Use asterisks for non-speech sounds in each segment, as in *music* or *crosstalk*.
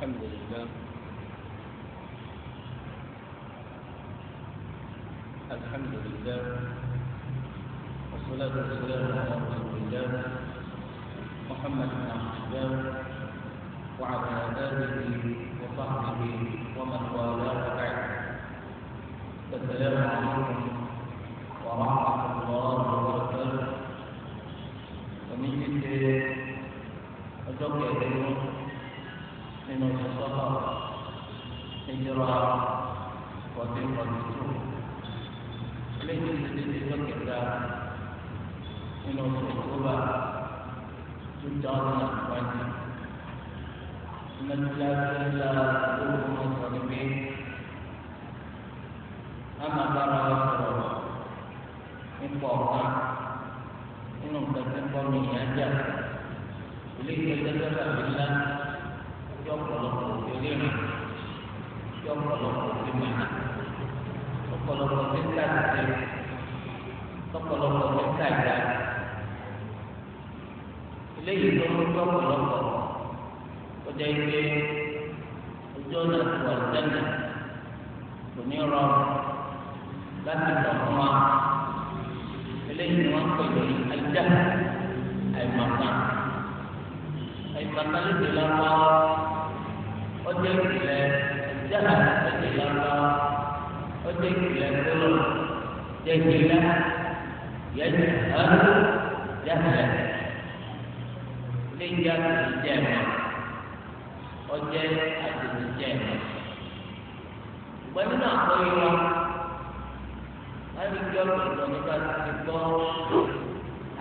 الحمد لله الحمد لله والصلاة والسلام على رسول الله محمد بن عبد الله وعلى آله وصحبه ومن والاه بعد السلام عليكم ورحمة الله وبركاته ومن جد أجر حين السفر هجرة وثقة السوق من الذي يفكر حين الخطوبة تجارة وانت من لا تنسى روح المصطلحين أما ترى إن فوقا إنهم تتقون من أجل لكي تتفق بالله yọ ọ̀pọ̀lọpọ̀ òfin rírà yọ ọ̀pọ̀lọpọ̀ òfin mẹ́ta ọ̀pọ̀lọpọ̀ òfin tàbí ọ̀pọ̀lọpọ̀ òfin tàbí eléyìí tó ń tọ́ ọ̀pọ̀lọpọ̀ ọjà ìgbé ojú ọ̀nà ìwà ìdáná kò ní rọrùn láti tọ̀ fún wa eléyìí ni wọ́n ń pè ọjọ́ ìpìlẹ̀ jáà ẹdè lọlọ ọjọ́ ìpìlẹ̀ kúlọ jẹjìlá yẹjì ọdún jáà léyà ìjẹ mọ ọjọ́ àtẹnudẹ jẹ mọ ìgbà nínú àkọyọ wọn láti gbé ọ̀pọ̀lọpọ̀ nípa ti gbọ́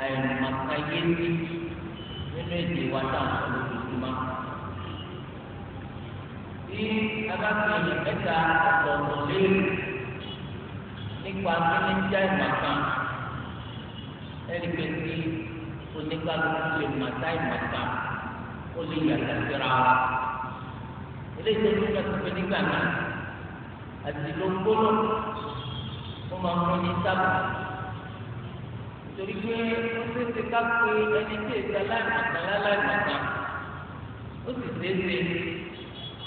àìmọ̀kayé nínú èdè wa táwọn olùdókòwò máa tí a bá fi èèyàn mẹ́ta ọ̀tọ̀ọ̀tọ̀ léèrè nípa kíní jẹ́ ìmọ̀kan ẹni pé tí oníkálukú lè mọ̀tá ìmọ̀kan ó lè yàtọ̀ síra wa eléyìí tó nígbà tó fi nígbà náà àti ló ń gbóló ó máa ń fún ní sábà torí pé ó ṣeéṣe ká pé ẹni tí èsì aláìmọ̀kan aláìmọ̀kan ó sì ṣeéṣe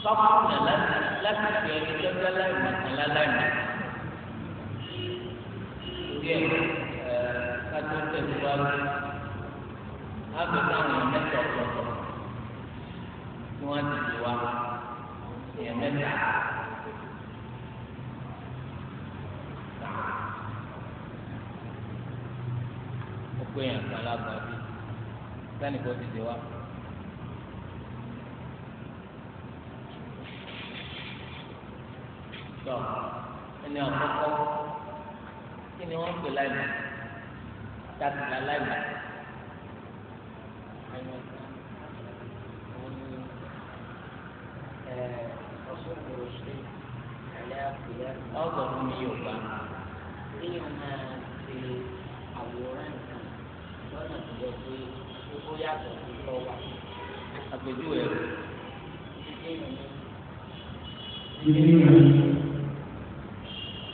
tọ́kùnà láti fi ẹni lọ́jọ́ láì màkàlá láì màkàlá. Ìdí ẹ̀ kájọ tẹ̀síwájú. Ábẹ̀ká àwọn mẹ́ta ọ̀tọ̀ọ̀tọ̀ tí wọ́n ti di wa èèyàn mẹ́ta. Ó pé èèyàn kan lágbàá bí sani kò ti di wa. tọ ẹni àkọ́kọ́ kí ni wọ́n pè láìmọ̀ dàgbà láìmọ̀ ẹni wọ́n ní ẹ ọ̀sùn kòrò sí ẹ̀lẹ́ àpèlẹ́ ọgbọ̀n fún mi yóò bá èèyàn máa ṣe àwòrán nǹkan lọ́nà tó yẹ pé ó yàtọ̀ sí lọ́wọ́ àpèjúwe rẹ̀.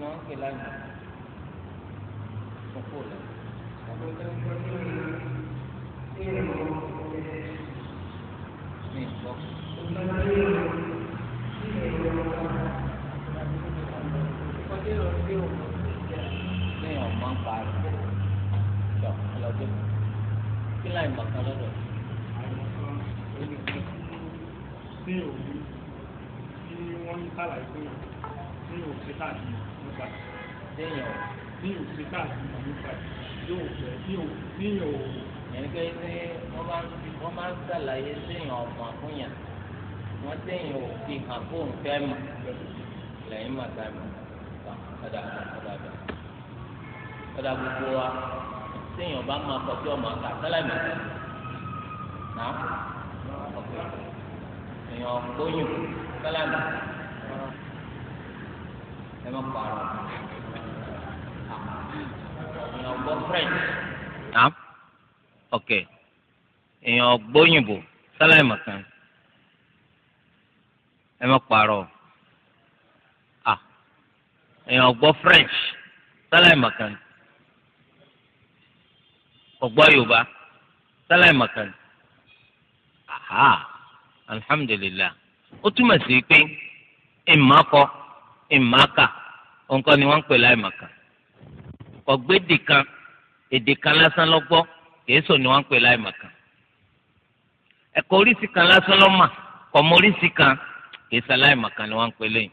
ni wọ́n ń pè lánàá sọ́kò mi gbọ́. ní ọmọ ń parí jọ ọlọ́dún kí láì mọ̀ kan lọ́dọ̀ ní òní tí wọ́n ń kàlàyé pé ní òkè káàkiri nípa lẹ́yìn ọ̀rọ̀ bí òfin káàkiri mọ̀ nípa yóò fẹ́ bí ò bí ò. yẹn ké pé wọ́n máa ń wọ́n máa ń sàlàyé sẹ́yìn ọ̀mọ̀ àkúnyàn wọ́n sẹ́yìn òfin àkóhùn fẹ́ mọ̀ lẹ́yìn màtá mi ọ̀dà ọ̀dà ọ̀dà ọ̀dà gbogbo wa sẹ́yìn ọba máa kọ́ ọmọ àká sálẹ̀mì náà ọ̀pẹ̀ èèyàn gbóyún sálẹ̀mì ẹ má parọ́ èèyàn gbọ́ french. naam ok èèyàn gbóyìnbó sáláì mọ̀kan ẹ má parọ́ ah èèyàn gbọ́ french sáláì mọ̀kan ọgbọ́ yorùbá sáláì mọ̀kan aha alhamdulilah ó túmọ̀ sí pé ìmọ̀ kọ́ ìmáka nǹkan ni wọ́n ń pè láìmàkà ọ̀gbẹ́dì kan èdè kan lásán lọ́gbọ́ kèésò ni wọ́n ń pè láìmàkà ẹ̀kọ́ oríṣi kan lásán lọ́mà kọ̀mọ oríṣi kan kèésà láìmàkà ni wọ́n ń pè lẹ́yìn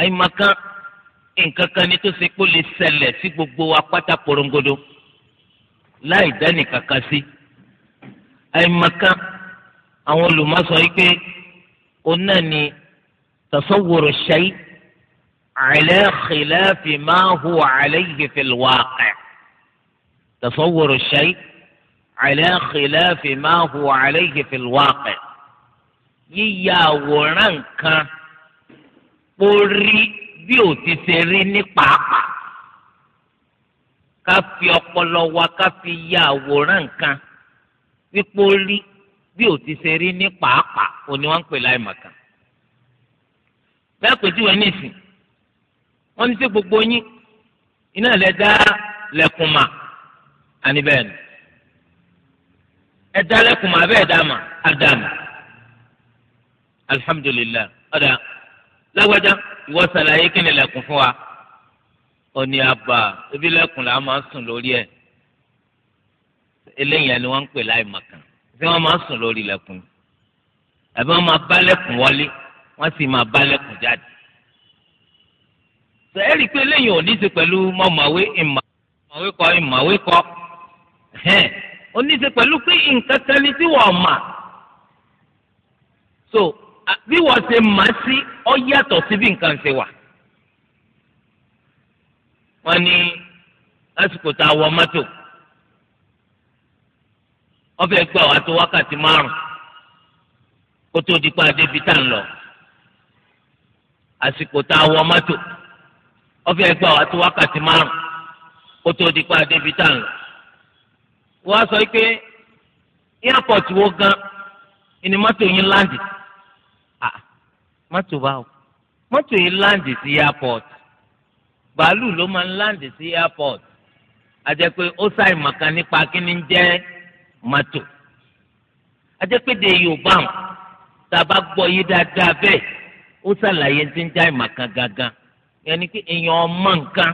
àìmàkà nǹkan kan ni tó ṣe kó lè ṣẹlẹ̀ sí gbogbo wa pátá porongodo láì dánìkankan sí àìmàkà àwọn olùmọ̀sọ yìí pé òun náà ni tasawwuru shay' على خلاف ما هو عليه في الواقع تصور الشيء على خلاف ما هو عليه في الواقع يا ورنكا قري بيوتي سريني بابا كافي أقوله وكافي يا ورنكا بيقولي بيوتي سريني بابا ونوانك بلاي مكان بيقولي وانيسي wọ́n ní sí gbogbo yín iná lẹ dá lẹkùn mà àní bẹ́ẹ̀ ni ẹ dá lẹkùn mà abẹ́ ẹ̀ dá mà á dá mà alihamudulilayi ọ̀dà lágbájá ìwọ sàlàyé kí ni lẹkùn fún wa ó ní abà ebi lẹkùn là máa sùn lórí ẹ eléyìí ni wọ́n ń pè láì màkàn tí wọ́n máa sùn lórí lẹkùn àbí wọ́n máa bá lẹkùn wọlé wọ́n sì máa bá lẹkùn jáde sẹ́ẹ̀rì pé lẹ́yìn ò ní ṣe pẹ̀lú mọ̀mọ̀wé ìmọ̀wé kọ ìmọ̀wé kọ ó ní ṣe pẹ̀lú pé nǹkan kan ni tí wọ́n mà so bí wọ́n ṣe mà sí ọ yàtọ̀ sí bí nǹkan ṣe wà wọ́n ní lásìkò tá a wọ mọ́tò wọ́n fẹ́ẹ́ gbà wá tó wákàtí márùn kó tó di pa débi tá ń lọ àsìkò tá a wọ mọ́tò. ọfẹ gbà wá tó wákàtí márùn kó tó di pa débi tá à lọ. wọ́n á sọ pé airport wo gan ni mọ́tò yín láǹdì mọ́tò báwo mọ́tò yín láǹdì sí airport bàálù ló máa ń láǹdì sí airport àjẹ́ pé ó ṣàì màkà nípa kíní jẹ́ mọ́tò àjẹ́ pé de yorùbá tá a bá gbọ́ yé dáadáa bẹ́ẹ̀ ó ti ń já ìmàkà gangan yẹn ni pé èèyàn ọmọ nǹkan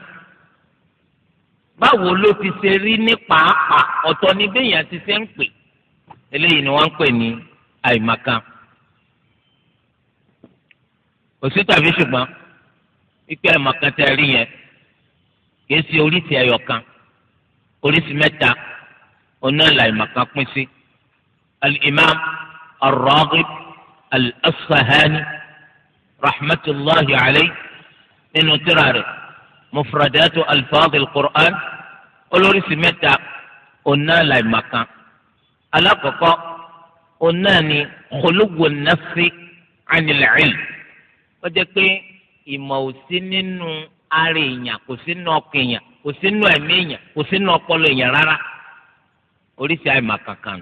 báwo ló ti ṣe rí ní pàápàá ọ̀tọ̀ ni béèyàn ti ṣe ń pè eléyìí ni wọ́n ń pè ní àìmọ̀kan òsì tàbí ṣùgbọ́n wípé àìmọ̀kan tẹ rí yẹn kìí ṣe oríṣi ẹyọkan oríṣi mẹ́ta oná làìmọ̀kan pín sí al-imam ar-raghib rahmatulahi alayhi nínú tírà rẹ̀ mufradatu alfaadil qur'an olóríṣi mẹ́ta ọ̀nà àlàìmàkan alákọ̀ọ́kọ́ ọ̀nà ni khulugun nafsi anil ilm ó jẹ́ pé ìmọ̀ ò sí nínú ara èèyàn kò sí nínú ọkàn èèyàn kò sí nínú ẹ̀mí èèyàn kò sí ọpọlọ èèyàn rárá oríṣi àìmàkankan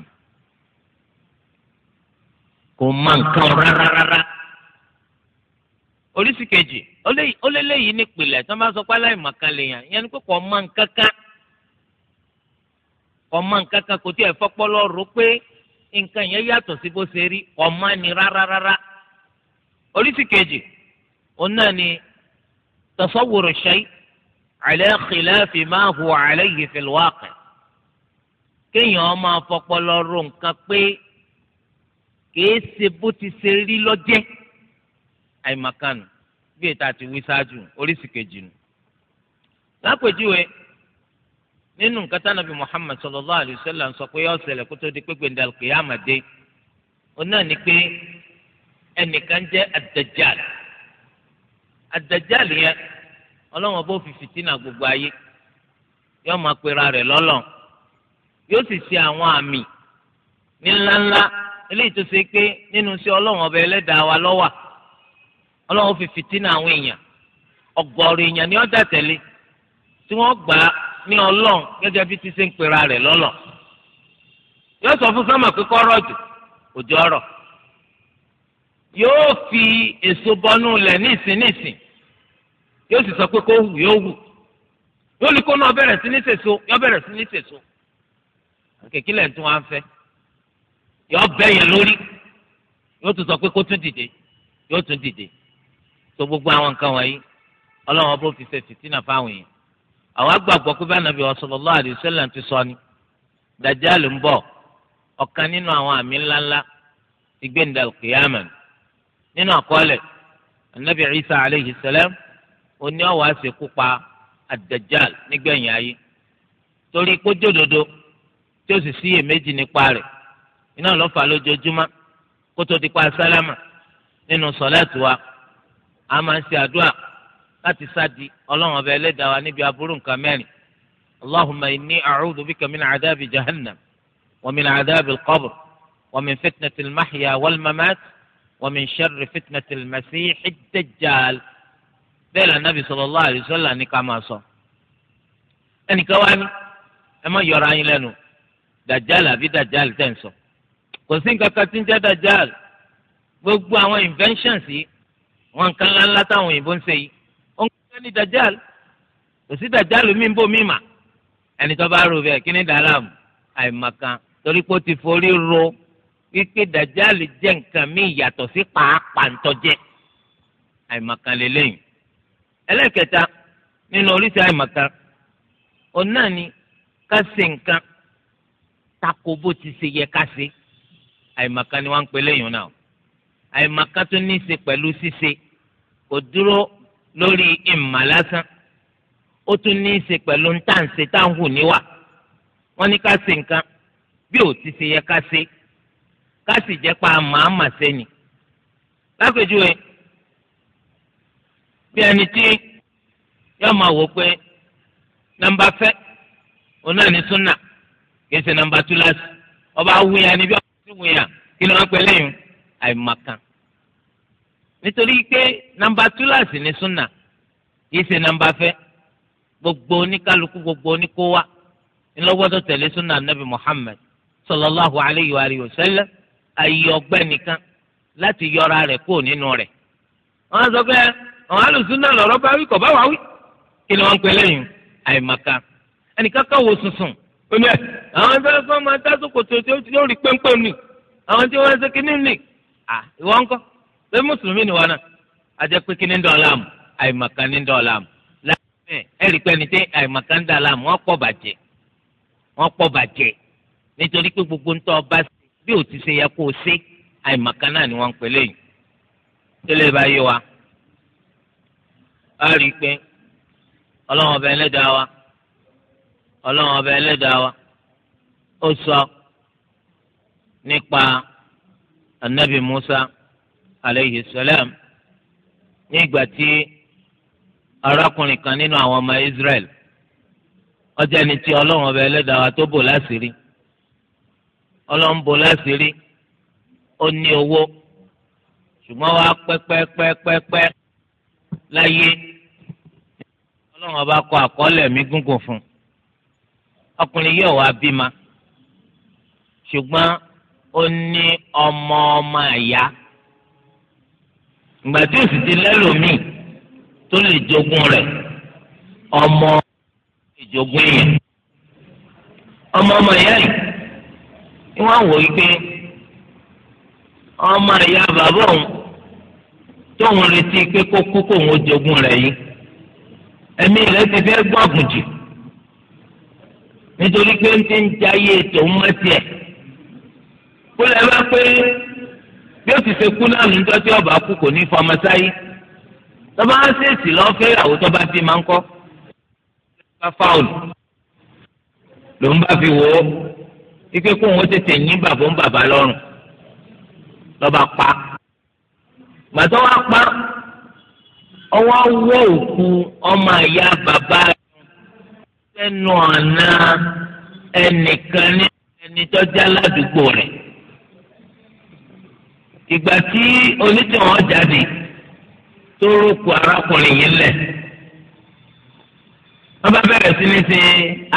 kò mọ nǹkan rárá rárá oríṣi kejì ó lé léyìí nípìnlẹ̀ tí wọ́n bá sọ pé aláìmọ̀kan lèèyàn ìyẹn ni pé kò mọ nǹkan kan kò mọ nǹkan kan kò tiẹ̀ fọpọlọ rò pé nǹkan yẹn yàtọ̀ sí bó ṣe rí kò mọ ni rárá rárá oríṣi kejì òun náà ni tasawwuru shay ala khilafi ma huwa alayhi fil waqi kéèyàn máa fọpọlọ rò nǹkan pé kìí ṣe bó ti ṣe rí lọ́jẹ́ àìmọ̀kànnù bí ètò àti wí ṣáájú oríṣi kejì nù. lápèjúwe nínú nǹkan Nàbí Muhammad sallallahu alayhi wa sallam sọ pé yọ ṣẹlẹ̀ kó di pé kìyàmà dé ni pé ẹnìkan jẹ́ ad-Dajjal yẹn ọlọ́wọ́n bó gbogbo ayé máa pera rẹ̀ lọ́lọ́ yóò sì ṣe àwọn àmì ní ńláńlá eléyìí tó ṣe ọlọ́run fi fìtínà àwọn èèyàn ọ̀gọ̀ọ̀rọ̀ èèyàn ni ọjà tẹ̀lé tí wọ́n gbà á ní ọlọ́run gẹ́gẹ́ bí ti ṣe ń pera rẹ̀ lọ́lọ́ yóò sọ fún sọ́mọ̀ pé kọ́rọ̀ jù òjò ọ̀rọ̀ yóò fi èso bọnú lẹ̀ nísìnyìísìn yóò sì sọ pé kó wù yóò wù yóò ní kó náà bẹ̀rẹ̀ sí ní sèso yóò bẹ̀rẹ̀ sí ní sèso kèké lẹ̀ tún wá ń fẹ́ yóò bẹ́ lórí yóò tún sọ pé kó tún dìde yóò tún dìde so gbogbo àwọn nǹkan wọ̀nyí ọlọ́run ọba fi ṣe fìtínà fáwọn èèyàn àwọn agbàgbọ́ pé bá nàbí sallallahu alaihi wasallam ti sọ ni dàjáàlì ń bọ̀ ọ̀kan nínú àwọn àmì ńláńlá ti gbẹ̀ǹdà kìyàmà nínú àkọọ́lẹ̀ anabi isa aleyhi salam oní ọ̀wá ṣekú pa àdàjáàl nígbẹ̀yìn ayé torí kó jódodo tí ó sì síyèméjì nípa rẹ̀ iná lọ́fà lójoojúmọ́ kó tó sálámà nínú sọ̀lẹ́tù wa a máa ń ṣe àdúrà láti sádi ọlọ́run ọba ẹlẹ́dàá wa níbi aburú nǹkan mẹ́rin allahumma inni a'udhu bika min adaabi jahannam wa min adaabi alqabr wa min fitnati almahya walmamat wa min sharri fitnati almasiixi dajjal bẹ́ẹ̀ la nabi sallallahu alayhi wa sallam ní ká máa sọ. ẹnìkan wá ní ẹ má yọra yín lẹ́nu dajjal àbí dajjal tẹ̀ ń sọ kò sí nǹkan kan tí ń jẹ́ dajjal gbogbo àwọn inventions yìí wọn nǹkan ńláńlá táwọn òyìnbó ń ṣe yìí wọn kọ́ ní dajal kò sí dajal mi ń bò mí mà ẹni tó bá rò bẹ́ẹ̀ kí ni dàlámù àìmọ̀kan torí pé ó ti forí ro wípé dajal jẹ́ nǹkan mí yàtọ̀ sí pàápàá ntọ́jẹ́ àìmọ̀kan lélẹ́yìn ẹlẹ́kẹta nínú oríṣi àìmọ̀kan òun náà ni ká ṣe nǹkan tako bó ti ṣe yẹ ká ṣe àìmọ̀kan ni wọ́n ń pè lẹ́yìn náà àìmọ̀kan tó ní í ṣe pẹ̀lú ṣíṣe kò dúró lórí ìmọ̀ lásán ó tún ní í ṣe pẹ̀lú ntànṣe táǹhù níwà wọ́n ní ká ṣe nǹkan bí ò ti ṣe yẹ ká ṣe ká sì jẹ́ pa màámà sẹ́ni. lápèjúwe bí ẹni tí yóò máa wò pé nàmbà fẹ́ òun náà ní súnà kì í ṣe nàmbà túláàsì ọba awùyàn ni bí ọba ti wùyàn kí ló ń pẹ́ lẹ́yìn àìmọ̀kan nítorí pé nàmbà túláàsì ní súnà kì í ṣe nàmbà fẹ́ gbogbo oníkálukú gbogbo oníkówá ńlọgbọdọ tẹ̀lé súnà nabi Muhammad sallallahu alayhi wa alihi wa sallam ayé ọgbẹ́ nìkan láti yọra rẹ̀ kó nínú rẹ̀ wọ́n sọ pé àwọn alùsúnà lọ́rọ́ bá wí kọ̀ bá wà wí kí ni wọ́n ń pè lẹ́yìn àìmọ̀kan ẹnìkan wo sùnsùn ó ní ẹ àwọn tí wọ́n máa dá sókòtò tí ó rí péńpé nì àwọn tí wọ́n ń ṣe kínní nì à ah, ìwọ ńkọ́ pé mùsùlùmí ni wọn náà àti pé kí ni ń dọ̀ láàmú àìmọ̀ká ni ń dọ̀ láàmú láàmú ẹ̀rí pé ẹni tí àìmọ̀ká ń dà láàmú wọ́n pọ̀ bàjẹ́ wọ́n pọ̀ bàjẹ́ nítorí pé gbogbo ń tọ́ ọba bí ò ti ṣe yẹ kó o ṣe àìmọ̀ká náà ni wọ́n ń pè léyìn tó lè bá yé wa a rí i pé ọlọ́run ọba ẹlẹ́dàá wa ọlọ́run ọba ẹlẹ́dàá wa ó sọ nípa anabi musa aleyhi salam ní ìgbà tí arákùnrin kan nínú àwọn ọmọ israel ọjà ni ti ọlọ́run ọba ẹlẹ́dàá wa tó bò láṣìírí ọlọ́run bò láṣìírí ó ní owó ṣùgbọ́n wá pẹ́pẹ́pẹ́pẹ́ láyé ọlọ́run ọba kọ àkọọ́lẹ̀ mi gúngùn fún ọkùnrin yóò wá bímọ ṣùgbọ́n ó ní ọmọ ọmọ àyà ìgbà tí ó sì ti lẹ́lòmíì tó lè jogún rẹ̀ ọmọ ìjogún èèyàn ọmọ ọmọ ìyá yìí ni wọ́n wò yí pé ọmọ ìyá bàbá òun tóun retí pé kó kú kóun ó jogún rẹ̀ yìí ẹ̀mí rẹ̀ ti fẹ́ gbọ́ àgùntì nítorí pé ń ti ń jayé tòun mọ́ tiẹ̀. kó lè bá pé bí o ti ṣe kú náà níjọ́ tí ọba kú kò ní fọmọ tọba tọ́ba á ṣèṣì lọ́ọ́ fẹ́ ìyàwó ti máa ń kọ́ bá fáwọlù ló ń bá fi wò ó ike kó òun tètè yín bàbá ń bàbá lọ́rùn lọ́ba wa pa ọwọ́ òkú ọmọ àyà bàbá ẹnu ọ̀nà ẹnìkan ní ẹni ìgbà tí onítìwọ́n jáde tó rúkú arákùnrin yìí lẹ̀ wọ́n bá bẹ̀rẹ̀ sí ní sin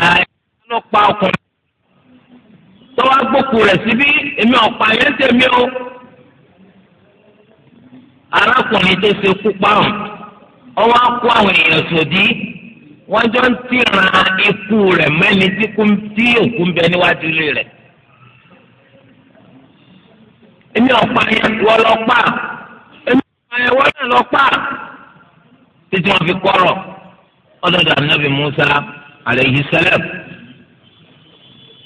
àìlọ́pàá ọkùnrin tó wá gbókù rẹ̀ síbí èmi ọ̀pá yẹn tèmi o arákùnrin tó ṣe kú páwọn ọwọ́ á àwọn èèyàn sòdí wọ́n jọ ń tìran ikú rẹ̀ mẹ́ni tí òkú ń bẹ níwájú rẹ̀. èmi ọ̀pá yẹn wọ́n lọ pa èmi ọ̀pá yẹn wọ́n náà lọ pa títí wọn fi kọ́rọ̀ ọlọ́dọ̀ anabi musa aleyhi salam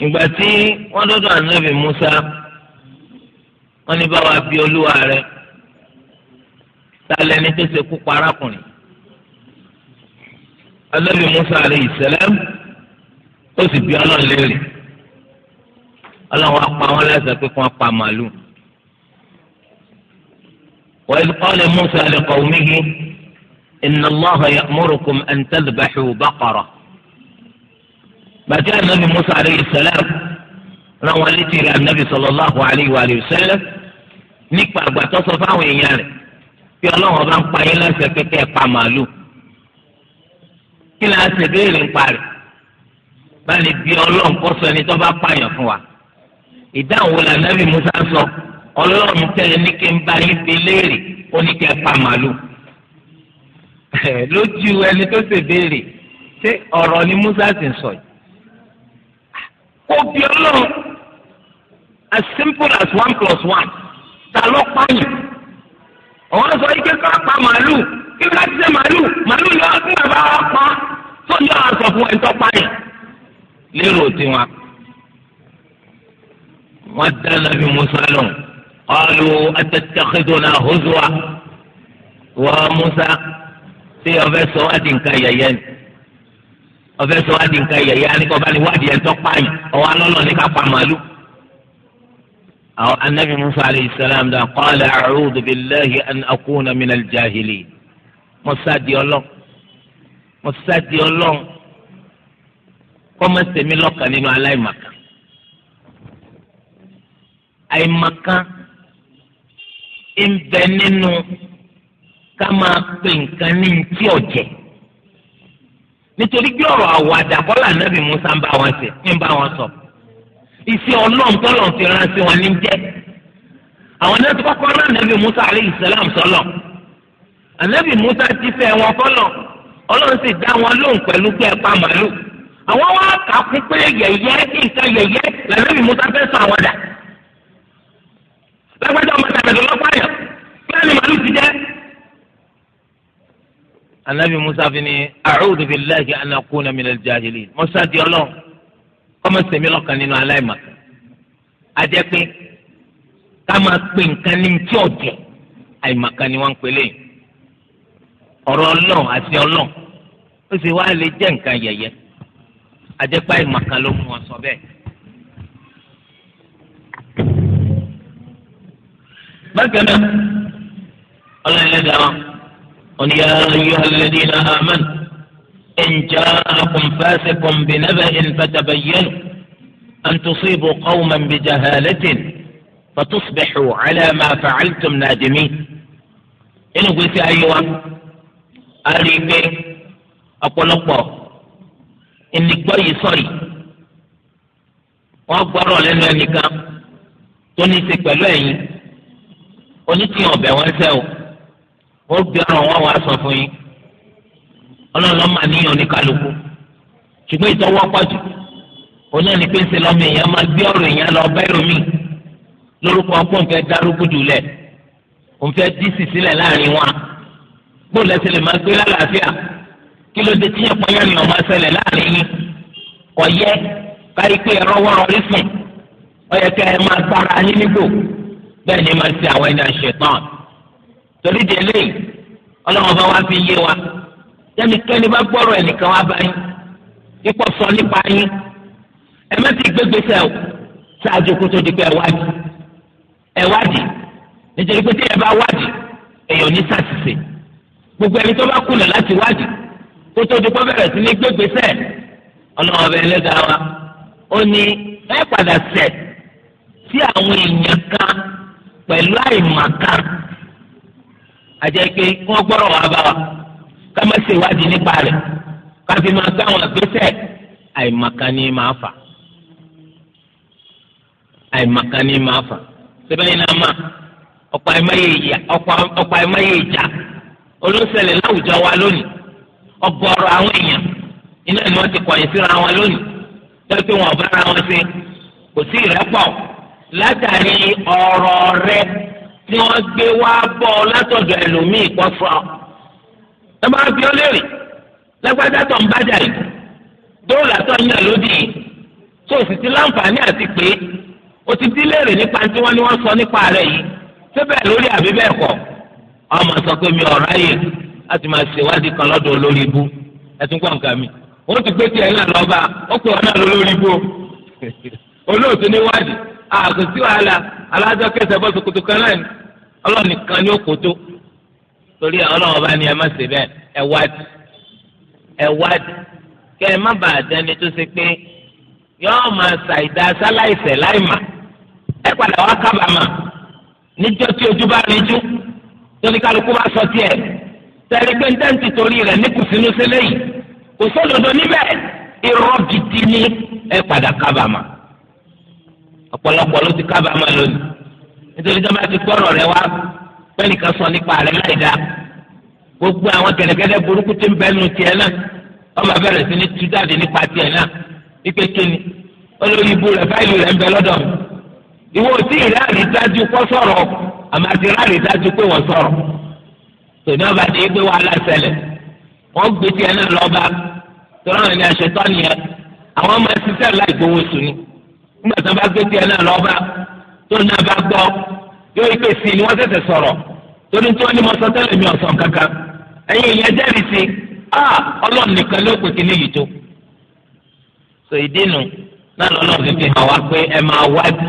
ìgbà tí wọ́n dọ́dọ̀ anabi musa wọ́n ní báwa bí olúwa rẹ̀ sálẹ̀ ní tó ṣe kú parákùnrin anabi musa aleyhi salam ó sì bí ọlọ́run léèrè ọlọ́run apá wọn lẹ́sẹ̀ pé kí wọ́n pa màlúù. وإذ قال موسى لقومه إن الله يأمركم أن تذبحوا بقرة ما جاء النبي موسى عليه السلام رأوا التي النبي صلى الله عليه وآله وسلم نكبع بعتصفا وإياني في الله أبان قائلا سكتة قامالو كلا سبيل قارئ بل بيولون قصة نتبع قائلا فوا إذا أولى النبي موسى صلى الله عليه وسلم ọlọ́run tẹ ẹ ní kí n bá yín fi léèrè ó ní kí ẹ pa màálù. lójú ẹni tó ṣe béèrè ṣé ọ̀rọ̀ ni Musa ti sọ yìí. kò bí ọlọ́run as simple as one plus one ta ló pààyàn. àwọn sọ yìí kékeré pa màálù kí wọ́n ti ṣe màálù màálù ni wọ́n ti bàbá wa pa tó ní àwọn sọ fún ẹ̀ pààyàn. lérò tiwọn wọ́n dá nàbí Musa lọ́hùn. قالوا أتتخذنا هزوا وموسى tí ọfẹ sọ wádìí nǹkan yẹyẹ ni ọfẹ sọ wádìí nǹkan yẹyẹ anìkọ bá ní wádìí ẹ tọ́ pààyàn ọwọ́ alọ́nà ní ká pa màálù. àwọn anabi musa alayhi salam dàn qala a'udhu billahi an akuna min al-jahili mọ́sáàdì ọlọ́n mọ́sáàdì ọlọ́n kọ́mọ́sẹ̀mí lọ́kàn nínú aláìmọ̀kan àìmọ̀kan ń bẹ nínú ká máa pè nǹkan ní ntí ọ̀jẹ̀ nítorí bí ọ̀rọ̀ àwàdà kọ́lá nàbì Musa ń bá wọn ṣe ń bá wọn sọ iṣẹ́ ọlọ́run tọ́lọ̀ fi ránṣẹ́ wọn ní jẹ́ àwọn náà ti kọ́kọ́ rán nàbì Musa alayhi salam sọlọ ànábì Musa ti fẹ́ wọn kọ́lọ̀ ọlọ́run sì dá wọn lóhùn pẹ̀lú pé ẹ pa màálù àwọn wá kà á kún pé yẹ̀yẹ́ nǹkan yẹ̀yẹ́ lànàbì Musa fẹ́ sọ àwọn dà lágbájá ọmọ tàbẹ̀tọ̀ lọ́pàá yàn bẹ́ẹ̀ ni màálù ti jẹ́. anabi musa fi ni a'udhu billahi an akuna minal jahilin musa di ọlọ́run ọmọ sèmi lọ́kàn nínú aláìmọ̀kà ajẹ́pé ká máa pè nǹkan ní tí ọ̀jẹ̀ àìmọ̀kà ni wọ́n ń pelé ọ̀rọ̀ ọlọ́run àti ọlọ́run ó sì wá lè jẹ́ nǹkan yẹ̀yẹ́ ajẹ́pé àìmọ̀kà ló mú wọn sọ bẹ́ẹ̀. bákan náà ọlọ́run ẹ̀dá wọn oníyà ayé alẹ́dí iná amán ẹ̀ǹjà àkùnfàṣẹ kọ̀m̀bìnẹ́bẹ̀ ẹ̀ǹfàtàbẹ̀yẹn àǹtòsíbò kọ́wọ́mọ̀n bìjà hàlẹ́tìn fàtúsbẹ̀xù alẹ́mà fàcàlítùm nàdìmí. inú gbèsè ayé wa a rí i pé ọ̀pọ̀lọpọ̀ ìnigbọ́ yìí sọ̀rì wọ́n gbọ́rọ̀ lẹ́nu ẹnìkan tó ní í ṣe pẹ̀lú ẹ̀yìn onítìyàn ọbẹ̀ wọn ṣẹ́ o ó bí ọ̀rọ̀ wọn wá sọ fún yín ọlọ́run máa níyàn ní kálukú ṣùgbọ́n ìtọ́wọ́ pọ̀jù òun náà ní pé ń ṣe lọ́mọ èèyàn máa gbé ọ̀rọ̀ èèyàn lọ bá ẹ̀rọ mi lórúkọ ọgbọ́n fẹ́ dárúkú jùlẹ̀ òun fẹ́ dí sì sílẹ̀ láàrin wọn gbọ́dọ̀ lẹ́sẹ̀ lè máa gbé lálàáfíà kí ló dé tí ẹ̀pọ̀ ni ọmọ ṣẹlẹ̀ láàrin yín kò yẹ káyí pé ẹ̀rọ wọ́rọ̀ rí sùn ó yẹ kẹ́ ẹ máa gbára yín nígbò bẹ́ẹ̀ ni máa ń ṣe àwọn ẹni àṣetán torí di eléyìí ọlọ́run bá wá fi yé wa jẹ́nikẹ́ni bá gbọ́rọ̀ ẹnìkan wá bá yín ipò sọ nípa yín ẹ má ti gbé gbèsè o ṣáájú kó tó di pé ẹ wádìí ẹ wádìí nítorí pé tí ẹ bá wádìí èèyàn ní sàṣìṣe gbogbo ẹni tó bá kùnà láti wádìí kó tó di pé bẹ̀rẹ̀ sí ní gbé gbèsè ọlọ́run ọbẹ̀ ẹlẹ́dàá wa ó ní ẹ padà sẹ̀ sí àwọn èèyàn kan pẹ̀lú àìmọ̀kan àjẹ́ pé wọ́n gbọ́rọ̀ wá bá wa ká má ṣe ìwádìí nípa rẹ̀ ká fi máa gbá àwọn àgbésẹ̀ àìmọ̀kan ni máa fà àìmọ̀kan ni máa fà síbẹ̀ yìí náà mà ọ̀pọ̀ àìmọye ìjà olóṣèlè láwùjọ wa lónìí ọ̀gọ̀rọ̀ àwọn èèyàn iná ni wọ́n ti kọ̀yìn síra wọn lónìí tó pé wọn bára wọn sí kò sí ìrẹ́pọ̀ látàrí ọ̀rọ̀ rẹ tí wọ́n gbé wá bọ́ látọ̀dọ̀ ẹlòmíì kọ́ fún ọ. ẹ máa fi ọ léèrè lágbájá tó ń bájà yìí dóòlà tó ń yà lódì yìí tó o sì ti láǹfààní àti pé o ti dí léèrè nípa tí wọ́n ní wọ́n sọ nípa rẹ̀ yìí ṣé lórí àbí bẹ́ẹ̀ kọ́ ọmọ sọ pé mi ọ̀rọ̀ ayè láti máa ṣèwádìí kan lọ́dọ̀ olórí ibú ẹ̀tún kọ̀ọ̀kan mi ó ti gbé tiẹ̀ ńlá lọ́ba ó pè ọ́ náà lólórí ibú *laughs* olóòtú níwádìí àkó sí wàhálà alájọ kẹsẹ bọ ṣòkòtò kan náà ni Ọlọ́run nìkan ni ó kó tó torí Ọlọ́run ọba ni ẹ má ṣe bẹ́ẹ̀ ẹ wádìí ẹ wádìí kẹ ẹ má bàa dẹni tó ṣe pé yọọ máa ṣàìdá sáláìsẹ láìmà ẹ padà wá kábàámà níjọ́ tí ojú bá rí tóní kálukú bá sọ tiẹ̀ tẹ̀lé pé ntẹ́ǹtì torí rẹ̀ ní kùsínú sílẹ̀ yìí kò sódodo níbẹ̀ irọ́ gidi ní ẹ padà kábàámà ọ̀pọ̀lọpọ̀ ló ti kábàámọ̀ lónìí nítorí sábà ti gbọ́rọ̀ rẹ wá pẹ́ẹ́nìkan sọ nípa rẹ láì dáa gbogbo àwọn gẹ̀dẹ̀gẹ̀dẹ̀ burúkú ti ń bẹ́ nu tiẹ̀ náà ọmọ bẹ̀rẹ̀ sí ní tú jáde nípa tiẹ̀ náà wípé kíni olórí ibu rẹ̀ fáìlì rẹ̀ ń bẹ lọ́dọ̀ mi ìwọ tí ìráàrí dájú kọ́ sọ̀rọ̀ àmọ́ àti ìráàrí dájú pé wọ́n sọ̀rọ̀ tòní ọba ti gbé wàhálà ṣẹlẹ̀ wọ́n gbé tiẹ̀ náà lọ́ba tó náà ní aṣetọ́ nìyẹn àwọn ọmọ ẹsẹ̀ láì gbowó sùn ni nígbà tí wọn bá gbé tiẹ̀ náà lọ́ba tó ní abá gbọ́ yóò yí pé sí i ni wọ́n tẹ̀sẹ̀ sọ̀rọ̀ torí tí wọ́n ní mo sọ mi ọ̀sán kankan ẹ̀yin ìyẹn jẹ́rìí sí ah ọlọ́run nìkan ló pè kí níyì tó. sọ ìdí nu náà lọ́lọ́run fi fi hàn wá pé ẹ máa wájú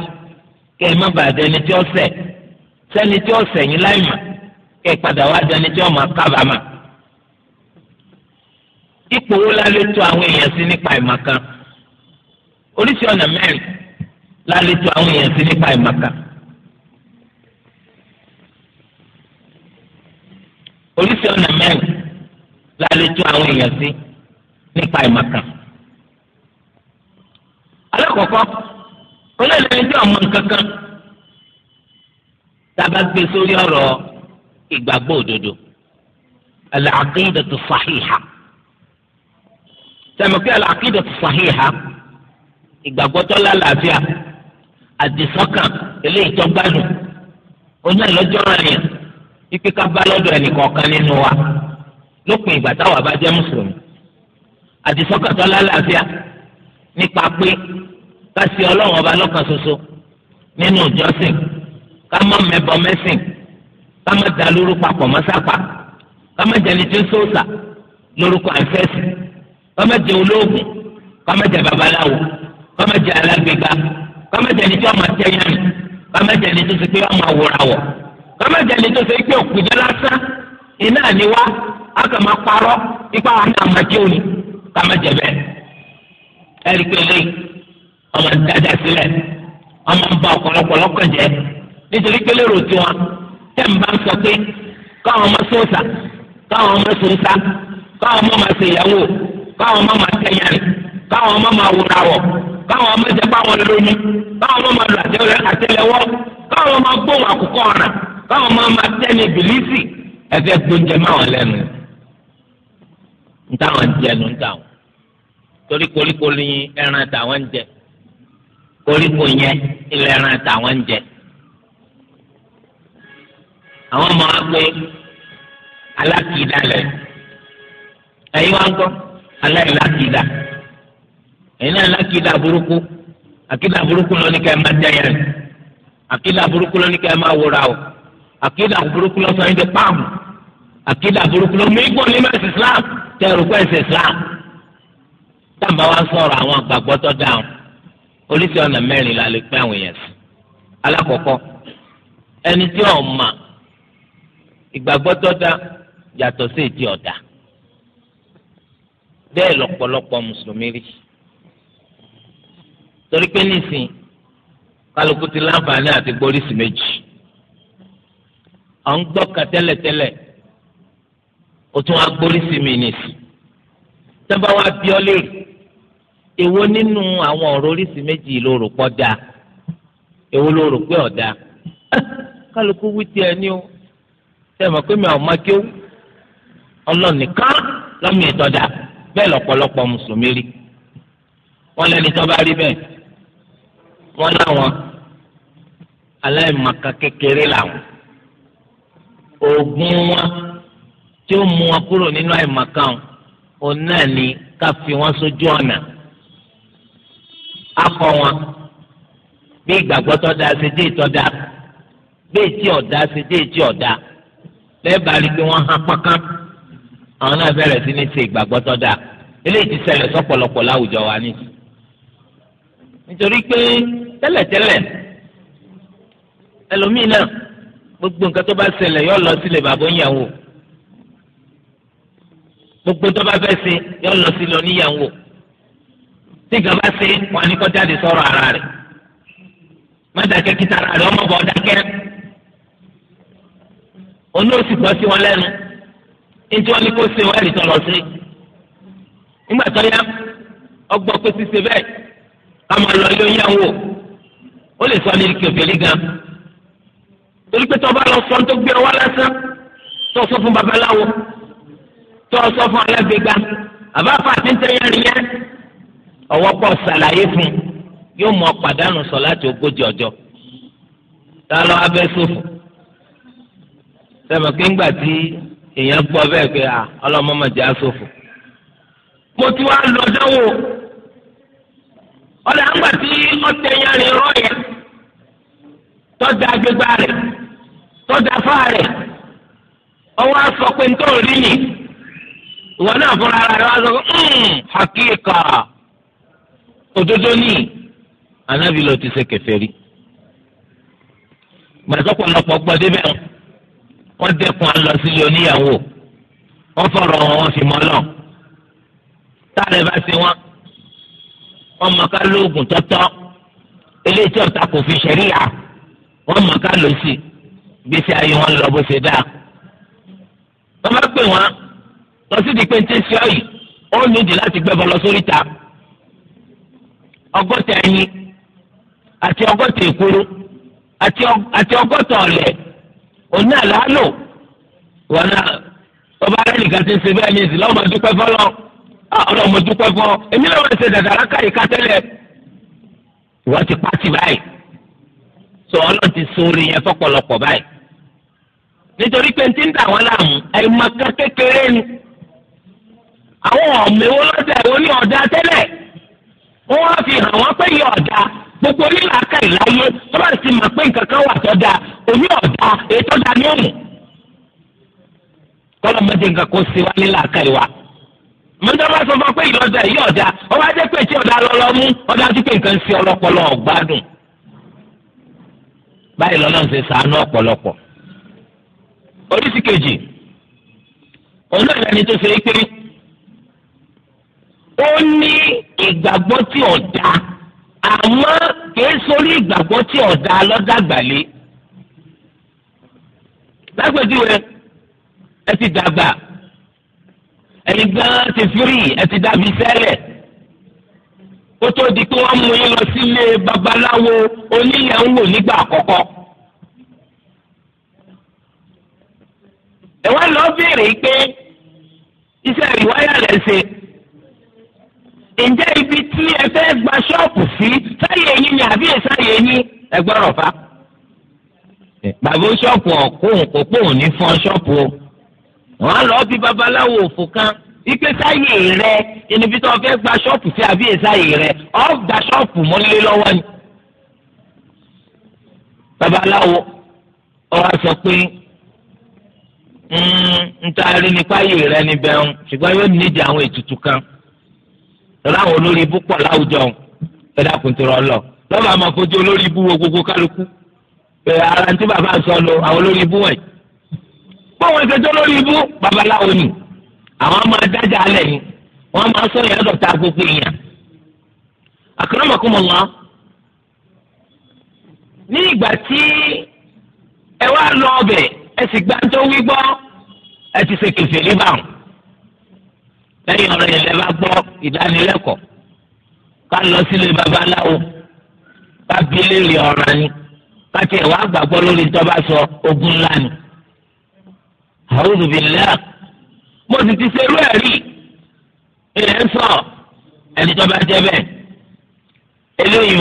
kẹ́ ẹ má bàa dẹni tí ó ṣẹ̀ sẹ́ni tí ó ṣẹ̀ yín láì mà kẹ́ ẹ padà wá dẹni tí ó máa kábàámà. ipò wo la lè tó àwọn èèyàn sí nípa ìmọ̀ kan oríṣi ọ̀nà mẹ́rin lálẹ́ tó àwọn èèyàn sí nípa ìmàkà. oríṣi ọ̀nà mẹ́rin lálẹ́ tó àwọn èèyàn sí nípa ìmàkà. alákọ̀ọ́kọ́ olóòlùwẹ̀ jẹ́ ọmọ nǹkankan tába gbé sórí ọ̀rọ̀ ìgbàgbọ́ òdodo al-aqidatu sahiha sẹ́mi pé al-aqidatu sahiha lálàáfíà àdìsọ́kàn eléyìí tó gbádùn oní àlọ́jọ́ àyàn ipe ká bá lọ́dọ̀ ẹnìkọ̀ọ̀kan nínú wa lópin ìgbà táwa bá jẹ́ mùsùlùmí àdìsọ́kàn tó lálàáfíà nípa pé ká sí ọlọ́run ọba lọ́kàn ṣoṣo nínú ìjọsìn ká má mẹ́bọ mẹ́sìn ká má da lóru papọ̀ mọ́sápà ká má jẹni tí sóòsà lórúkọ àfẹ́sì ká má jẹ olóògùn ká má jẹ babaláwo ká má jẹ alágbèéká kámẹ́jẹ̀ni tí wọ́n máa tẹ yẹn kámẹ́jẹ̀ni tó ṣe pé wọ́n máa wòrà wọ̀ kámẹ́jẹ̀ni tó ṣe pé òkùnjẹ́ lásán iná ni wá a kà máa parọ́ ipá wa náà máa kí òní kámẹ́jẹ̀ bẹ́ẹ̀ ẹ̀rí pé lẹ́yìn ọmọ dáadáa sílẹ̀ ọmọ ń ba ọ̀pọ̀lọpọ̀ lọ́kàn jẹ́ nítorí pé lérò tiwọn tẹ̀ ń bá ń sọ pé káwọn ọmọ sóòsà káwọn káwọn ọmọ máa ṣèyàwó káwọn ọmọ máa tẹ̀yàn káwọn ọmọ máa wúra káwọn ọmọ ẹsẹ̀ báwọn lóyún káwọn ọmọ máa lọ àtẹ́lẹwọ́ káwọn ọmọ gbóhùn àkùkọ ọ̀ràn káwọn ọmọ ọmọ tẹ́ni bìlísì ẹ̀fẹ́ gbóúnjẹ máwọn ntáwọn ntáwọn torí koríko ẹran táwọn ń jẹ koríko yẹn ilẹ̀ ẹran táwọn ń jẹ àwọn ọmọ wa ń ẹ̀yin náà lákìdá burúkú àkìdá burúkú lọ ní ká ẹ máa dẹ́yẹ rẹ̀ àkìdá burúkú lọ ní ká ẹ máa wòrà o àkìdá burúkú lọ sọ ẹ̀yin pààmù àkìdá burúkú lọ mí gbọ́n nínú ẹ̀sìn Islam tẹ ẹ̀rùkọ́ ẹ̀sìn Islam táàmù wa sọ̀rọ̀ àwọn àgbàgbọ́ tó dáhùn oríṣi ọ̀nà mẹ́rin la lè pẹ́ àwọn èèyàn sí alákọ̀ọ́kọ́ ẹni tí ò mà ìgbàgbọ́ tó dá yàtọ̀ sí èdè ọ̀dà bẹ́ẹ̀ lọ́pọ̀lọpọ̀ mùsùlùmí rí torí pé nísìn kálukú ti láǹfààní àti gbórísì méjì à ń gbọ́ ka tẹ́lẹ̀tẹ́lẹ̀ o tún wá gbórísì mi nísìn tẹ́bá wá bí ọ lérò èwo nínú àwọn ọ̀rọ̀ oríṣi méjì ló rò pọ̀ dáa èwo ló rò pé ọ̀dà eh, kálukú wí tiẹ̀ ní o tẹ́lẹ̀ pé mi àwọn máa kéwú ọlọ́nìkan lọ́mọ bẹ́ẹ̀ lọ́pọ̀lọpọ̀ mùsùlùmí rí wọ́n lẹ́ni tó bá rí bẹ́ẹ̀ wọn láwọn aláìmọ̀ọ́ká kékeré làwọn oògùn wọn tí ó mú wọn kúrò nínú àìmọ̀ọ́ká wọn náà ni ká fi wọn sójú ọ̀nà akọ wọn bí ìgbàgbọ́ tó dáa ṣe dé ìtọ́ dáa bí ètí ọ̀dá ṣe dé ètí ọ̀dá lẹ́ẹ̀bà rí pé wọ́n hán pákán àwọn náà bẹ̀rẹ̀ sí ní ìgbàgbọ́ tó dáa eléyìí ti ṣẹlẹ̀ sọ́pọ̀lọpọ̀ nítorí pé tẹ́lẹ̀tẹ́lẹ̀ ẹlòmíì náà gbogbo nǹkan tó bá ṣẹlẹ̀ yọ lọ sílé bàbá oníyàwó gbogbo tó bá fẹ́ ṣe yọ lọ sílé oníyàwó tí nǹkan bá ṣe wọn ni kó jáde sọ̀rọ̀ ara rẹ̀ má dákẹ́ kíta ara rẹ̀ ọmọ bọ̀ dákẹ́ onóòsì gbọ́ sí wọn lẹ́nu ntí wọn ní kó ṣe wọn ẹ̀rí tọ̀ sí nígbà tó yá ọgbọ́n pé ṣíṣe bẹ́ẹ̀ káma lọ ilé yẹn wò ó lè sọ ní kẹfẹ́lí gan torí pé tọ́ba lọ sọ tó gbé ọ wá lásán tó sọ fún babaláwo tó sọ fún alágbèéká àbáfà àti ntẹ̀yẹrìyẹ ọwọ́ pọ̀ ṣàlàyé fún yóò mọ pàdánù sọ láti ogójì ọjọ́ tá a lọ abẹ́ sófò sẹ́mi kí ńgbà tí èèyàn gbọ́ bẹ́ẹ̀ pé ọlọ́mọ mọ̀jà sófò mo ti wá lọ dánwò ọ̀dà ńgbà tí ọ̀tẹ̀ yẹn rìn rọ́ yẹn tọ́jà gbégbá rẹ̀ tọ́jà fáà rẹ̀ ọwọ́ afọ pé ń tó rí yìí ìwọ náà fúnra ara rẹ̀ wá sọ hmm, hakíkà òdodo ní anábì ló ti ṣe kẹfẹ́ rí gbàdọ́pọ̀lọpọ̀ gbọ́ débẹ̀ wọ́n dẹ́kun lọ sílé oníyàwó wọ́n fọ̀rọ̀ wọn fi mọ́ lọ tá bá ṣe wọn wọ́n mọ̀ ká lóògùn tọ́tọ́ eléyìí tí ọ̀tá kò fi ṣẹ̀ríyà wọ́n mọ̀ ká lò sí gbèsè ayé wọn lọ bó ṣe dáa. wọ́n bá pè wọ́n lọ sí di péńté sí ọ̀yì ó nídìí láti gbẹ́bọ lọ sórí ta ọgọ́ta ẹyin àti ọgọ́ta èkuru àti ọgọ́ta ọ̀lẹ̀ òun náà wọn náà ọba arẹ́nìkan ti ń ṣe bẹ́ẹ̀ ní ìsìn lọ́mọdé pẹ́ fọ́lọ́ ọ̀rọ̀ mo dúpẹ́ fún ọ èmi náà wọ́n ṣe dàdàrà káyìíká tẹ́lẹ̀ ìwà ti pàtì báyìí sọ ọlọ́run ti sóore yẹn fọ́pọ̀lọpọ̀ báyìí nítorí pé ti ń dà wọ́n láàmú àìmọ̀ká kékeré ni àwọn ọ̀mọ ewo lọ́jà ìwọ ní ọ̀dà tẹ́lẹ̀ wọ́n wá fi hàn wọ́n pé yẹ ọ̀dà gbogbo onílà aka ìláyé tó bá mọ̀ pé nǹkan kan wà tọ́da òní ọ̀dà ètò ọ̀dà ni ó mú kọ́lọ́mọdé nǹkan kó sí wa nílà aka ìwà mọ̀tò bá sọ fún pé ìlọ́dà yìí ọ̀dà ó wá jẹ́ pé tí ọ̀dà lọ́lọ́ mú ọ̀dà tí pé nǹkan sí ọlọ́pọlọ ọ̀gbádùn. báyìí lọ́nà ń ṣe sàánú ọ̀pọ̀lọpọ̀. oríṣi kejì òun náà tó ṣe é pé ó ní ìgbàgbọ́ tí ọ̀dà àmọ́ kìí sórí ìgbàgbọ́ tí ọ̀dà lọ́dàgbàlẹ̀. lágbèjì rẹ ẹ ti dàgbà. ẹ̀yin gan ti firi ẹ ti dàbí sẹ́lẹ̀ tó di pé wọ́n mú yín lọ sílé babaláwo oníyẹ̀ ń wò nígbà àkọ́kọ́. ẹ lọ pé iṣẹ́ ìwáyà ṣe ǹjẹ́ ibi tí ẹ gba ṣọ́ọ̀pù sí yín ni àbí yín ẹ gbọ́dọ̀ fa. bàbá ṣọ́ọ̀pù kò ní o. wọ́n lọ bí babaláwo òfò kan ike sáyè rẹ ẹnibí tó fẹ́ gba ṣọ́ọ̀pù sí àbí èsáyè rẹ ọ gba ṣọ́ọ̀pù mọ́lé lọ́wọ́ ni. babaláwo ọwọ́ sọ pé hmm, ntaari nípa ayé rẹ níbẹ̀ ń ṣùgbọ́n yóò nídìí àwọn ètùtù kan lọ́la àwọn olórí ibú pọ̀ láwùjọ ẹ̀dá kùntùrọ̀ lọ lọ́ba àmọ́ fojú olórí ibú wo gbogbo kálukú ara tí bàbá sọ lọ àwọn olórí ibú wọ̀nyí báwọn ṣe tó lórí ibú babaláwo ni àwọn máa dájà alẹ ni wọn máa sọ yẹn dọ̀tà gbogbo èèyàn akramakumullah ní ìgbà tí ẹ wá lọ ọbẹ̀ ẹ sì gbá tó wí gbọ́ ẹ ti ṣe kẹfẹ́ níbàrún lẹ́yìn ọ̀rọ̀ yẹn lẹ́ bá gbọ́ ìdánilẹ́kọ̀ọ́ ká lọ sílé babaláwo ká bí léèrè ọ̀ràn ni ká tiẹ̀ wá gbàgbọ́ lórí tó bá sọ ogun ńlá ni àwùjọ bíi lẹ́à mo sì ti ṣerú ẹ̀ rí ilẹ̀ ń sọ ẹni tó bá jẹ́ bẹ́ẹ̀ eléyìí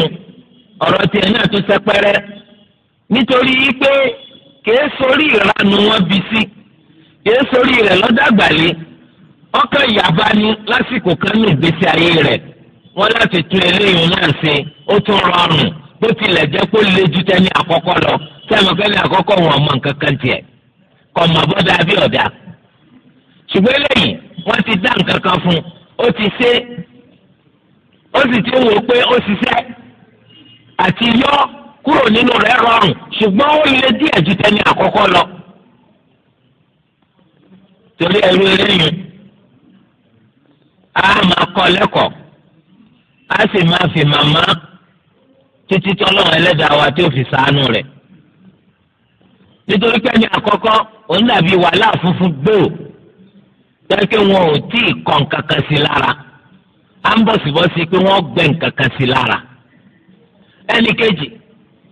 ọ̀rọ̀ tiẹ̀ náà tún sẹ́pẹ́rẹ́ nítorí pé kìí sórí ìranu wọn bí sí kìí sórí rẹ̀ lọ́dàgbàlẹ́ ọkàn ìyàbá ni lásìkò kan ní ìgbésí ayé rẹ̀ wọ́n láti tún eléyìí náà ṣe ó tún rọrùn bó tilẹ̀ jẹ́ kó le ju tẹ́ni àkọ́kọ́ lọ tẹ́ni àkọ́kọ́ wọn mọ nǹkan kan tiẹ̀ kọmọ bọ́dà bí ọ̀dà ṣùgbọ́n eléyìí wọ́n ti dá nǹkan kan fún un ó ti ṣe ó sì ti wò ó pé ó ṣiṣẹ́ àti yọ kúrò nínú rẹ̀ rọrùn ṣùgbọ́n ó lè díẹ̀ ju tẹni àkọ́kọ́ lọ torí ẹrú eléyìí a máa kọ́ lẹ́kọ̀ọ́ a sì máa fi màmá títí tọ́lọ́run ẹlẹ́dàá wa tí ó fi ṣàánú rẹ̀ nítorí pé ní àkọ́kọ́ òun dàbí wàhálà funfun gbòò pẹ́ẹ́kẹ́ wọn ò tí ì kọ́ nǹkan kan sí lára à ń bọ̀sibọ́sí pé wọ́n gbẹ nǹkan kan sí lára ẹnì kejì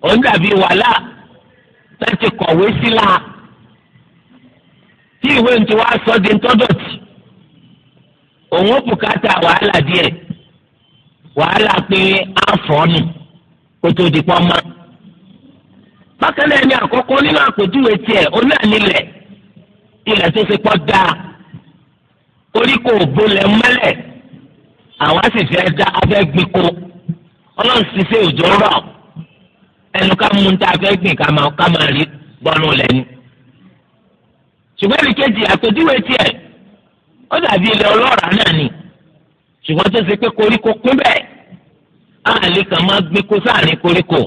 òun dàbí wàhálà láti kọ̀wé sílá tí ìwé ntí wàá sọ di ntọ́dọ̀tì òun ó bùkátà wàhálà díẹ̀ wàhálà pé àfọ́nù kó di pọ́n bákan náà ẹni àkọ́kọ́ nínú àpèjúwe tiẹ̀ oní ànílẹ̀ ilẹ̀ tó ti pọ̀ dáa orí kò bolẹ̀ mọ́lẹ̀ àwọn sì fẹ́ dá abẹ́ gbin ko ọlọ́run sì ṣe òjò rọ̀ ẹnu ká mú tá a fẹ́ gbìn ká máa rí bọ́nú lẹ́nu. ṣùgbọ́n ẹnì kejì àpèjúwe tiẹ̀ ó dàbí ilẹ̀ ọlọ́ràá náà ni ṣùgbọ́n tó ṣe pé koríko kún bẹ́ẹ̀ àlè kan máa gbin ko sáàrin koríko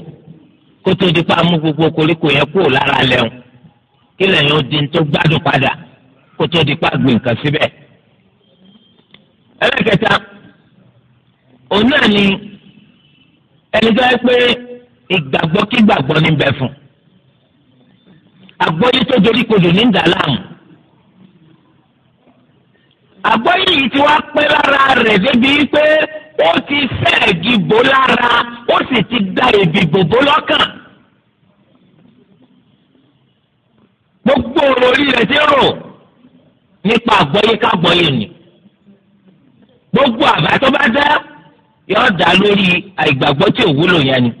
kó tó di pa mú gbogbo koríko yẹn kúrò lára lẹ́hùn kí lẹ́yìn ó di tó gbádùn padà kó tó di pa gbìn nǹkan síbẹ̀. ẹlẹ́kẹta òun náà ni ẹni tó yẹ pé ìgbàgbọ́ kí gbàgbọ́ ní bẹ fún àgbọ́yé tó dorí kodò ní dàlámù àgbọ́yé yìí ti wá pẹ́ lára rẹ̀ débi pé ó ti fẹ́ẹ̀gì bò lára ó sì ti da ìdìbò bò lọ́kàn. gbogbo ọ̀rọ̀ orí rẹ̀ ti rò nípa àgbọ́yé kágbọ́yé ni gbogbo àbá tó bá dá yóò dá lórí àìgbàgbọ́ tí ò wúlò yẹn ni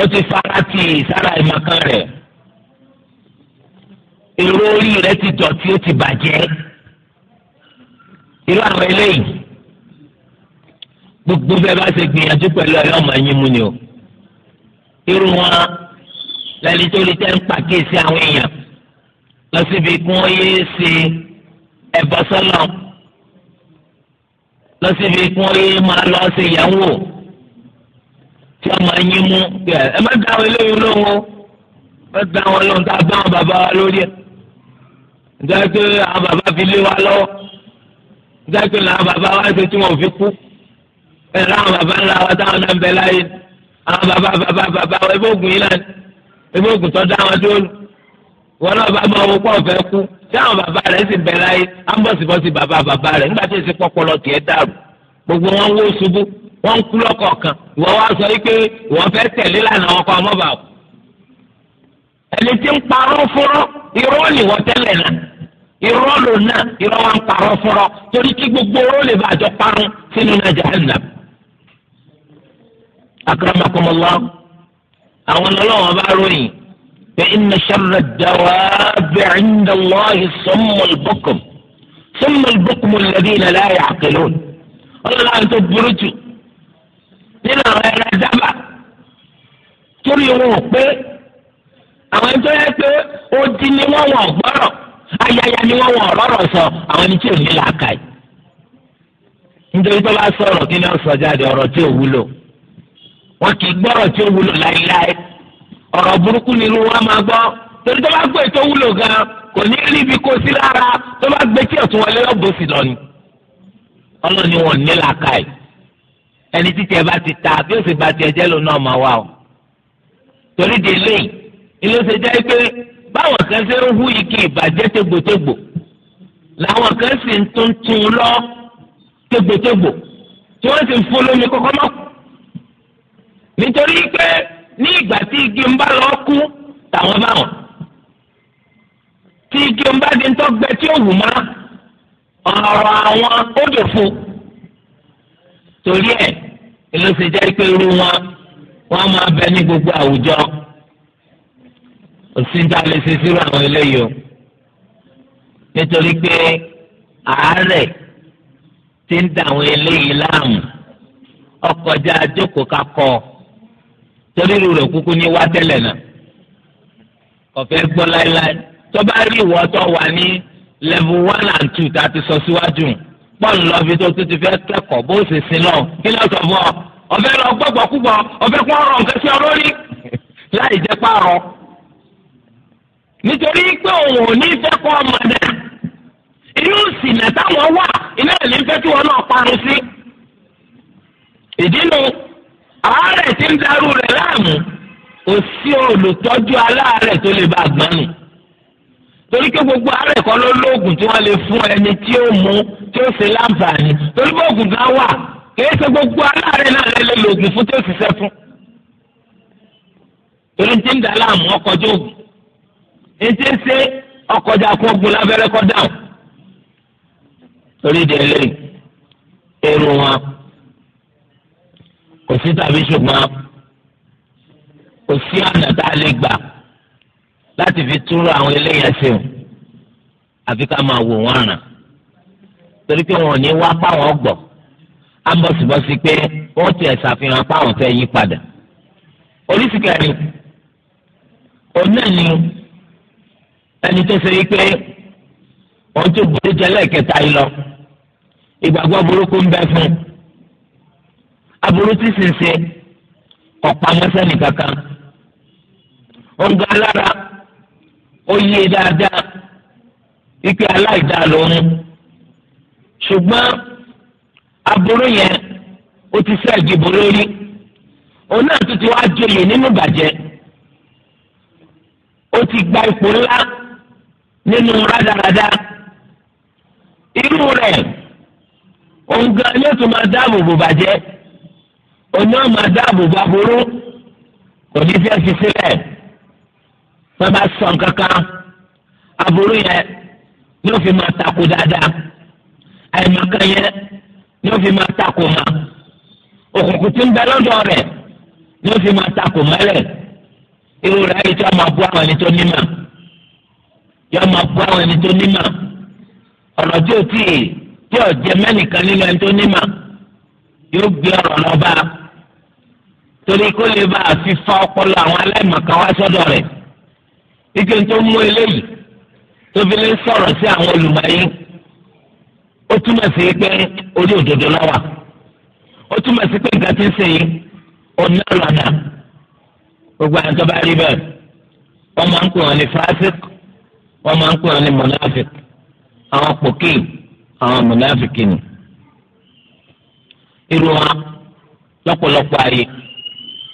ó ti fara ti sára ìmọ̀kan rẹ̀ èrò orí rẹ̀ ti dọ̀tí ó ti bàjẹ́ irú àwọn eléyìí gbogbo bẹ́ẹ̀ bá ṣe gbìyànjú pẹ̀lú ọ̀yọ́ ọmọ ẹ̀yìn mu ni o irú wọn lẹ́ni tó lè tẹ́ ń pàkíyèsí àwọn èèyàn lọ síbi kí wọ́n yéé ṣe ẹ̀bọ sọ́lọ̀ lọ síbi kí wọ́n yéé máa lọ ṣe ìyàwó tí ọmọ ẹ̀yìn mu ẹ má dá àwọn eléyìí lóhùn o má dá àwọn lóhùn tá a bá àwọn bàbá wa lórí ẹ̀ ǹjẹ́ pé àwọn bàbá fi lé wa lọ́wọ́ dájú làwọn bàbá wa ṣe tí wọn fi kú ẹ láwọn bàbá ńlá wa táwọn náà ń bẹ láyé àwọn bàbá bàbá bàbá wa ebe oògùn yìí lánàá ebe oògùn tó dá wọn dúró nù wọn náà bá máa wọ pọ̀ fẹ́ kú tí àwọn bàbá rẹ̀ sì ń bẹ láyé á ń bọ̀sibọ̀si bàbá bàbá rẹ̀ nígbà tí èsì pọpọlọ tiẹ̀ dàrú gbogbo wọn wó ṣubú wọn ń kú lọ́kọ̀ọ̀kan ìwọ wa sọ wípé ìwọ fẹ́ tẹ̀lé lánàá ọkọ ọmọ bàbá ẹni tí ń parọ́ fúnrọ́ irọ́ nìwọ tẹ́lẹ̀ náà irọ́ ló ná irọ́ wa ń parọ́ fọ́rọ́ torí kí gbogbo oró lè bàjọ́ parun sínú náà jahannam. akramakumullah àwọn ọlọ́wọ́n bá ròyìn pé inna sharra ad-dawabi 'inda Allahi as-summul bukm summul bukm alladhina la ya'qilun ọlọ́wọ́n tó burú jù nínú àwọn ẹ̀rọ dábàá torí wọn ò pé àwọn ẹjọ́ yẹ pé odi ni wọ́n wọ̀ gbọ́rọ̀ ayaya ni wọ́n wọ ọ̀rọ̀rọ̀ sọ àwọn ẹni tí ò ní làákà yìí nítorí tó bá sọ̀rọ̀ kí ni wọ́n sọ jáde ọ̀rọ̀ tí ò wúlò wọn kì í gbọ́rọ̀ tí ó wúlò láéláé ọ̀rọ̀ burúkú ni irú wa máa gbọ́ torí tó bá gbé tó wúlò gan kò ní rí ibi kó sí lára tó bá gbé tí ọ̀tún wọlé lọ́gbọ̀sì lọ ni ọlọ́ni wọn ní làákàyè ẹni títí ẹ bá ti ta bí ó sì bá tiẹ̀ jẹ́ lòun máa wà o torí délé ilé ó ṣe jẹ́ pé báwọn kan ṣe ń hú igi ìbàjẹ́ tégbòtégbò làwọn kan sì ń tún tún lọ tégbòtégbò tí wọ́n sì ń fún lómi kọ́kọ́ mọ́. nítorí pé ní ìgbà tí igi ń bá lọ kú tàwọn báwọn tí igi ń bá di ń tọ́gbẹ tí ó wù mọ́ ọ̀rọ̀ àwọn ó dò fún torí ẹ̀ ló jẹ́ pé irú wọn wọ́n máa bẹ ní gbogbo àwùjọ òsínta lè ṣe sírò àwọn eléyìí o nítorí pé àárẹ̀ ti ń da àwọn eléyìí láàmú ọkọjá jókòó kakọ torí rúurọ kúkú ní wá tẹ́lẹ̀ náà kọfẹ gbọ́ láéláé tó bá rí ìwọ tó wà ní level one and two tá a ti sọ síwájú pọ́ùn lọ́bi tó tó ti fẹ́ kẹ́kọ̀ọ́ bó ṣe sin lọ kí ló sọ fún ọ ọ̀fẹ́ lọ gbọ́gbọ́ kúgbọ́ ọ̀fẹ́ kún ọ̀rọ̀ nǹkan sí ọ lórí *laughs* láì jẹ́ pààrọ̀ nítorí pé òun ò ní fẹ́ kọ́ ọmọ dẹ̀ inú ìsìnà táwọn wà iná ẹ̀ ní fẹ́ kí wọn náà parun sí. ìdínú àárẹ̀ tí ń darú rẹ̀ láàmú kò sí olùtọ́jú aláàárẹ̀ tó lè bá gbọ́n nù torí pé gbogbo àárẹ̀ kan ló lóògùn tí wọ́n lè fún ẹni tí ó mú tí ó ṣe láǹfààní torí pé oògùn kan wà kìí ṣe gbogbo aláàárẹ̀ náà lè lòògùn fún tí ó ṣiṣẹ́ fún. torí ti ń dà láàmú ọkọ̀ jóògùn etí ń ṣe ọkọjà kó gun lábẹ́rẹ́ kọ́ dáhùn torí ìdílé irun wọn kò sí tàbí ṣùgbọ́n kò sí ọ̀nà tá a lè gbà láti fi túrò àwọn eléyàn sí o àfi ká máa wò wọ́n ràn torí pé wọn ò ní wá báwọn gbọ́ á bọ̀sibọ́sí pé wọ́n ti ẹ̀ ṣàfihàn páwọn fẹ́ yí padà oríṣi kẹrin òun náà ni ẹni tó ṣe wípé òun tó borí jẹ lẹ́ẹ̀kẹta yìí lọ ìgbàgbọ́ burúkú ń bẹ fún un aburú tí sì ń ṣe ọ̀pá mọ́sẹ́nì kankan ọ̀gá alára ó yé dáadáa wípé aláìdáa lòun ṣùgbọ́n aburú yẹn ó ti ṣe ìdìbò lórí òun náà wá joyè nínú ìbàjẹ́ ó ti gba ipò ńlá. nínú rádaràda irú rẹ̀ òǹkà yóò tún máa dáàbò bò bàjẹ́ òní náà máa dáàbò bò aburú kò ní fẹ́ fi sílẹ̀ wọ́n bá sọ kankan aburú yẹn ni ó fi máa takò dáadáa àìmọ̀kan yẹn ni ó fi máa takò mà òkùnkùn tí ń bẹ lọ́dọ̀ rẹ̀ ni ó fi máa takò mọ́lẹ̀ irú rẹ̀ ayé tí wọ́n máa bu àwọn ẹni tó ní yọ máa bọ́ àwọn ẹni tó nímà ọ̀rọ̀ tí ò tí ì tí ò jẹ mẹ́nìkan nínú ẹni tó nímà yóò gbé ọ̀rọ̀ lọ bá torí kó lè bá àfífá ọpọlọ àwọn aláìmọ̀kan wá sọ́dọ̀ rẹ̀ ike tó mú eléyìí tó fi lè sọ̀rọ̀ sí àwọn olùmọ̀yé ó túmọ̀ sí pé orí òdodo lọ́wà ó túmọ̀ sí pé nǹkan ti ń sèyí ọ̀nà lọ́nà gbogbo àwọn tó bá rí bẹ́ẹ̀ wọ́n máa ń pè wọ́n ní fásitì wọ́n máa ń pè wọn ní mọ̀nàfík àwọn pòkì àwọn mọ̀nàfíkì ni. irú wa lọ́pọ̀lọpọ̀ ààyè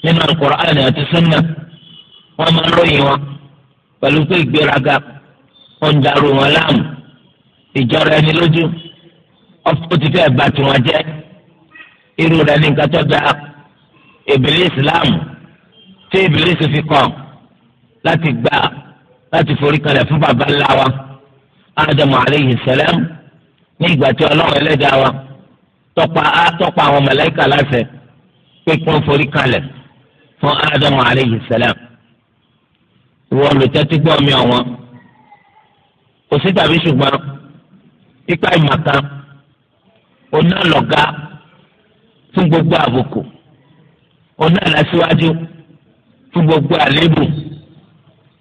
nínú Al-Qur'ani àti Sunnah wọ́n máa ń ròyìn wọn pẹ̀lú pé ìgbéraga wọ́n ń darú wọn láàmú ìjọra ẹni lójú ó ti fẹ́ bà tiwọn jẹ́ irú rẹ̀ ní nǹkan tó da Ìbílísì Islam tí Ìbílísì fi láti gbà á láti forí kalẹ̀ fún baba ńlá wa ádámù aleyhi sẹlẹm ní ìgbà tí ọlọ́run ẹlẹ́dàá wa tọ́pa á tọ́pa àwọn màláíkà láṣẹ pé kí wọ́n forí kalẹ̀ fún ádámù aleyhi sẹlẹm ìwọ olùtẹ́tí gbọ́ mi ọ̀wọ́n kò sí tàbí ṣùgbọ́n ipa ìmọ̀kan oná lọ̀gá fún gbogbo àbùkù oná làṣíwájú fún gbogbo àlébù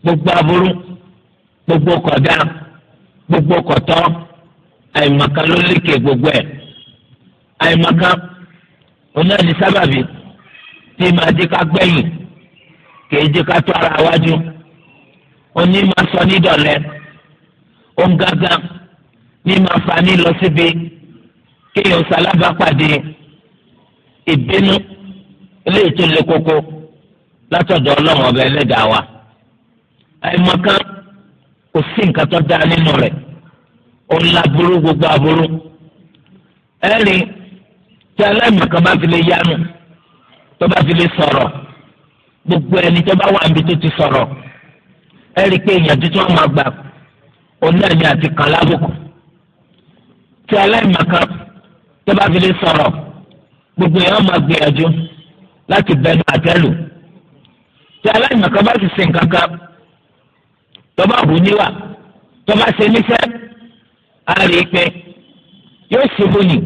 gbogbo aburú gbogbo kọ̀dá gbogbo kọ̀tọ́ àìmọ̀ká ló lékè gbogbo ẹ̀ àìmọ̀ká onye ní sábàbí tí màá di ká gbẹ̀yìn kìí di ká tó ara wájú oní máa sọ nídọ̀lẹ́ ongaga ní máa fa ní lọ síbi kéèyàn pàdé ìbínú ilé ètò ìlé látọ̀dọ̀ ọlọ́run ẹlẹ́dàá wa àìmọ̀ká. kò sí nǹkan tó dáa nínú rẹ̀ ó ń laburú gbogbo aburú ẹ̀rí tí aláìmọ̀ kan bá fi lè yánu tó bá fi lè sọ̀rọ̀ gbogbo ẹni tó bá wà níbi tó ti sọ̀rọ̀ ẹ̀rí pé ìyànjú tí wọ́n máa gbà ni àti kàn lábùkù tí aláìmọ̀ kan tó bá fi lè sọ̀rọ̀ gbogbo èèyàn máa gbìyànjú láti bẹnu àtẹ́lù tí aláìmọ̀ kan bá ti sìn kankan tọ́ba buniwa níwà tọ́ba ṣe níṣẹ́ á rí i pé yóò ṣubú ni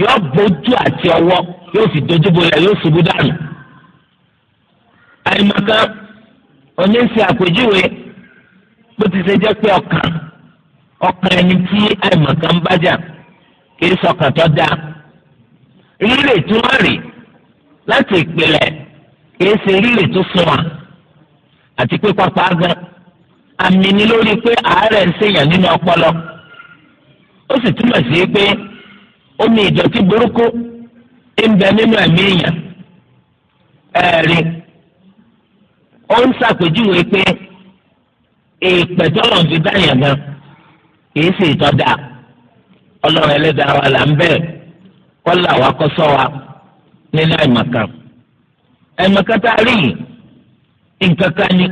yóò bójú àti ọwọ́ yóò fi dojú bolẹ̀ yóò ṣubú dànù. àìmọ̀kan oníṣe àpèjúwe bó ti ṣe jẹ́ pé ọkàn ọkàn ẹni tí àìmọ̀kan ń bájà kì í sọkàn tó rírè tí wọ́n rè láti ìpìlẹ̀ kì í ṣe rírè tó fún àti pé pápá gan amini ni lórí pé àárẹ̀ ń ṣèyàn nínú ọpọlọ ó sì túmọ̀ sí pé omi ìdọ̀tí burúkú ń bẹ nínú ẹ̀mí èèyàn ẹ̀rí ó ń ṣàpèjúwe pé ìpẹ̀tọ́lọ̀ fi dáyàn gan kìí ṣe da ọlọ́run ẹlẹ́dàá wa là ń bẹ̀ wa nínú àìmọ̀kan àìmọ̀kan tá a ni.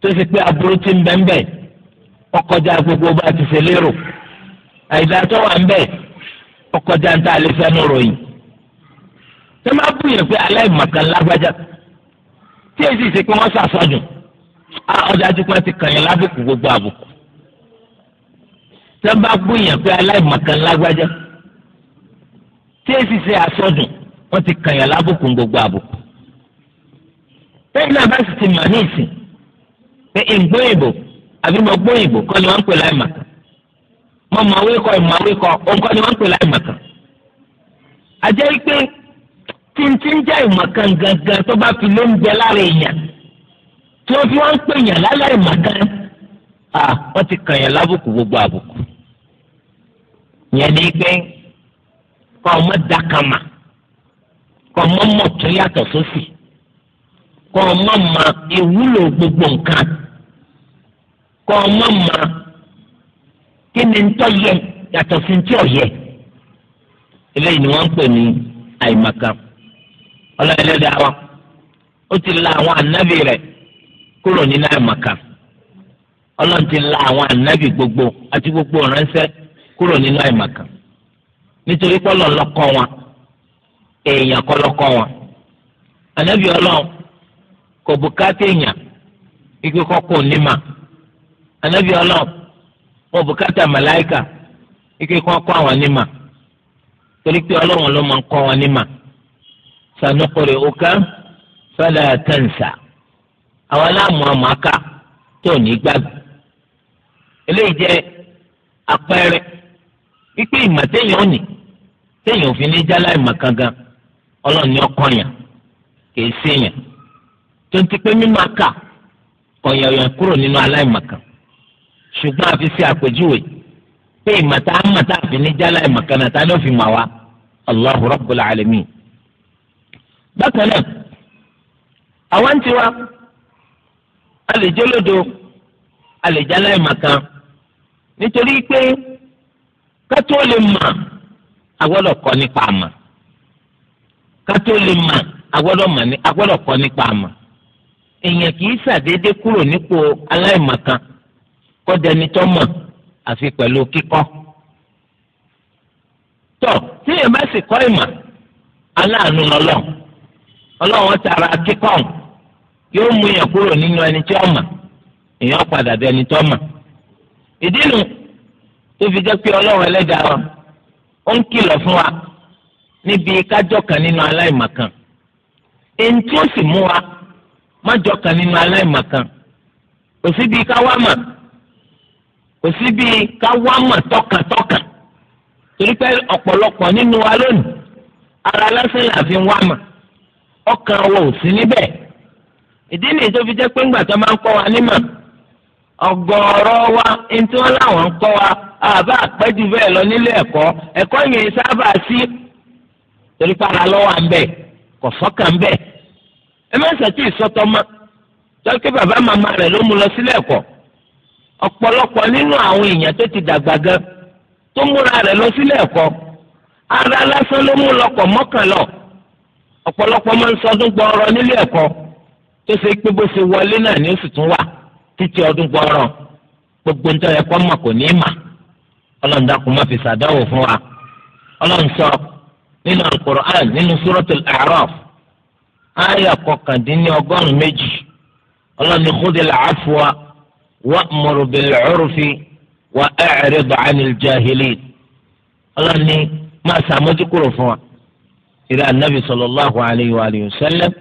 tó ṣe pé aburú ti ń bẹ ń bẹ ọkọjá gbogbo bá ti ṣe lérò àìdá tó wà ń bẹ ọkọjá ń tà lè fẹnu ròyìn ṣé máa bú yẹn pé aláìmọ̀kan lágbájá tí èsì ṣe pé wọ́n ṣàṣọdùn ọjà dúpẹ́ ti kàn yín lábùkù gbogbo àbùkù ṣé máa bú yẹn pé aláìmọ̀kan lágbájá tí èsì ṣe àṣọdùn wọ́n ti kàn yín lábùkù gbogbo àbùkù. bẹ́ẹ̀ náà bá sì ti mà ní ìsìn pé ìgbóyìnbó àbí mo gbóyìnbó kọ́ ni wọ́n ń pè láì màkà mo mọ̀ wí kọ́ ìmọ̀ wí kọ́ òun kọ́ ni wọ́n ń pè láì màkà. àjẹ́ pé tìǹtìǹ jẹ́ ìmọ̀kan gangan tó bá fi ló ń jẹ lára èèyàn tí wọ́n fi wọ́n ń pè yàn lálẹ́ ìmọ̀kan à wọ́n ti kàn yàn lábùkù gbogbo àbùkù. yẹn ni pé kọ́ ọmọ dákàmà kọ́ ọmọ mọ̀ tó yàtọ̀ sósì. So si kọ ọ mma ma ìwúlò gbogbo nǹkan kọ mma kí ni ntọ́ yẹ yàtọ̀ sí ntí ọ̀yẹ. eléyìí ni wọ́n ń pè ní àìmọ̀kà ọlọ́ọ̀lẹ́dàá wa ó ti la àwọn ànábì rẹ̀ kúrò nínú àìmọ̀kà ọlọ́run ti la àwọn ànábì gbogbo àti gbogbo ránṣẹ́ kúrò nínú nítorí wọn èèyàn kọ́ lọ́kọ́ wọn ànábì kò bùkátà èèyàn ike kọkọ onímà anabi Ọlọ́run wọn bùkátà màláìkà ike kọkọ àwọn onímà torí pé Ọlọ́run ló máa ń kọ́ wọn onímà sanukore oka fẹlẹ tẹnsa àwọn aláàmú àmàkà tó ní gbàgbé eléyìí jẹ àpẹẹrẹ pípé ìmọ̀ téèyàn ò ní téèyàn ò ní jálá ìmọ̀ kankan Ọlọ́run ni ọkọ yàn kì í séèyàn tó ń ti pé mímọ̀ ká kọ̀yọ̀yọ̀ kúrò nínú aláìmọ̀kan ṣùgbọ́n àfi sí àpèjúwe pé ìmọ̀ta àmọ̀ta àfi ní náà ta ló fi mọ̀ wá Allahu Rabbul Alamin. bákan náà àwọn tiwa a lè jẹ́ lódo a lè jẹ́ aláìmọ̀kan nítorí pé kátó lè mọ̀ agbọ́dọ̀ kọ́ nípa àmọ̀ kátó lè mọ̀ agbọ́dọ̀ kọ́ nípa àmọ̀ èèyàn kì í ṣàdédé kúrò nípò aláìmọ̀kan kọ́dẹni tó mọ̀ àfi pẹ̀lú kíkọ́. tọ́ tí èèyàn bá sì kọ́ ìmọ̀ aláàánú lọ́lọ́run ọlọ́run tara kíkọ́ yóò mú èèyàn kúrò nínú ẹni tó mọ̀ èèyàn padà bẹ ẹni tó mọ̀. ìdí nu tó fi jẹ́ pé ọlọ́run ẹlẹ́dàá wa ó ń kìlọ̀ fún wa níbi kájọ́ kan nínú aláìmọ̀kan èyí tí ó sì mú wa. ma jọka kàn nínú aláìmọ̀kan kò síbi ká kò síbi ká wá torí pé ọ̀pọ̀lọpọ̀ nínú wa lónìí ara lásán là fi ń ma ọ ọkàn wa sí níbẹ̀ ìdí nìyí tó fi jẹ́ pé ńgbà tó máa ń kọ́ wa nímọ̀ wa ẹni wọ́n láwọn ń lọ nílé ẹ̀kọ́ ẹ̀kọ́ yẹn sábà sí torí pé ara lọ́wọ́ à ń bẹ̀ ẹ má ṣàtì ìsọtọ ma tọ́kí bàbá màmá rẹ̀ ló mú lọ sílé ẹ̀kọ́ ọ̀pọ̀lọpọ̀ nínú àwọn èèyàn tó ti dàgbà gan tó múra rẹ̀ lọ sílé ẹ̀kọ́ ara lásán ló mú lọkọ̀ mọ́kànlọ́ ọ̀pọ̀lọpọ̀ máa ń sọdún gbọ́ọ̀rọ̀ nílé ẹ̀kọ́ tó ṣe pé bó ṣe wọlé náà ni ó sì tún wà títí ọdún gbọ́ọ̀rọ̀ gbogbo nítorí ẹ̀kọ́ mà kò ní mà ọlọ́run dákun má fi ṣàdáwò fún wa ọlọ́run sọ nínú al-Qur'an nínú Suratul A'raf àyà kọkàndínní ọgọ́rùn-ún méjì ọlọ́run ní khudhi al-afwa wa'mur bil-urfi wa a'rid 'anil jahilin ọlọ́run ní máa ṣàmójúkúrò fún wa ìrẹ́ anabi sallallahu alayhi wa alihi wa sallam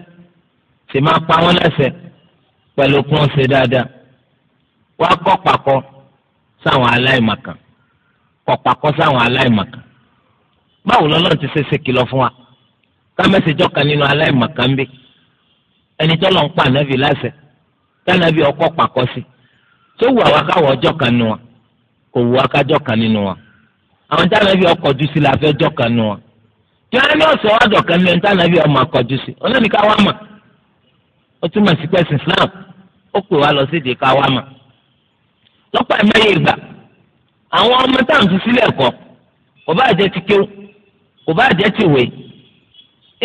sì máa pa wọ́n lẹ́sẹ̀ pẹ̀lú kún ṣe dáadáa wàá kọ́ pàkọ́ sáwọn aláìmọ̀kan kọ́ pàkọ́ sáwọn aláìmọ̀kan báwo lọ́lọ́run ti ṣe ṣe kìlọ̀ fún wa. kámẹ́sìjọ́ kan nínú aláìmọ̀kánbé ẹni tọ́lọ̀ ń pa ànábì láṣẹ kánábì ọkọ̀ pàkọ́ sí tó wù àwọn akáwọ̀ ọjọ́ kan nù wọn kò wù akájọ́ kan nínú wọn àwọn tánábì ọkọ̀ jù sí làfẹ́ ọjọ́ kan nù wọn tí wọn ní ọ̀sẹ̀ ọ̀dọ̀ kan lẹ́nu tánábì ọmọ akọ̀jù sí ọlọ́ni káwá mà ó túmọ̀ sí pẹ́sì Islam ó pè wá lọ mà lọ́pọ̀ ẹ̀mẹ́yẹ ìgbà àwọn ọmọ táwọn sílẹ̀ kọ kò bá jẹ́ ti kéw kò bá ti wèé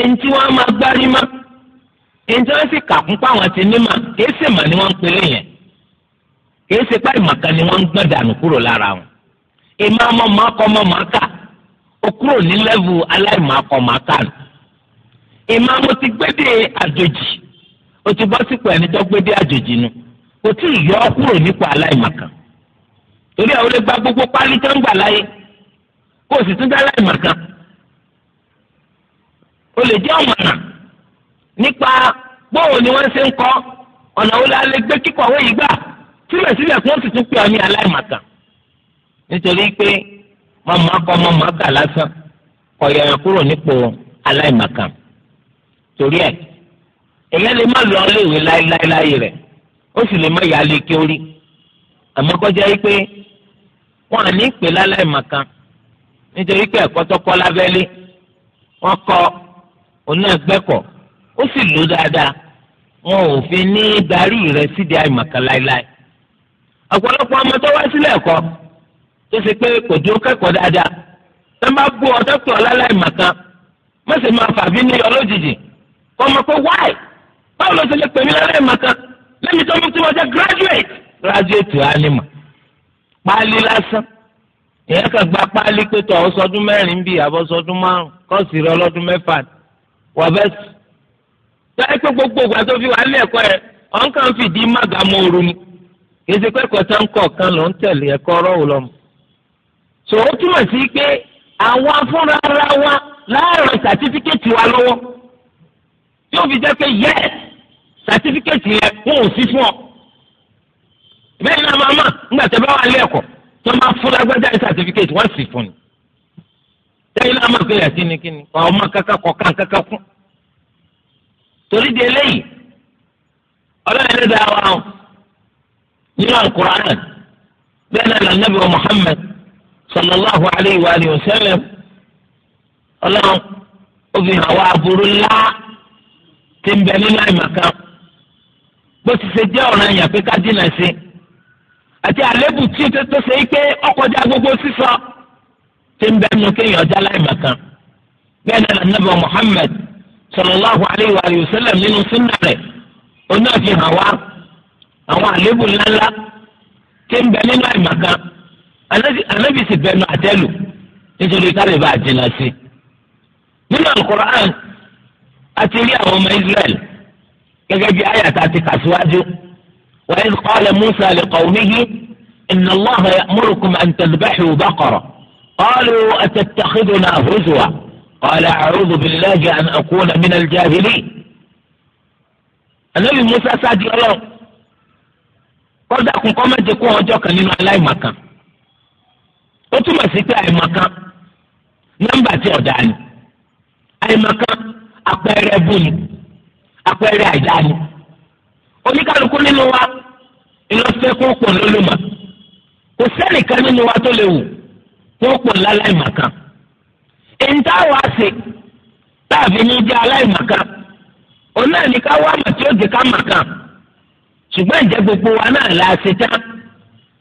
ntí wọn máa gbárí ma? ntí wọn sì kà fún pàwọn ti ní ni wọn pele yẹn kìí ṣe pa ni wọn ń dànù kúrò lára wọn ìmọ̀ ọmọ mọ̀ ọkọ o ní lẹ́vù aláìmọ̀ ọkọ mọ̀ ká nù ìmọ̀ ọmọ ti gbédè àjòjì o ti bọ́ sípò ẹni tó àjòjì nu o sì tún dá aláìmọ̀kan. o lè jẹ́ ọ̀mọ̀nà nípa gbóòwò ni wọ́n ṣe ń kọ́ ọ̀nà wo la lè gbé kíkọ̀wé yìí gbà síbẹ̀síbẹ̀ kí wọ́n sì tún pè ọ ní aláìmọ̀kan nítorí pé mọ̀mọ́ akọ mọ̀mọ́ akà lásán ọ̀yọ̀yàn kúrò nípò aláìmọ̀kan torí ẹ̀ èyí lè má lọ léèwé láéláéláyé rẹ̀ ó sì lè má yà á lè kí ó rí àmọ́ pé wọ́n à ní ìpè láláìmọ̀kan nítorí pé ẹ̀kọ́ tó lábẹ́lé wọ́n kọ́ òun náà o ó sì lò dáadáa wọn ò fi ní darí rẹ̀ sídìí àìmọ̀kan láéláé ọ̀pọ̀lọpọ̀ ọmọ tó wá sílẹ̀ ẹ̀kọ́ tó ṣe pé kò dúró kẹ́kọ̀ọ́ dáadáa tó máa bú ọ dọ́kítọ̀ ọláláì màkan má sì máa fàbí ní ọlójijì kọ́ ọmọ pé wáì báwo ló ṣe lè pè mí láláì màkan lẹ́mi tó mú tí mo jẹ́ graduate graduate páálí lásán gba páálí pé sọdún mẹ́rin bíi wọ́bẹ́s. táyé pé gbogbo ìgbà tó fi wà á lé ẹ̀kọ́ yẹn ọ̀n kàn fìdí màgàmọ́ ooru ni kan ló ń tẹ̀lé ẹ̀kọ́ ọ̀rọ̀ lọ́mọ. sọ ó túmọ̀ sí pé àwọn wa láàrin sàtífíkẹ́tì wa lọ́wọ́ tí ó fi jẹ́ pé yẹ́ẹ̀ sàtífíkẹ́tì yẹn fún ọ. bẹ́ẹ̀ ni àmàmà ńgbà tẹ́ bá wà lé ẹ̀kọ́ tó máa fún lágbájá ní sẹ́yìn náà máa gbéyà kíni kíni àwọn ọmọ kankan kọ̀ọ̀kan kankan kún. torí di eléyìí ọlọ́run ló dáa wá o nínú àkùránà bẹ́ẹ̀ náà lànàbí wa Muhammad sallallahu alayhi wa alihi wa sallam ọlọ́run ó fi hàn wá aburú ńlá tí ń bẹ nínú àìmọ̀kan bó ti ṣe jẹ́ ọ̀ràn yàn pé ká dínà sí àti àlébù tí o tó ṣe é pé ọkọ̀ já gbogbo sísọ. So tí ń bẹ́ẹ̀ nu kéèyàn ọjà láìmọ̀ kan bẹ́ẹ̀ náà nàbẹ Muhammad sallallahu alayhi wa sallam nínú súnà rẹ̀ oní àfihàn wa àwọn àléébù ńláńlá tí ń bẹ́ẹ̀ nínú àìmọ̀ kan anábì sì bẹ́ẹ̀ nu àtẹ́lù nítorí káre bá jìnnà sí nínú alukur'an àti rí àwọn ọmọ Israẹli gẹ́gẹ́ bí ayàtà ti kàṣíwájú wa idh qala Musa liqawmihi inna Allaha ya'murukum an tadhbahu baqara. قالوا أتتخذنا هزوا قال أعوذ بالله أن أكون من الجاهلين النبي موسى ساجي الله kọ́dà kún kọ́ má jẹ́ kó ọjọ́ kan nínú aláìmọ̀kan ó túmọ̀ sí pé àìmọ̀kan nọ́mbà tí ọ̀dà ni àìmọ̀kan àpẹẹrẹ bù ni àpẹẹrẹ àìdá ni oníkálukú nínú wa ìlọsẹ̀kùn pọ̀ lólùmọ̀ kò sẹ́nìkan nínú wa tó lè wù tó pọ̀ láláìmọ̀kan ìntà wá sí tàbí ní jẹ́ aláìmọ̀kan òun náà ní ká wá àmọ̀ tí ó di ká mọ̀kan ṣùgbọ́n ìjẹ́ gbogbo wa náà la ṣe tán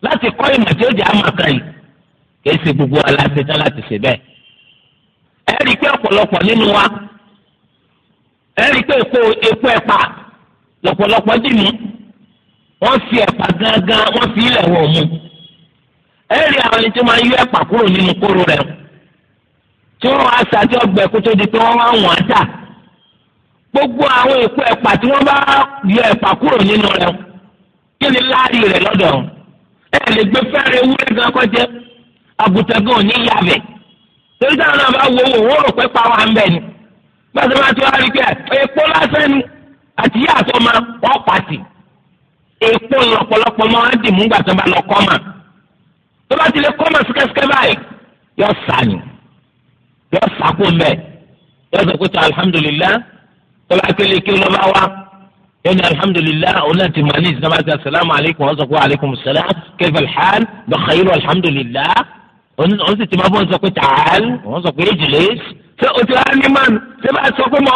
láti kọ́ ìmọ̀ tí ó di àmọ̀kan yìí kìí ṣe gbogbo wa la ṣe tán láti ṣe bẹ́ẹ̀ ẹ rí i pé ọ̀pọ̀lọpọ̀ nínú wa ẹ rí i pé èpo èpo ẹ̀pà lọ̀pọ̀lọpọ̀ dì mú wọ́n fi ẹ̀pà gángan wọ́n fi ilẹ̀ wọ̀ mu. ẹ rí àwọn ẹni tí wọ́n máa yọ ẹ̀pà kúrò nínú kóró rẹ̀ tí wọ́n wá sàdí ọgbẹ́ kó tó di pé wọ́n wá wọ́n á tà gbogbo àwọn èkó ẹ̀pà tí wọ́n bá yọ ẹ̀pà kúrò nínú rẹ̀ kí ni láàrí rẹ̀ lọ́dọ̀ lè gbé fẹ́rẹ̀ ewúrẹ́ gan torí táwọn náà bá wo ń bẹ̀ ni ti wá rí pé èpo lásán ni àti yíyàtọ̀ máa wọ́n pàtì èpo tó bá ti lè kọ́ mọ̀ síkẹ́síkẹ́ báyìí yọ sàní yọ sàkó mbẹ yọ sọ pé tó alihamudulilayi tó bá kéle kí ló bá wá yọ ní alihamudulilayi òun náà ti mọ̀ ní ìsinmi àti asalaamu aleykum wọ́n sọ pé aleykum salaam kayfa alhal bàkàyìrò alihamudulilayi òun sì ti máa bọ́ sọ tààl wọ́n sọ pé ṣé o ti rà ní mọ́nu ṣé bá sọ pé mo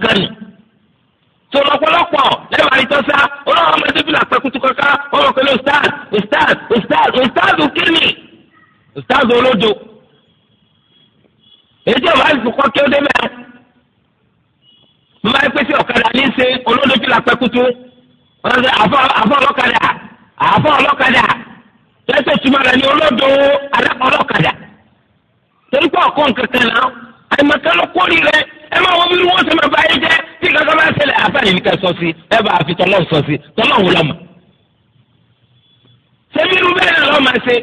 gbé tó lọ́pọ̀lọpọ̀ lẹ́wọ̀n àrítọ́sá olóòwò ọmọ ẹ̀dẹ́bí là pẹ́kútú kọ́ká wọ́n mọ̀ pẹ̀lú ustaz ustaz ustaz ustaz kíni ustaz olódo èyí tí ọba àìsàn kọ́ kí ó dé mẹ́rin mo máa ń pèsè ọ̀kadà ní í ṣe olódo bí là pẹ́kútú wọ́n ṣe àfọ́ ọlọ́kadà àfọ́ ọlọ́kadà tẹ́sẹ̀ túmọ̀ rẹ̀ ní olódo ọlọ́kadà torí pé ọ̀kọ́ nǹkan kan náà àìmọ̀kẹ́ ló kórìí rẹ̀ ẹ máa wọ bí wọ́n ṣe máa bá yín jẹ́ tí kankan bá ṣẹlẹ̀ àfààní ní ká sọ sí ẹ bá àfi tọ́lọ́ sọ sí tọ́lọ́ wò lọ́mọ. ṣebí irú bẹ́ẹ̀ náà lọ́ọ́ máa ṣe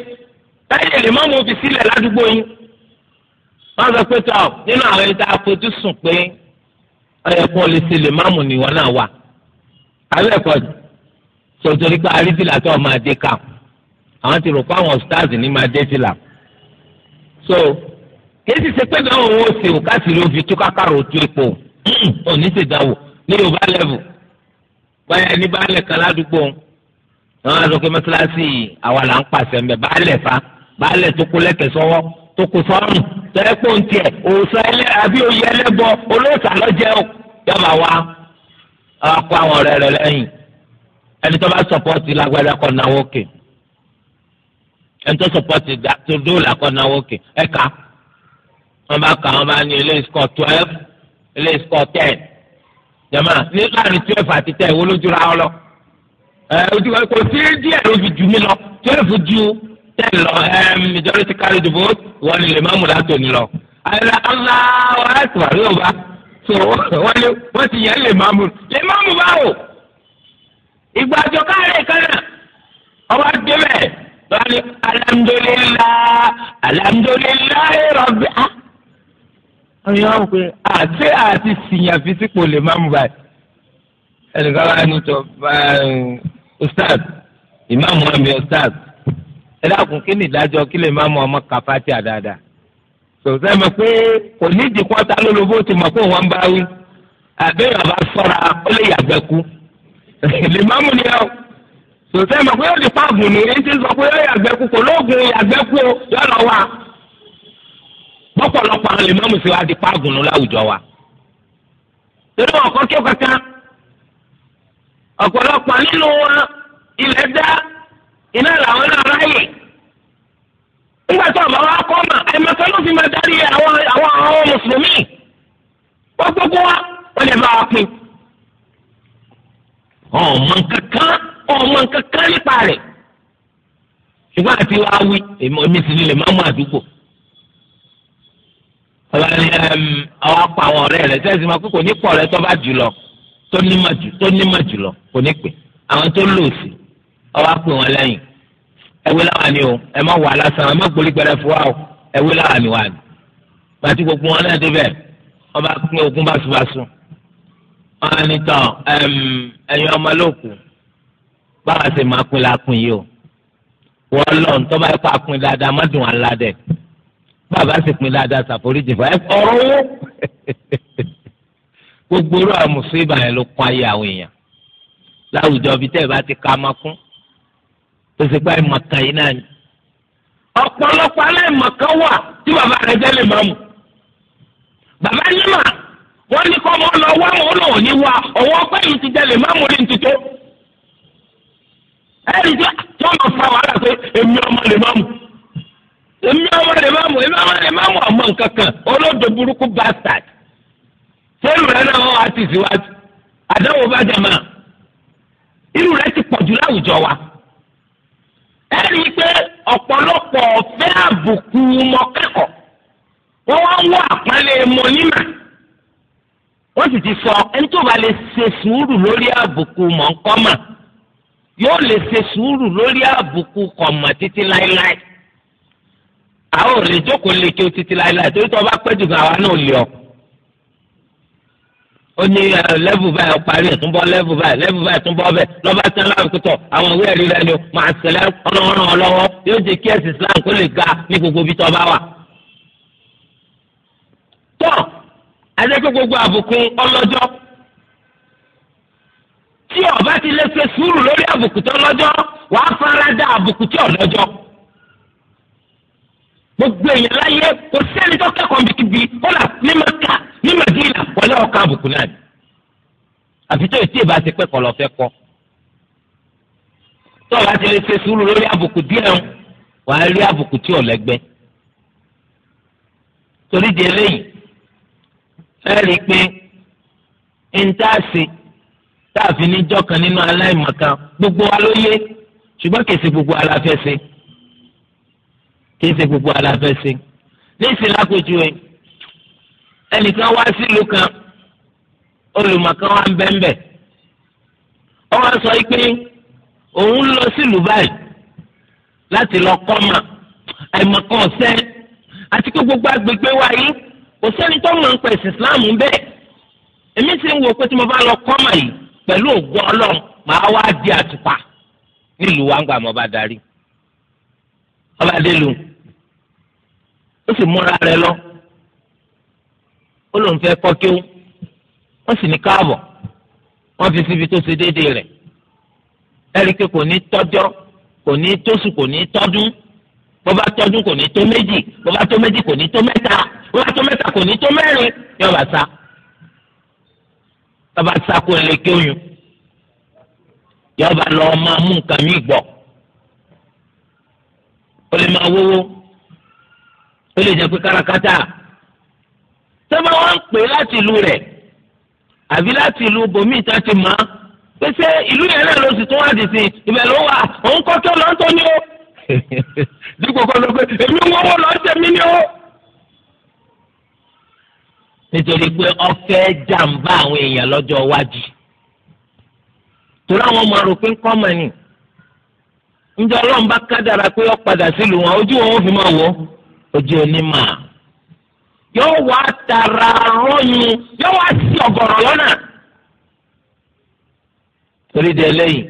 táyà lè má mú fi sílẹ̀ ládùúgbò yín. wọ́n sọ pé tọ́ nínú àwọn ẹni tá a fojú sùn pé ọ̀yẹ̀kùn lè ṣe lè má mú níwọ̀n náà wà. àbẹ́ ẹ̀kọ́ sọ̀tòrí pé àrídìlà tó máa dé ká àwọn ti rò pé àwọn stars ní máa dé sílà. so kìí sì ṣe pé náà òun ò ṣe òkàsì ló fi túká kárò tú ipò hmm, òní ṣèdáwò ní yorùbá lẹ́vù báyà ní baálẹ̀ kan ládùúgbò àwọn àdókè mọ́tíláṣí àwa là ń pàṣẹ mbẹ baálẹ̀ fa baálẹ̀ tó kó lẹ́kẹ̀ sọ́wọ́ tó kó sọ́rùn tẹ́lẹ̀ pò ń tiẹ̀ òòsàn ẹlẹ́ àbí oyè ẹlẹ́bọ olóòsàn lọ́jẹ́ ò yọ̀mà wa ọkọ àwọn ọ̀rẹ́ rẹ lẹ́yìn ẹni tó bá sọpọ́ọ̀tì lágbára kọ́ náwó kè ẹni tó sọpọ́ọ̀tì tó dóòlà kọ́ náwó kè ẹ̀ka wọ́n bá kà wọ́n bá ní eléyìí score twelve eléyìí score ten jama ní láàrin twelve àti ten wo lójú ra ọ lọ ẹ ojú wa kò sí díẹ̀ ló fi jù mí lọ twelve ju ten lọ ẹ majority carry the vote wọ́n ní lè má mú látòní lọ aláwọ àtúwà ló bá so wọ́n lé wọ́n ti yẹn lè má mú lè má mú báwo ìgbà àjọ káàrẹ̀ kánà ọba débẹ̀ lọ́ni alhamdulilayi alhamdulilayi rabbi ah, ọ̀rẹ́ wọn pé àti àti sìyàn fi sípò lè má mú báyìí ẹnìkan wà ní tọ́ ustaz ìmáàmù wọn bí ustaz ẹ dákun kí ni ìdájọ́ kí lè má mú ọmọ kàfáàtì àdáadáa sọ̀tẹ́ mọ̀ pé kò ní ìdíkọ́ta lólobó ti mọ̀ pé wọ́n bá wí àbẹ́yọ̀ bá sọ̀ra ó lè yàgbẹ́ kú lè má mú ni ọ́ sọ̀tẹ́ mọ̀ pé ó di pààbùn ní etí sọ pé ó yàgbẹ́ kú kò lóògùn yàgbẹ́ kú yọ̀ lọ́wọ́ pọ̀pọ̀lọpọ̀ àwọn limamu sì wa di paagùnù láwùjọ wa torí wọn kọ́ kí ó kankan ọ̀pọ̀lọpọ̀ nínú wọn ilẹ̀ dá iná làwọn náà ráyè nígbà tó àbáwá kọ́ mà ẹ̀mẹ́fẹ́ ló fi máa darí àwọn àwọn àwọn mùsùlùmí wọ́n gbogbo wa wọ́n lè bá wa pín ọmọ kankan ọmọ kankan nípa rẹ̀ ṣùgbọ́n àti wá wí èmi sì ni lè má mú àdúgbò ọba ní àwọn apá àwọn ọ̀rẹ́ rẹ̀ sẹ́sì máa kú kò ní pọ̀ rẹ tó bá jù lọ tó nímọ̀ jù lọ kò ní pè àwọn tó lò sí ọba pè wọn lẹ́yìn ẹwé láwa ni o ẹ má wà lásán ẹ má gbórí gbẹrẹ fún wa o ẹwé láwa ni wà ní. pàtí gbogbo wọn náà débẹ̀ ọba pín ogún báṣubàṣu wọn ní tán ẹ̀yin ọmọ lóòkù báwa ṣe máa pín lápín yìí o wọ́n lọ́n tó bá yẹ kó dáadáa má dùn án ládẹ́ẹ̀ bàbá sì pin ládàá ṣàforíjì fún ẹ ọ̀rọ̀ owó gbogbo orú àwọn mùsùlùmí yẹn ló kọ ayé àwọn èèyàn láwùjọ bíi tẹ́ ẹ bá ti ká máa kún tó sì pa ìmọ̀kan yìí náà ni ọ̀pọ̀lọpọ̀ aláìmọ̀kan wà tí bàbá rẹ̀ jẹ́ lè máa mú bàbá nímà wọ́n ní kọ́ ọmọ lọ wá òun náà ní wá ọ̀wọ́ ọpẹ́ yìí ti jẹ́ lè máa mú ní tuntun ẹ̀rí tí wọ́n lọ fa wàhálà pé èmi ọmọ lè máa mú èmi ọmọ rẹ̀ máa mọ̀ èmi ọmọ rẹ̀ máa mọ̀ ọmọ nǹkan kan olódò burúkú bastard fóònù rẹ̀ náà wọ́n á ti síwájú àdánwò bá jàmá irú rẹ̀ ti pọ̀jù láwùjọ wa ẹ rí i pé ọ̀pọ̀lọpọ̀ ọ̀fẹ́ àbùkù mọ́kẹ́kọ̀ọ́ wọ́n wá ń wọ àpọ́nlé mọ́nímà wọ́n sì ti sọ ẹni tó bá lè ṣe sùúrù lórí àbùkù mọ̀ńkọ́mà yóò lè ṣe sùúrù lórí àbùkù kọ̀mọ̀ títí láéláé àwọn ò lè jókòó lè kí o títí láìláì torí tó o bá pẹ́ jù gan àwa náà lè ọ. ó ní lẹ́bù báyìí ó parí ẹ̀ tún bọ́ lẹ́bù báyìí lẹ́bù báyìí tún bọ́ bẹ́ẹ̀ lọ́ba tán àwọn ìwé ẹ̀rí rẹ ni o máa ṣẹlẹ̀ ọlọ́run ọlọ́wọ́ yóò jẹ́ kí ẹ̀sìn Islam kó lè ga ní gbogbo ibi tó bá wà. tọ́ adékò gbogbo àbùkún ọlọ́jọ́ tí o bá ti lè ṣe sùúrù lórí àbùkù farada àbùkù tí ọlọ́jọ́ gbogbo èèyàn láyé kò sẹ́ni tó kẹ́kọ̀ọ́ bí kíbi ó là ní maka ní madina wọlé ọ̀ka àbùkù náà ni àfi tó ètí ìbá ti pẹ́kọ̀ọ́ lọ fẹ́ kọ́ tó o bá ti lè ṣe sùúrù lórí àbùkù díẹ̀ ń wàá rí àbùkù tí ò lẹ́gbẹ́ torí di eléyìí ẹ rí i pé ntaasi tá a fi ní jọ́kan nínú aláìmọ̀kan gbogbo wa ló yé ṣùgbọ́n kèsì gbogbo aláfẹ́ ṣe kí ṣe gbogbo aláfẹsẹ ní ìsìn lápèjúwe ẹnìkan wá sílùú kan olùmọ̀kan wá ń bẹ́ńbẹ́ ọwọ́ sọ pé òun lọ sílùú báyìí láti lọ kọ́mà àìmọ̀kan ọ̀sẹ́ àti pé gbogbo agbègbè wa yìí kò sẹ́ni tó mọ̀ ń pẹ̀ sí Islam bẹ́ẹ̀ èmi sì ń wò pé tí mo bá lọ kọ́mà yìí pẹ̀lú ògo Ọlọ́run màá wá di àtùpà nílùú wa ń gbà mo bá darí ọba délùú ó sì múra rẹ lọ ó lóun fẹ́ kọ́ kí ó wọ́n sì ní káàbọ̀ wọ́n fi síbi tó ṣe déédéé rẹ̀ ẹ̀ríkì kò ní tọ́jọ́ kò ní tóṣù kò ní tọ́dún bó bá tọ́dún kò ní tó méjì bó bá tó méjì kò ní tó mẹ́ta bó bá tó mẹ́ta kò ní tó mẹ́rin yóò bá sa yóò bá sa kó lè kí oyún yóò bá lọ máa mú nǹkan mí gbọ́ ó lè máa wówó ó lè jẹ́ pé kárakáta sábà wọn ń pè láti ìlú rẹ̀ àbí láti ìlú bòmíì tá a ti mọ̀ pé ṣé ìlú yẹn náà ló sì tún wá dìsìn ibẹ̀ ló wà òun kọ́ kí ó lọ́ọ́ tó ní o *laughs* dípò kọ́ ló pé èmi ń wọ́wọ́ lọ́ọ́ tẹ̀mí ni o. nítorí pé ọ̀fẹ́ jàǹbá àwọn èèyàn lọ́jọ́ iwájú torí àwọn ọmọ rò pé ń kọ́ ni ǹjẹ́ ọlọ́run bá kádàrà pé ó padà sílùú wọn ojú wọn ò fi máa wọ̀ ojú onímọ̀ yóò wá tara ròyìn yóò wá sí ọ̀gọ̀rọ̀ lọ́nà. torí de eléyìí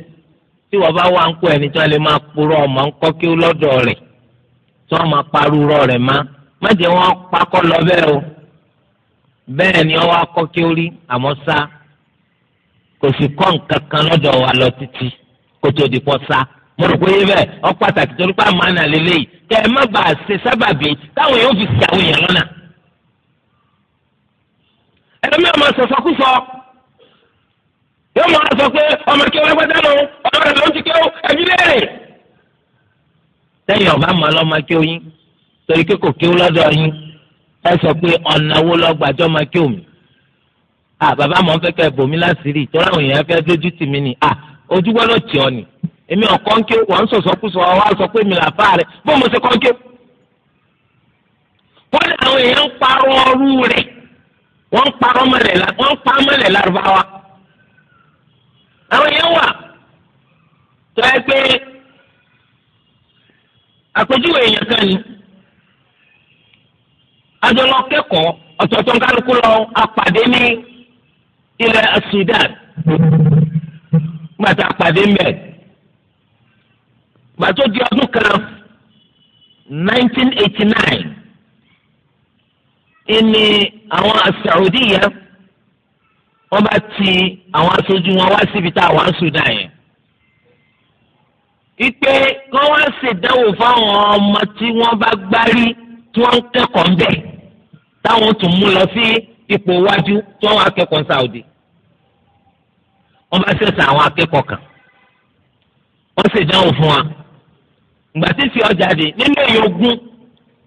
tí wọ́n bá wá ń kó ẹni tí wọ́n lè máa purọ́ ọmọ ń kọ́ kí ó lọ́dọ̀ rẹ̀ tí wọ́n máa parúurọ́ rẹ̀ má má jẹ́ wọ́n pakọ́ lọ bẹ́ẹ̀ o bẹ́ẹ̀ ni wọ́n wá kọ́ kí ó rí àmọ́ sá kò sì kọ́ nǹkan kan lọ́dọ̀ wa lọ títí kó tó di pọ́ sá. mo rò pé bẹ́ẹ̀ ọ pàtàkì torí pé àmàna lélẹ́yìí kẹ́ ẹ má bàa ṣe sábàbí táwọn èèyàn fi ṣe àwọn èèyàn lọ́nà. ẹlẹ́mi ọmọ sọ̀sọ́kúsọ yóò máa sọ pé ọmọ kí wọ́n gbẹ́dẹ́ lọ ọmọ rẹ̀ ló ń ti kí ó ẹbí léèrè. sẹ́yìn ọba màá lọ́ọ́ máa kí oyin torí pé kò kí ó lọ́dọ̀ yín ẹ sọ pé ọ̀nà wo lọ́gbàjọ́ máa kí omi. à bàbá mọ̀ ń fẹ́ kẹ́ bòmí láṣìírí tó láwọn èèyàn fẹ́ dójú tì mí ni à ojú gbọ́dọ̀ tì ọ́ ni èmi ọ̀kọ́ ń ké wọ́n sọ̀sọ́kùsọ wa sọ pé mi là fà rẹ̀ bó mo ṣe kọ́ ń ké. wọ́n àwọn èèyàn ń parọ́ ọrú rẹ̀ wọ́n ń parọ́ mọ́lẹ̀ wọ́n ń pa mọ́lẹ̀ lárúbáwá. àwọn èèyàn wà tó ẹ pé àpèjúwe èèyàn kan ni adọ́lọ́ kẹ́kọ̀ọ́ ọ̀tọ̀ọ̀tọ̀ kálukú lọ apàdé ní ilẹ̀ Sudan gbàtà apàdé mẹ́rin gbà tó di ọdún kan nineteen eighty nine ìní àwọn Saudi yẹn wọ́n bá ti àwọn aṣojú wọn wá síbi tá àwọn Sudan yẹn ipe kí wọ́n ṣèdánwò fáwọn ọmọ tí wọ́n bá gbárí tí wọ́n ń kẹ́kọ̀ọ́ ń bẹ̀ táwọn tún mú lọ sí ipò iwájú tí wọ́n wá kẹ́kọ̀ọ́ Saudi wọ́n bá ṣẹ̀ṣẹ̀ àwọn akẹ́kọ̀ọ́ kan wọ́n ṣèdánwò fún wa ìgbà tí sì ọjà dé nínú èyí ogún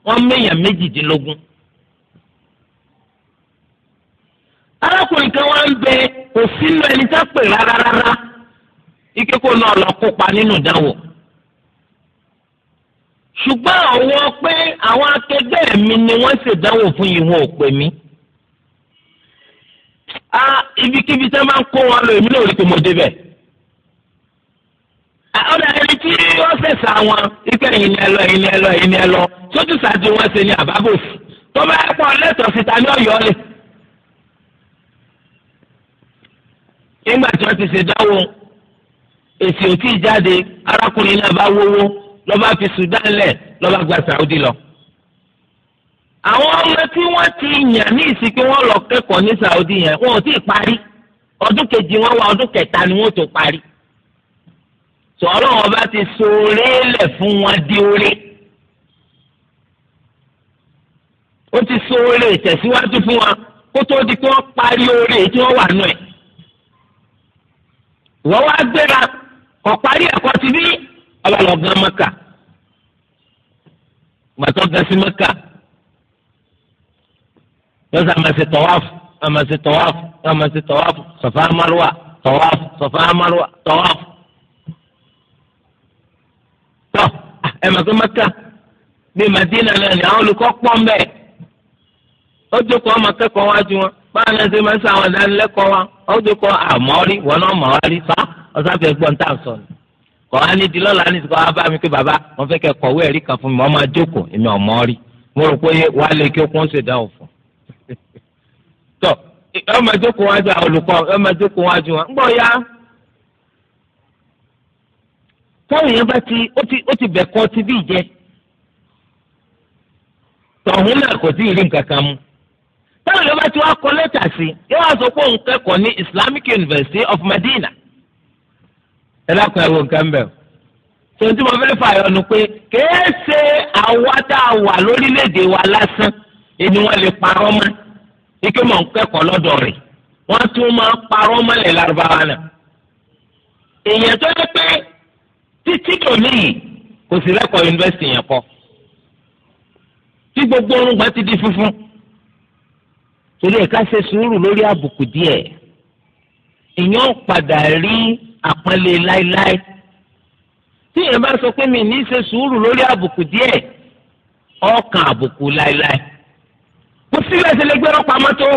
wọ́n méyàn méjìdínlógún. arákùnrin kan wá ń bẹ òfin lọ ẹni tá pè rárá rárá ike kó náà lọ kópa nínú ìdánwò ṣùgbọ́n àwọn pé àwọn akẹgbẹ́ mi ni wọ́n ṣèdánwò fún yìí wọn ò pè mí. a ibikíbi tí wọ́n máa ń kó wọn lọ èmi náà rí pé mo débẹ̀. ọ̀dà ẹni tí wọ́n fẹ̀sà wọn ipe ẹ̀yin ni ẹ lọ ẹ̀yin ni ẹ lọ ẹ̀yin ni ẹ lọ sójú sáájú wọn ṣe ni àbábòsì tó bá pọ̀ lẹ́tọ̀ọ́ síta ní ọ̀yọ́ lẹ̀. nígbà tí wọ́n ti ṣèdánwò èsì ò tí ì jáde arákùnrin náà bá wówó lọ́ba fi Sudan lẹ̀ lọ́ba gba Saudi lọ. àwọn ọmọ tí wọ́n ti yàn ní ìsìn pé wọ́n lọ kẹ́kọ̀ọ́ ní Saudi yẹn wọn ò tí ì parí ọdún kejì wọn wà ọdún kẹta ni wọ́n tó parí tó ọlọ́run ọba ti so orí lẹ̀ fún wọn di orí ó ti so orí ìtẹ̀síwájú fún wọn kó tó di pé wọ́n parí orí tí wọ́n wà nù ẹ̀ wọ́n wá gbéra kọ̀ parí ẹ̀kọ́ ti bí ọlọ́lọ́gán mọ́kà gbàtọ́ gan sí mọ́kà lọ́sà máa ṣe tọ́wáfù máa ṣe tọ́wáfù máa ṣe tọ́wáfù sọ̀fà márùwà tọ́wáfù sọ̀fà márùwà tọ́wáfù. ẹ mà pé maka ní madina náà ni àwọn olùkọ́ pọ̀ ń ó jókòó ọmọ akẹ́kọ̀ọ́ wọn báwọn náà ṣe máa ń sọ àwọn ìdánilẹ́kọ̀ọ́ wa ó jókòó àmọ́rí wọn náà mọ̀ wá rí fa ọ̀sáfẹ́ sọ ni kọ́ á ní di lọ́la ní ti kọ́ bá mi pé bàbá wọn fẹ́ kẹ́ kọ̀wé ẹ̀rí kan fún mi wọ́n máa jókòó èmi ọ̀mọ́rí mo rò pé *laughs* táwọn èèyàn bá ti ó ti ó ti bẹ̀ kọ́ ti bí ìjẹ́ tọ̀hún náà kò tí ì rí mu táwọn èèyàn bá ti wá kọ lẹ́tà sí yóò wá sọ pé òun kẹ́kọ̀ọ́ ní Islamic University of Medina ẹ dákun ẹ̀rọ nǹkan bẹ̀rù tòun tí mo fẹ́ fààyàn nu pé kèé ṣe àwa tá a wà lórílẹ̀‐èdè wa lásán ẹni wọ́n lè parọ́ mọ́ ike mọ̀ kẹ́kọ̀ọ́ lọ́dọ̀ rẹ̀ wọ́n tún máa ń parọ́ mọ́lẹ̀ lárúbáwá náà èèyàn tó yẹ pé títí tòní kò sí lẹ́kọ̀ọ́ yunifásitì yẹn kọ́ tí gbogbo orúngbà ti di funfun torí ẹ̀ ká ṣe sùúrù lórí àbùkù díẹ̀ èèyàn padà rí àpọ́nlé láéláé tí èèyàn bá sọ pé mi ní ṣe sùúrù lórí àbùkù díẹ̀ ọkàn àbùkù láéláé kò sí lẹ́sẹ̀ lẹ́gbẹ́rọ́ pamọ́ tó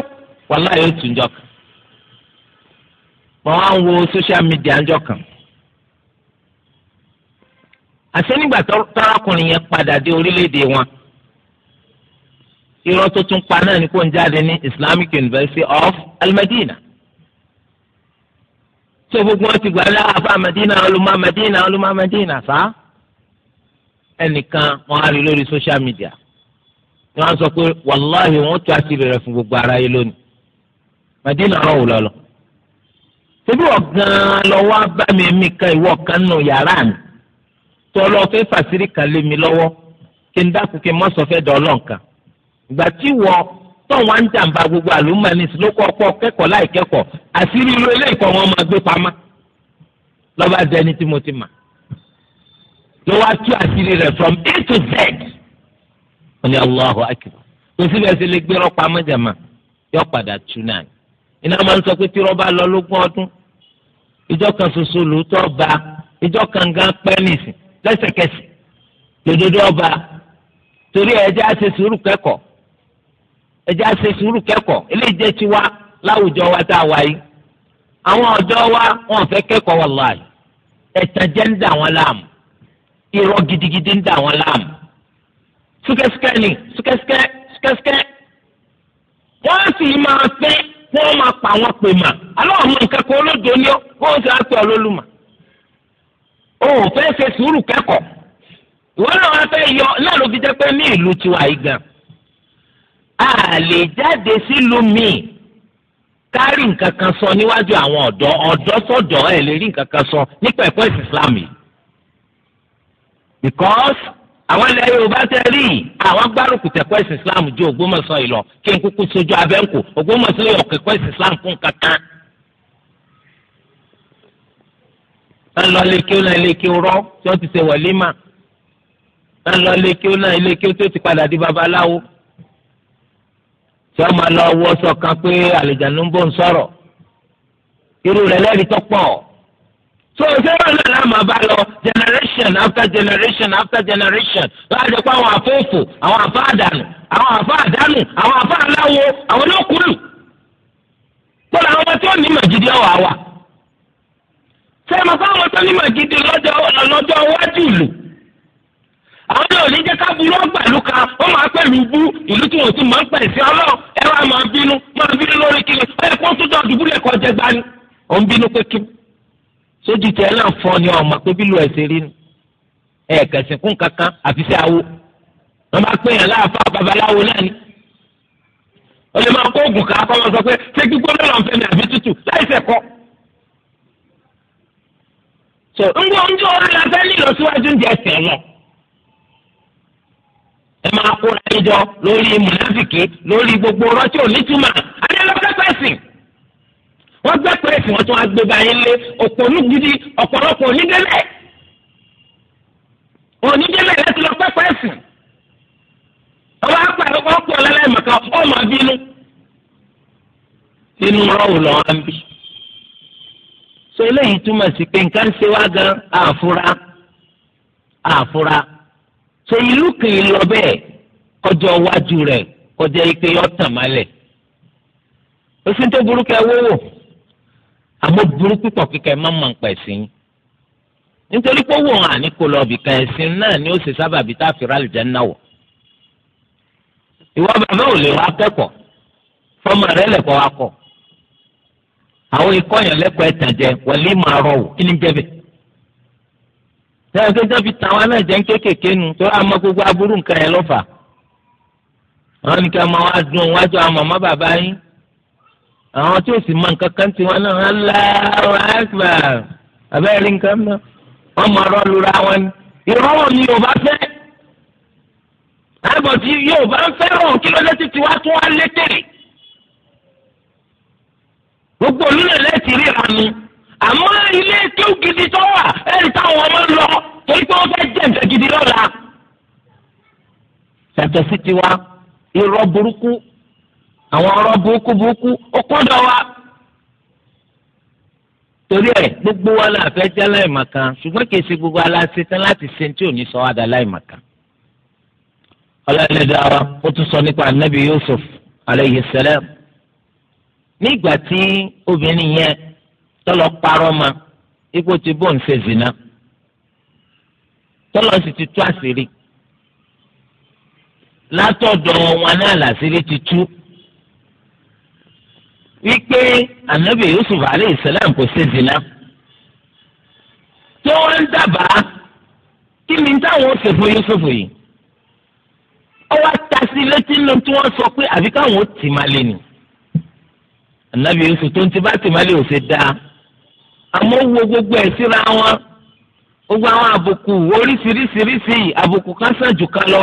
wàhálà yóò kan mọ̀ wá wo social media ń kan àṣẹ nígbà tọ́rákùnrin yẹn padà dé orílẹ̀-èdè wọn irọ́ tó tún pa náà ni kò ń jáde ní Islamic University of Al-Madina tó gbogbo wọn ti gbà ní àfa Madina olùmọ Madina olùmọ Madina fa ẹnìkan wọn á rí lórí social media ni wọn sọ pé wàláhì wọn tó àṣírí rẹ̀ fún gbogbo ara yìí lónìí Madina rọ wò lọlọ ṣébí ọ̀gán lọ́wọ́ abámi mi kan ìwọ kan nù yàrá mi tọlọ fẹ́ fàṣírí kan mi lọwọ kí n dákun kí n mọ sọfẹ dọlọ nǹkan tí wọ tọwọn ń jàǹbá gbogbo àlùmọ́ọ́nì ló kọ́ pọ̀ kẹ́kọ̀ọ́ láì kẹ́kọ̀ọ́ àṣírí irú wọn máa gbé pamọ́ lọ́ba dẹni tí mo ti mà ló wá tú àṣírí from a to z Allahu kò lè gbé mọ́jàmá yọ padà tú náà iná máa lẹ́sẹ̀kẹsẹ̀ lòdodo ọba torí ẹjẹ́ àṣẹ sùúrù kẹ́kọ̀ọ́ ẹjẹ́ àṣẹ sùúrù kẹ́kọ̀ọ́ eléyìí jẹ́ tiwa láwùjọ wa tá a wà yìí àwọn ọ̀dọ́ wa wọn fẹ́ kẹ́kọ̀ọ́ wallahi ẹ̀tàn jẹ́ ń dà wọn láàmú irọ́ gidigidi ń dà wọn láàmú súkẹ́súkẹ́ ni súkẹ́súkẹ́ súkẹ́súkẹ́ wọ́n sì máa fẹ́ wọ́n máa pa wọn pè mà alọ́ àwọn nǹkan kan olódo ni ó wọ́n sì á pè ọ lólùmọ̀ o ò fẹ́ ṣe sùúrù kẹ́kọ̀ọ́ ìwọ náà wá fẹ́ yọ náà ló fi jẹ́ pé ní ìlú tiwa yìí a lè jáde sílùú míì kárì nǹkan kan sọ níwájú àwọn ọ̀dọ́ ọ̀dọ́ sọ̀dọ̀ ẹ̀ lè rí nǹkan kan sọ nípa ẹ̀kọ́ ìsìn because àwọn ilẹ̀ Yorùbá tẹ rí i àwọn gbárùkù tẹ̀kọ́ ìsìn Islam ju Ògbómọ̀ṣọ́ yìí lọ kí n kúkú sojú abẹ́ǹkù Ògbómọ̀ṣọ́ yọ̀ kẹ̀kọ́ ìsìn fún kankan. náà lọ ilé kí ó náà ilé kí ó rọ tí wọ́n ti ṣe wàlímà náà lọ ilé kí ó náà ilé kí ó ti padà di babaláwo tí wọ́n máa lọ wọ sọ pé àlejànú ń bọ̀ ń sọ̀rọ̀ irú rẹ̀ lẹ́rìí tó pọ̀ so sẹ́wọ̀n náà náà máa bá lọ generation after generation after generation láti jẹ́ pé àwọn àfófò àwọn àfa àdánù àwọn àfa àdánù àwọn àfa aláwo àwọn olókùnrin pọ̀lọ̀ àwọn ọmọ tí wọ́n ní màjídé ṣé ẹ máa fáwọn tó nímọ̀ gidi lọ́jọ́ lọ́jọ́ iwájú ìlú àwọn náà ní jẹ́ ká burú ọgbàlú kan ó máa pẹ̀lú bú ìlú tí wọ́n ti máa ń pẹ̀ sí ọlọ́run ẹ̀rọ àmọ́ bínú máa bínú lórí kiri ó yẹ kó tún jọ dùbúlẹ̀ kọ́ jẹ gbani ó ń bínú pé kí sójú tẹ náà fọ ni ọmọ pé bílù ẹsẹ rí nu ẹ kẹsìn kún kankan àfi sí awo wọn bá pè yàn láàfà babaláwo náà ni ó lè máa kó oògùn kan kọ́ wọn sọ pé ṣé gbígbóná lọ́nfẹ́ ni àbí tútù láì sẹ́kọ̀ọ́ so ngbọ njọ orí la fẹ́ nílò síwájú ń jẹ ẹsẹ̀ lọ. ẹ máa kóra ẹjọ lórí mùnáfìkì lórí gbogbo rọ́tí onítùmọ̀ adélọ́kẹ́sẹ̀sì. wọ́n gbẹ́ pé èsì wọn tún á gbé báyìí lé ọ̀pọ̀ onígidi ọ̀pọ̀lọpọ̀ onídélẹ̀. onídélẹ̀ láti lọ pẹ́pẹ́ ẹ̀sìn. ọwọ́ apàdé ọ̀pọ̀ ọ̀lẹ́lẹ́mọ̀ká ọmọ bínú. inú rọ́ọ̀lù lọ́wọ́ ń bí so eléyìí túmọ̀ sí pé nǹkan ṣe wá gan àfúrá àfúrá so ìlú kìí lọ bẹ́ẹ̀ kọjọ wájú rẹ̀ kọjá ike yọ tàn málẹ̀ òfin tó burú kẹ wọ́wọ́ àmọ́ burú púpọ̀ má mọ̀ nǹkan ẹ̀sìn nítorí pé wọ́n àní kó lọ bìkan ẹ̀sìn náà ni ó sì sábà bí tá a fi rálì jẹ́ náà wọ̀ ìwọ bàbá ò lè wá kẹ́kọ̀ọ́ fọmọ rẹ lẹ̀kọ́ wa kọ̀ àwọn ikọ̀ yẹn lẹ́kọ̀ọ́ ẹ̀tàjẹ wọlé máa rọ̀ wò kí ni jẹ́ bẹ́ẹ̀. sẹ́yìn kẹ́kẹ́ fi tàwọn náà jẹ́ kéékèèké nu tó a mọ gbogbo aburú nǹkan yẹn lọ́fà. àwọn nìkan máa wá dùn wájú àwọn màmá bàbá yín. àwọn tí ò sì mọ nǹkan kan tiwọn náà wọn láàárọ̀ àgbà abẹ́rẹ́ nǹkan náà wọ́n máa rọ́ lura wọn ìrọ̀rùn ni yóò bá fẹ́. àbọ̀tí yóò bá ń fẹ́ràn kí gbogbo olúlẹ̀ lẹ́ẹ̀tì rí ìranu àmọ́ ilé tó gidi tó wà ẹ̀rí táwọn ọmọ ń lọ torí pé wọ́n fẹ́ jẹ́ ìfẹ́ gidi lọ́la. yàtọ̀ sí tiwa irọ́ burúkú àwọn ọ̀rọ̀ burúkú burúkú ó kọ́dọ̀ wa. torí ẹ̀ gbogbo wa la fẹ́ jẹ́ láìmọ̀kan ṣùgbọ́n kì í ṣe gbogbo aláṣetán láti ṣe tí ò ní sọ wádà láìmọ̀kan. ọlọ́ọ̀lẹ́dàá wa ó tún sọ nípa anabi Yusuf aleyhi salam nígbà tí obìnrin yẹn tọ́lọ̀ parọ́ ma ipò tí bò ń ṣe zina tọ́lọ̀ sì ti tú àṣírí látọ̀dọ̀ wọn náà làṣírí ti tú wípé ànábì Yusuf alayhi salam kò ṣe zina tí wọ́n ń dábàá kí ni táwọn ó ṣe fún Yusuf yìí ọwọ́ ta létí nínú tí wọ́n sọ pé àbí káwọn ó tì má lé ni ànábì yusuf tó ń ti bá tìmọ́lẹ̀ òsè dáa àmọ́ wo gbogbo ẹ̀ síra wọn gbogbo àwọn àbùkù oríṣiríṣiríṣi àbùkù kan sàn jù kan lọ.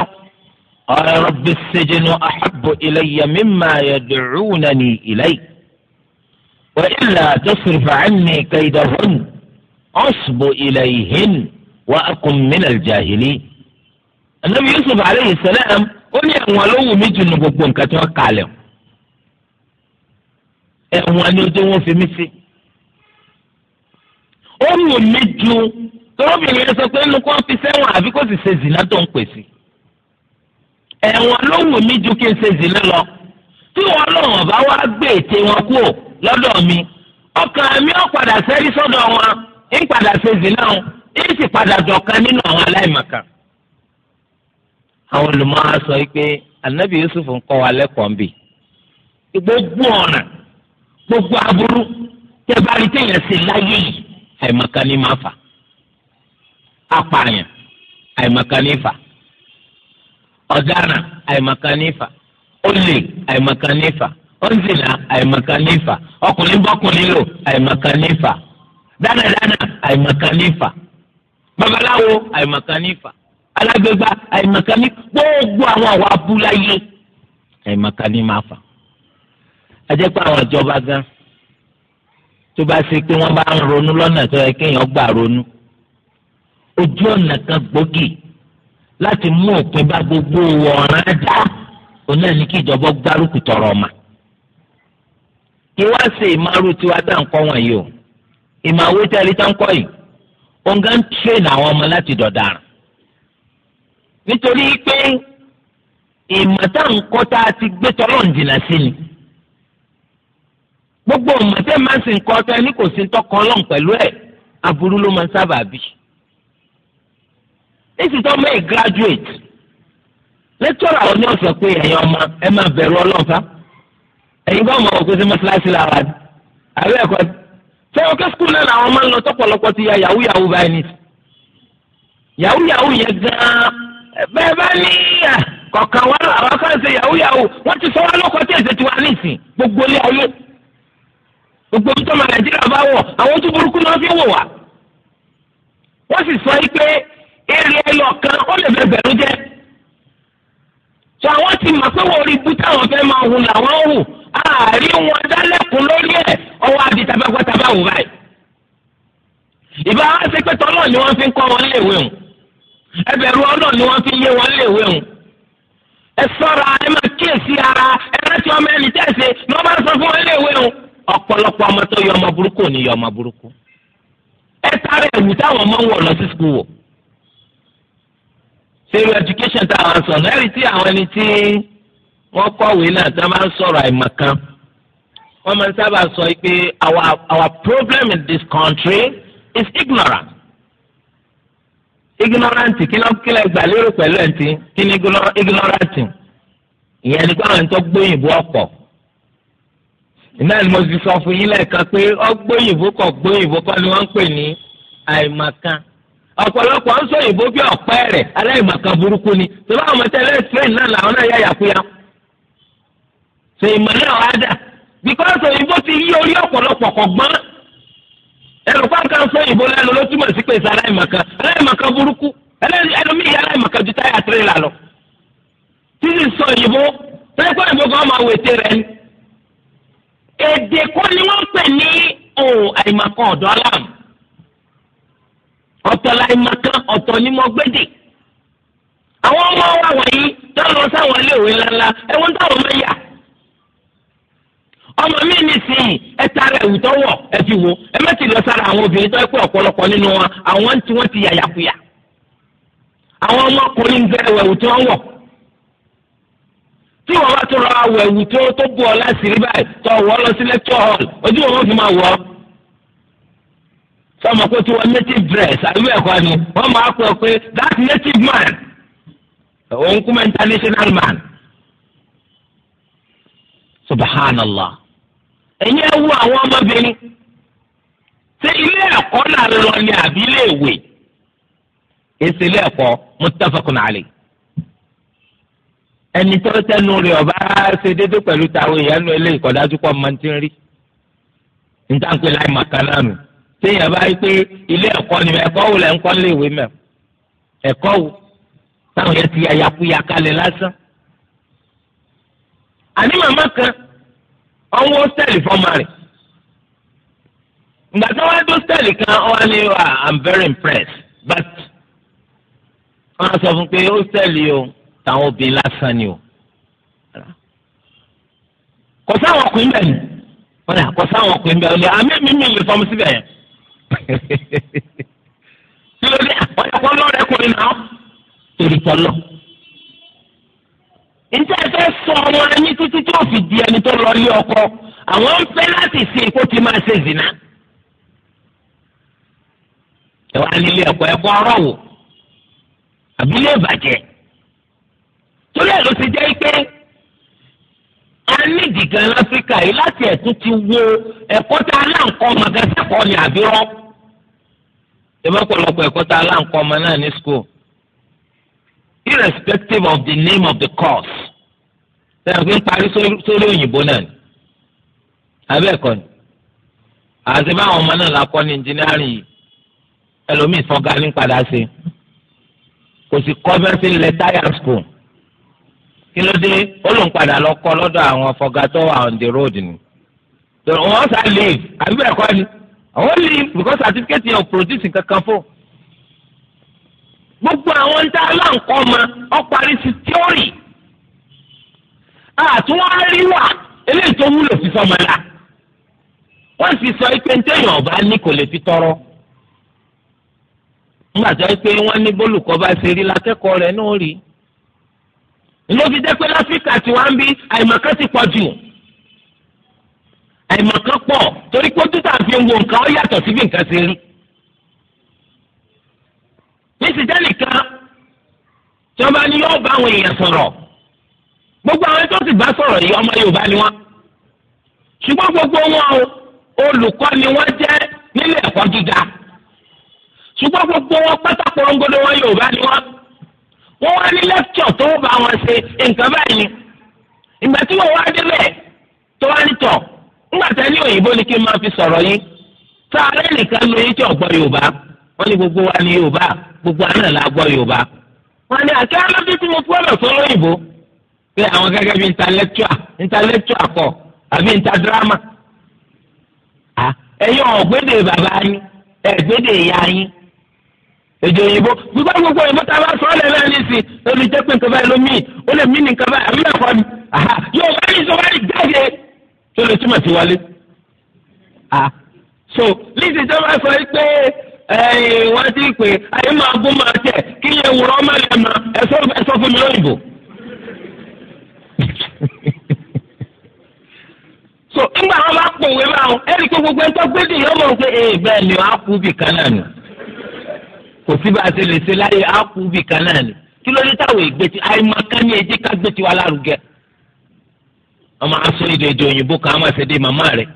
ọ̀rẹ́ rọ́bì ṣèjìnnà àhábò ilayya mimma yad'unani ilay. wa illa tasrif anni kaydahun asbu ilayhin wa akun minal jahili. ànábì yusuf aleyhi salam ó ní àwọn olówó mi jù ní gbogbo nǹkan tí wọ́n kà lẹ́wọ̀n ẹ̀wọ̀n ni ojú wọn fi mí sí. ó wù mí ju tọ́lọ́bìnrin yẹn sọ pé nínú kó fi sẹ́wọ̀n àbí kó sì ṣe zìnà tó ń pè sí. ẹ̀wọ̀n ló wù mí ju kí n ṣe zìnà lọ. tí wọn lọ́wọ́n bá wá gbé ète wọn kúrò lọ́dọ̀ mi ọkàn mi ò padà sẹ́rí sọ́dọ̀ wọn ń padà ṣe zìnà wọn ń sì padà dọ̀kan nínú àwọn aláìmọ̀kan. àwọn olùmọ̀ á sọ pé anabi yusuf ń kọ́ wa lẹ́kọ̀ọ́ gbogbo aburú tẹ́ bá rí téèyàn ṣe láyé yìí àìmọ̀kan ní máa fà apààyàn àìmọ̀kan ní fà ọ̀daràn àìmọ̀kan ní fà olè àìmọ̀kan ní fà ọ̀nzìnà àìmọ̀kan ní fà ọkùnrin bọ́kùnrin lò àìmọ̀kan ní fà dánadáná àìmọ̀kan ní fà babaláwo àìmọ̀kan ní fà alágbègbà àìmọ̀kan ní gbogbo àwọn àwọn abúláyé àìmọ̀kan ní máa fà ajẹ́ pé àwọn ìjọba gan tó bá ṣe pé wọ́n bá ń ronú lọ́nà tó yẹ kéèyàn gbà ronú ojú ọ̀nà kan gbòógì láti mú òpin bá gbogbo ọ̀ràn dá òun náà ní kí ìjọba gbárùkù tọrọ ọ̀mà kí wá ṣe ìmárù tiwa tá à ń kọ́ wọ̀nyí o ìmàwé tẹ́lẹ̀ tá ń kọ́ yìí òǹgá ń tírèn àwọn ọmọ láti dọ̀daràn nítorí pé ìmọ̀ tá à ń kọ́ tá a ti gbé tọ́lọ̀ ń sí ni gbogbo ọmọdé máa ń sìn kọ́ ọ́ ní kò sí tọkọ ọlọ́run pẹ̀lú ẹ̀ aburú ló máa ń sábà bí. nísìsiyìí mẹ́ẹ̀ graduate lẹ́tọ́rà ọ̀ ní ọ̀sẹ̀ pé ẹ̀yin ọmọ ẹ máa bẹ̀rù ọlọ́ọ̀fà ẹ̀yin bá ọmọ òkú sí la wà ní àbẹ́ ẹ̀kọ́ ṣé ọkẹ́ skul náà làwọn máa ń lọ tọ́pọ̀lọpọ̀ ti ya yahoo yahoo báyìí ní. yahoo yahoo yẹn gan-an bẹ́ẹ̀ bá ní kọ̀ọ̀kan wá lọ àwọn kan ṣe yahoo yahoo wọ́n ti sọ wá lọ́kọ̀ọ́ tí èsì gbogbo ilé ayé gbogbo ibi tọ́mọ nàìjíríà bá wọ̀ àwọn tó burúkú náà fi wò wá. wọ́n sì sọ pé èrè ẹyọ kan ó lè bẹ bẹ̀rù jẹ́. sọ àwọn ti mọ̀ pé wọ́n rí ibú táwọn fẹ́ máa hùn làwọn hù àárín wọn dálẹ́kùn lórí ẹ̀ ọwọ́ àbí tabẹ́pẹ́tabẹ́ wò báyìí. ìbá wa ṣe pé tọ́lọ̀ ni wọ́n fi ń kọ́ wọn léèwé hùn ẹbẹ̀rù ọlọ́ọ̀ ni wọ́n fi ń yé wọn léèwé hùn ẹ sọ́ra ẹ máa kíyèsí ara ẹ rántí ọmọ ẹni tẹ̀sí ni wọ́n bá sọ fún wọn léèwé hùn ọ̀pọ̀lọpọ̀ ọmọ tó yọ ọmọ burúkú ní yọ ọmọ burúkú ẹ sáré ẹ̀wù táwọn ọmọ ń wọ̀ lọ sí skul wò sẹ́rù education táwọn sọ náà rí tí àwọn ẹni tí wọ́n kọ̀wé náà tá máa ń sọ̀rọ̀ àìmọ̀kan wọ́n máa ń sábà sọ pé our our problem in this country is ignorance ignorant kí ló kí lè gbà lérò pẹ̀lú ẹ̀ ti kí ni ignorant ìyẹn ni pé àwọn ẹni tó gbóyìnbó ọ̀pọ̀ iná ni mo ti sọ fún yín lẹ́ẹ̀kan pé ọgbóyìnbó kọ̀ gbóyìnbó kọ́ ni wọ́n ń pè ní àìmọ̀kan ọ̀pọ̀lọpọ̀ ń sọ òyìnbó bí ọ̀pẹ́ rẹ̀ aláìmọ̀kan burúkú ni tó bá àwọn tẹ́lẹ̀ train náà làwọn náà yàyà kúya ṣe ìmọ̀ náà wá dà because òyìnbó ti yí orí ọ̀pọ̀lọpọ̀ kọ̀ gbọ́n ẹ̀rù pàǹkan sọ òyìnbó lẹ́nu ló túmọ̀ sí pé ṣe aláìmọ̀kan aláìmọ̀kan burúkú ẹlòmíì aláìmọ̀kan ju táyà tirẹ̀là lọ títí sọ òyìnbó tẹ́lẹ̀ pọ̀ òyìnbó kan máa èdè kọ́ ni wọ́n pè ní àìmọ̀kan ọ̀dọ́ aláàmù ọ̀tọ̀ làìmọ̀kan ọ̀tọ̀ ni mo àwọn ọmọ wa wọ̀nyí tó lọ sáwọn iléèwé ńláńlá ẹ̀wọ̀n táwọn máa yà ọmọ mi nísìnyí ẹ tara ẹ̀wù tó wọ̀ ẹ fi wo ẹ mẹ́tì lọ sára àwọn obìnrin tó ẹ pé ọ̀pọ̀lọpọ̀ nínú wọn àwọn tí wọ́n ti yàyàkuyà àwọn ọmọkùnrin ń gẹrẹ ẹ̀wù tí wọ́n wọ̀ tí wọn bá tọrọ awọ ẹ̀wù tó tó bu ọ láti rí báyìí tó wọ lọ sí hall ojú wọn fi máa wọ. sọmọ pé tí wọn native dress àbí ẹ̀kọ́ ni wọ́n máa pé native man òun kú international man. subhanallah ẹ̀yin ẹ̀ àwọn ọmọbìnrin ilé ẹ̀kọ́ náà ni àbí ilé ìwé èsì ilé ẹ̀kọ́ ẹni tó sẹ́nu rẹ̀ ọba ṣe dédé pẹ̀lú tàwọn èèyàn nu eléyìí kọ̀dájú pọ̀ máa ti ń rí níta ń pè láì màkà náà nù téèyàn bá rí pé ilé ẹ̀kọ́ ni ẹ̀kọ́ wò lẹ́ ń kọ́ lé ìwé mẹ́ ẹ̀kọ́ wò táwọn yẹn ti yàyàkuyà kalẹ̀ lásán. àní màmá kan ọ̀hún hósítẹ́ẹ̀lì fọ́ọ̀mà rẹ̀ ìgbà tó wá dé hósítẹ́ẹ̀lì kan ọ̀hún ni ah, I'm very impressed but wọ́n sọ fún pé hósítẹ́ẹ̀lì o táwọn obìnrin lásán ni o kò sáwọn ọkùnrin bẹ́ẹ̀ ni wọ́n ní àkọsá àwọn ọkùnrin bẹ́ẹ̀ ni àmì mi mi lè fọmù síbẹ̀ yẹn kí ló dé ọ̀pọ̀lọpọ̀ lọ́rẹ̀kùnrin náà torí tọ́lọ̀ njẹ́ ẹ fẹ́ sọ ọmọ ẹni títí tí ó fi di ẹni tó lọ ilé ọkọ àwọn ń fẹ́ láti sin kó ti máa ṣe zina ẹ wá nílé ẹ̀kọ́ ẹ̀kọ́ ọ̀rọ̀ wò àbílẹ̀ ìbàjẹ́ torí ẹ̀ ló ti jẹ́ pé a ní ìdìgan láfíríkà yìí láti ẹ̀tún ti wo ẹ̀kọ́ tá a náà ń kọ́ ọmọ gan sẹ́kọ̀ọ́ ni àbí rọ́ ìmọ̀pọ̀lọpọ̀ ẹ̀kọ́ tá a náà ń kọ́ ọmọ náà ní school irrespective of the name of the course sẹ́yìn fi ń parí sórí òyìnbó náà ni àbí ẹ̀kọ́ ni àti báwọn ọmọ náà la kọ́ ní engineering yìí ẹlòmíì sọ́gá ní padà sí kò sí conversing letter high school. kí ló dé ó lọ kọ́ lọdọ àwọn fọgàtọ́ on the road ni wọ́n sá leave àbí bẹ́ẹ̀ kọ́ ni àwọn leave because certificate yẹn ò produce kankan fún gbogbo àwọn tá a láǹkọ́ ọmọ ọparí sí tíọ́rì àtúwọ́n rí wà eléyìí tó wúlò sí sọmọ la wọ́n sì sọ pé ntẹ́yìn ọba ní kò lè fi tọrọ nígbà tó yẹ pé wọ́n ní bólùkọ́ bá ṣe rí lakẹ́kọ̀ọ́ rẹ̀ náà rí ló fi jẹ́ pé láfíríkà tí wọ́n ń bí àìmọ̀kan ti pọ̀ jù àìmọ̀kan pọ̀ torí pé títà fi ń wo nǹkan ó yàtọ̀ sí bí nǹkan ṣe rí. níṣìṣẹ́ nìkan tí wọ́n yóò bá àwọn èèyàn sọ̀rọ̀ gbogbo àwọn tó sì bá sọ̀rọ̀ yìí ọmọ Yorùbá ni wọ́n ṣùgbọ́n gbogbo wọn olùkọ́ ni wọ́n jẹ́ nílé ẹ̀kọ́ gíga ṣùgbọ́n gbogbo wọn pátákó rongodo wọn Yorùbá ni wọ́n. wọ́n wá ní lẹ́kítọ̀ tó bá wọn ṣe nǹkan báyìí ìgbà tí wọ́n wá débẹ̀ tó wá ní tọ̀ ńgbà ní òyìnbó ni kí n fi sọ̀rọ̀ yín tá a nìkan ló yín tí ọ̀gbọ́ yorùbá wọ́n ní gbogbo wa ní yorùbá gbogbo àná gbọ́ yorùbá wọ́n ní àti alábí tí mo sọ lóyìnbó pé àwọn gẹ́gẹ́ bí kọ èdè òyìnbó gbígbá gbogbo òyìnbó tá a bá sọ ọ́ lẹ́nu ẹni sí ó lè jẹ́ pé nǹkan báyìí ló mí ó lè mí ní nǹkan báyìí àbí ẹ̀kọ́ ni yóò bá yìí sọ jáde tó lè túmọ̀ sí wálé. so lísì tó bá sọ pé wọ́n ti pè ayé máa gún máa tẹ̀ kí yẹn wúrọ́ má ẹ̀sọ́ ẹ̀sọ́ fún mi lóyìnbó. so nígbà wọn bá pòwe báwọn ẹ̀rí gbogbo kò sí bá a ṣe lè ṣe láyé á kú bì ni kí ló dé táwọn ègbè tí àìmọ̀kan ní ẹjẹ́ ká gbé tiwa lárugẹ. ọmọ aṣọ èdè èdè òyìnbó kan á máa ṣe dé màmá rẹ̀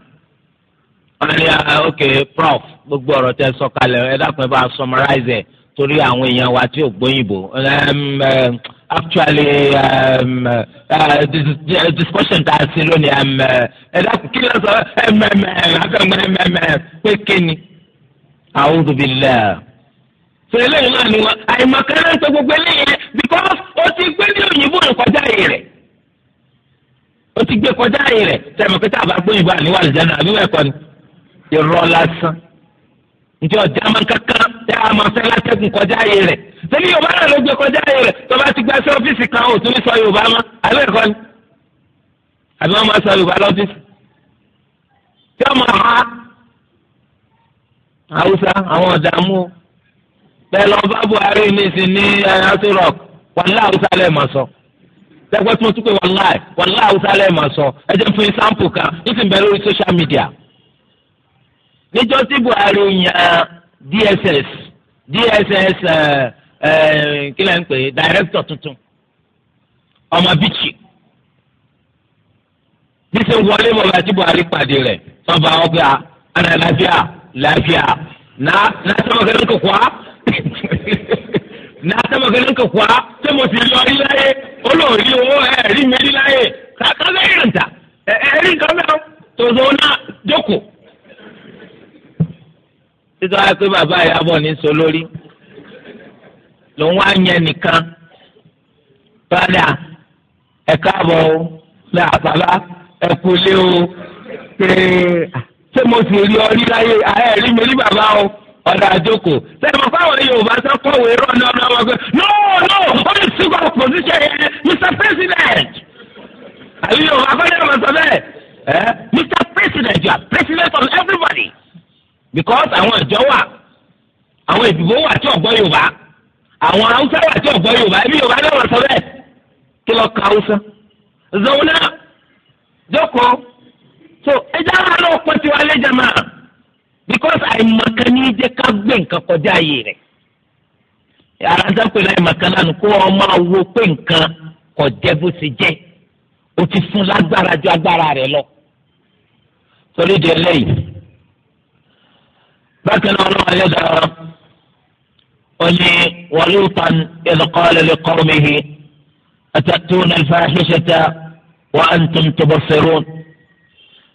wọ́n ní ah, ah, ok prof gbogbo ọ̀rọ̀ tẹ sọ kalẹ̀ ẹ dákun ẹ bá summarize ẹ̀ torí àwọn èèyàn wa tí ò um, um, actually um, uh, dis dis uh, discussion tá a ṣe um, uh, ẹ dákun kí ló sọ ẹ mẹ́mẹ́ ẹ pé kíni. a'udhu billah. sọ eléyìí náà ni wọn àìmọ̀kan náà ń sọ gbogbo because o ti gbé ní òyìnbó ìkọjá yìí rẹ̀ O ti gbé kọjá yìí rẹ̀ sẹ́mi pé táàbà gbé ni máa kankan tẹ́ a máa fẹ́ látẹ́kùn kọjá yìí yorùbá náà ló gbé kọjá yìí tó bá ti sí kan ò tún ní sọ yorùbá àbí ni àbí wọ́n máa sọ yorùbá tí máa ha àwọn bẹ́ẹ̀ bá Buhari nísìn ní Aso Rock wàlá Hausa lẹ́ẹ̀ máa sọ tẹ́gbẹ́ tí mo tún pé wàlá wàlá Hausa sọ ẹ social media Buhari yan DSS DSS ń pè é director tuntun ọmọ wọlé tí Buhari pàdé rẹ̀ sọba ah, ọgbà na na na-atabagalonka kwa sẹ́mọ̀tì lọ rí láyé olóòrí owó ẹ̀rí mi rí láyé kàkà bẹ́ẹ̀ yàn tà ẹ̀rí nǹkan bẹ́ẹ̀ tòzó náà jókòó. títọ́ ayé pé bàbá ìyàbọ̀ ní sọ lórí lòun wá yẹn nìkan padà ẹ káàbọ̀ o lẹ àbàbà ẹ kúlé o pé sẹ́mọ̀tì rí ọ rí láyé ẹ̀rí mi rí bàbá o. ọ̀dà àjòkò sẹ́yìn fáwọn yorùbá sọ kọ̀wé rọ́ọ̀nù ọ̀nà wọn pé no no only single position yẹn mr president àbí yorùbá fẹ́lẹ́ ọmọ sọ bẹ́ẹ̀ ẹ́ mr president you are president of everybody because àwọn ìjọ wà àwọn ìdìbò wà tí ọ̀gbọ́n yorùbá àwọn haúsá wà tí ọ̀gbọ́n yorùbá ẹbí yorùbá náà wọ́n sọ bẹ́ẹ̀ kí lọ ka haúsá zọ̀wọ́n náà jókòó so ẹja wà lọ́ọ́ pọ̀ tiwa lẹ́jà máa because àìmọ̀kan ní jẹ́ ká gbé nǹkan kọjá ayé rẹ̀ ara ń sápẹ́ láìmọ̀kan náà kó o máa wo pé nǹkan kò jẹ́ bó ṣe jẹ́ o ti fún lágbára ju agbára rẹ̀ lọ torí di eléyìí bákan náà ọlọ́run ayélujára ó ní walutan idh qala liqawmihi atatuna alfahishata wa antum tubsirun.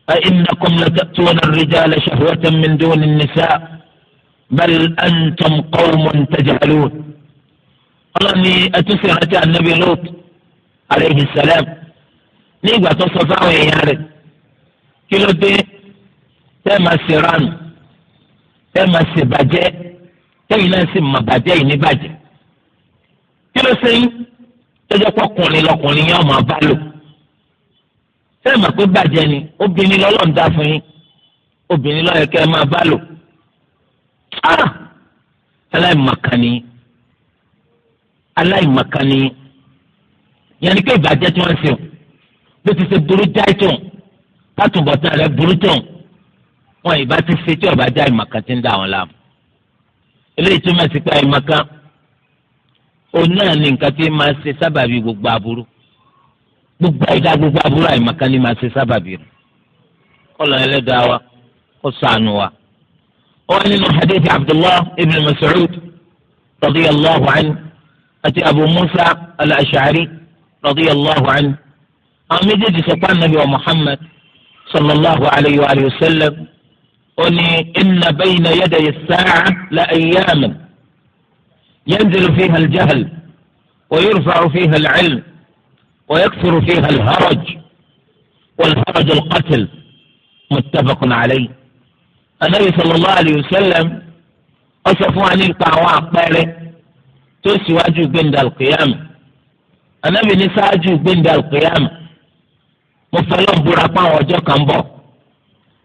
فإنكم لتأتون الرجال شهوة من دون النساء بل أنتم قوم تجهلون قال لي أتسر النبي لوط عليه السلام نيجا تصفى ويارد كيلو دي تما سيران تما سيباجة تما سيباجة نباجة كيلو سي تجاكو قولي لقولي يوم أبالو sẹ́ẹ̀ mọ̀ pé bàjẹ́ ni obìnrin lọ́lọ́run dá fún yín obìnrin ló yẹ kẹ́ ẹ máa bá lò ah! aláìmọ̀kànnì aláìmọ̀kànnì yẹn ni pé ìbàjẹ́ tí wọ́n ń sè bó ti ṣe burú jáì tó látúbọ̀tán rẹ̀ burú tó wọn ìbá ti ṣe tí ọba já ìmọ̀kan ti ń dà wọn láàmú eléyìí túmọ̀ sí pé àìmọ̀kan òun náà ni nǹkan tí máa ṣe sábàbí gbogbo aburú gbogbo àyíká gbogbo àbúrò àyèmàkà ni màá ṣe sábàbí rẹ̀ kọlọ ẹlẹ́dàá wa kó sànù wa. ó wà nínú hadith abdullah ibn mas'ud radiyallahu anhu àti abu musa al-ash'ari radiyallahu anhu. àwọn méjèèjì sọ pé anabi wa muhammad sallallahu alayhi wa sallam ó ní inna bayna yadayi sáà la ayyaaman yanzilu fiha al-jahl wa yurfa'u fi hal cilmi. ويكثر فيها الهرج والهرج القتل متفق عليه النبي صلى الله عليه وسلم أصف عن القعواء قال تسواجوا بند القيامة النبي نساجوا بند القيامة مفلوم برقا وجو كمبو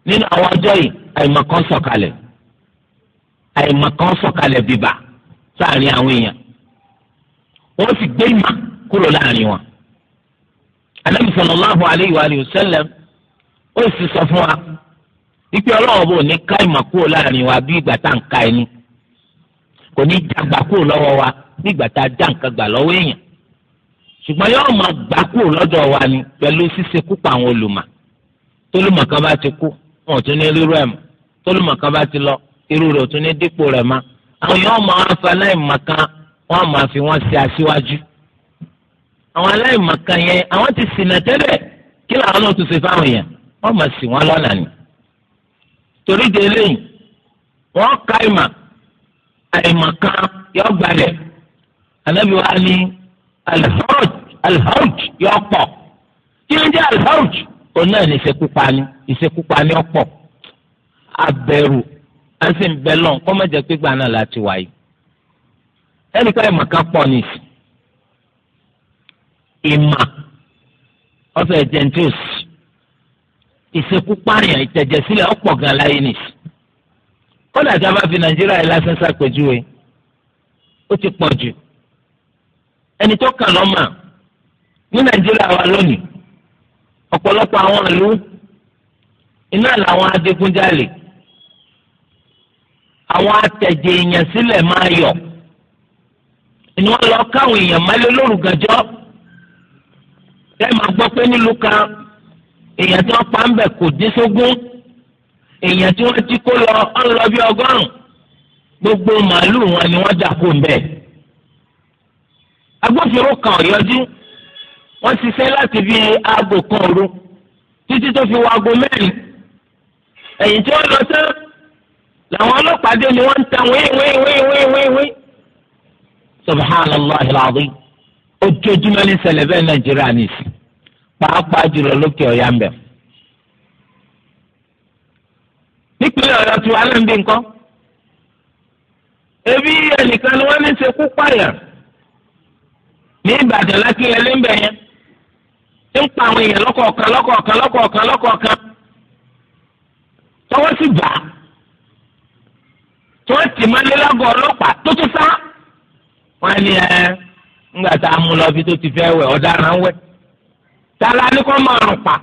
من أواجوي أي مكان سوكالي أي مكان سوكالي بيبا سألي أوين وفي sì gbé ìmà kúrò anabi sallallahu alayhi wa alihi wa sallam ó sì sọ fún wa ipe ọlọ́wọ́ bò ní ká ìmọ̀ kúrò láàrin wa bí ìgbà tá à ń ka ẹni kò ní dàgbà kúrò lọ́wọ́ wa bí ìgbà tá a já nǹkan gbà lọ́wọ́ èèyàn ṣùgbọ́n yóò máa gbà kúrò lọ́dọ̀ wa ni pẹ̀lú ṣíṣe kúpa àwọn olùmọ̀ tólùmọ̀ kan bá ti kú wọn ò tún ní rírú ẹ̀ mọ́ tólùmọ̀ kan bá ti lọ irú rẹ̀ ò tún ní dípò rẹ̀ mọ́ àwọn yóò máa fa láì mọ̀ kan wọ́n máa ṣe aṣíwájú àwọn aláìmọ̀kan yẹn àwọn ti ṣìnà tẹ́lẹ̀ kí làwọn náà tún ṣe fáwọn èèyàn wọ́n máa ṣì wọ́n lọ́nà ni. torí de eléyìí wọ́n ka ìmọ̀ àìmọ̀kan yọ gbalẹ̀ ànábì wa ni alhawj alhawj yọ pọ̀ kí ló ń jẹ́ alhawj òun náà ní ìṣekúpani ìṣekúpani ọ̀pọ̀ abẹ́rù àti ìbẹ́lọ̀ kọ́mọ̀jẹ́ pípa náà láti wáyé ẹnì kan ìmọ̀kan pọ̀ nìyí ìmà ọ̀fẹ́ gentis ìṣekúpààyàn ìtẹ̀jẹ̀sílẹ̀ ọ̀pọ̀ gan láyé nì. kódà tá a bá fi nàìjíríà yìí lásán ṣàpèjúwe ó ti pọ̀ jù ẹni tó kàn lọ́mà ní nàìjíríà wa lónìí ọ̀pọ̀lọpọ̀ àwọn ìlú iná làwọn adigunjalè àwọn atẹ̀jẹ̀ èèyàn sílẹ̀ máa yọ̀ ni wọ́n lọ káwọn èèyàn máa lé lórúkàjọ́ ẹ máa gbọ́ pé nílùú kan èèyàn tí wọ́n pa ń bẹ̀ kò dín sógún èèyàn tí wọ́n ti kó lọ ń lọ bí ọgọ́rùn gbogbo màálùú wọn ni wọ́n dà kó ń bẹ̀. agbófinró kan ọ̀yọ́jú wọ́n ṣiṣẹ́ láti fi aago kan títí tó fi wọ aago mẹ́rin ẹ̀yìn tí wọ́n lọ làwọn ọlọ́pàá dé ni wọ́n ń ta wíwíwíwíwíwí subhanallah ojoojúmọ́ ní ṣẹlẹ̀ bẹ́ẹ̀ nàìjíríà nìsín pàápàá jùlọ lókè ọ̀yá ń bẹ̀. nípínlẹ̀ ọ̀yọ́ tí wàá lẹ́nu nǹkan ebi ẹnìkan ni wọ́n ní ṣe kú pààyàn ní ìbàdàn lákìyẹlé ń bẹ̀ yẹn ń pa àwọn èèyàn lọ́kọ̀ọ̀kan lọ́kọ̀ọ̀kan lọ́kọ̀ọ̀kan lọ́kọ̀ọ̀kan tọwọ́ sì bà á tí tì mọ́lẹ́lọ́gọ̀ ọlọ́pàá tó tún sá wọ́n ní ẹ́ ńgbà tá a mú lọ bí tó ti fẹ́ wẹ̀ ọ̀daràn wẹ̀ tá a la ní kọ́ máa rùn pa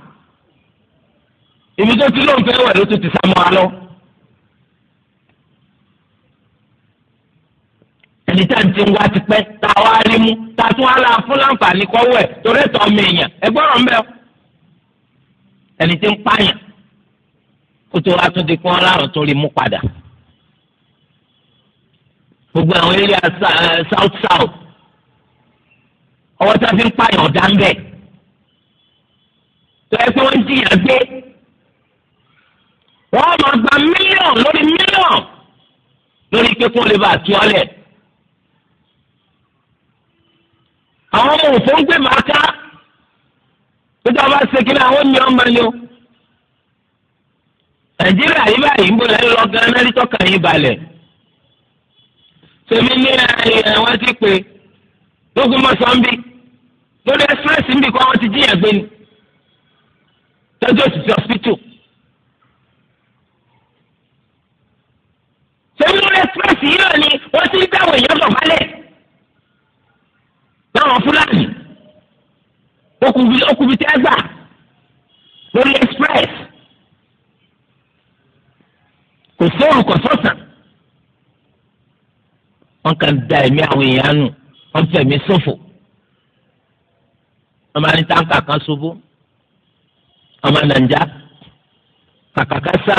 ibi tó ti lóun fẹ́ wẹ̀ ló tó ti sá mọ́ wa lọ. ẹni tá à ti wá ti pẹ́ tá a wá rí mú tá a tún wá la fún láǹfààní kọ́wọ́ ẹ̀ torí ẹ̀tọ́ ọmọ èèyàn ẹ gbọ́dọ̀ ń bẹ̀ ẹni tí ń pààyàn kó tó wá tún di kí wọ́n tó rí mú padà gbogbo àwọn eré south south ọwọ́ tí wọ́n fi ń pààyàn ọ̀dà ń bẹ̀. tó ẹ pé wọ́n ń jìyà gbé wọ́n máa gba mílíọ̀nù lórí mílíọ̀nù lórí pé kó lè bá a tú ọlẹ̀. àwọn ọmọ òfò ń gbé màá ká pété ọba ṣèkìlẹ àwọn ènìyàn máa yọ. nàìjíríà yìí báyìí ń bọ̀ lẹ́yìn lọ gan-an náà lítọ́ka yìí balẹ̀. tèmi ní àwọn ti pè é lókun mọ́sán bíi lórí express níbi kan wọ́n ti jíyàn gbé ni tọ́jú òṣìṣẹ́ hospital. sẹ́yìn lórí express yìí ni wọ́n ti ń dáwọ̀ èèyàn lọ balẹ̀ láwọn fúlàní okùnbi tẹ́ gbà lórí express kò sóòrù kò sọ̀sán wọ́n kàn da ẹ̀mí àwọn èèyàn nù wọ́n fẹ̀mí ṣòfò ọmọ ní táǹkà kan ṣubú ọmọ nàìjà kàkàkà sá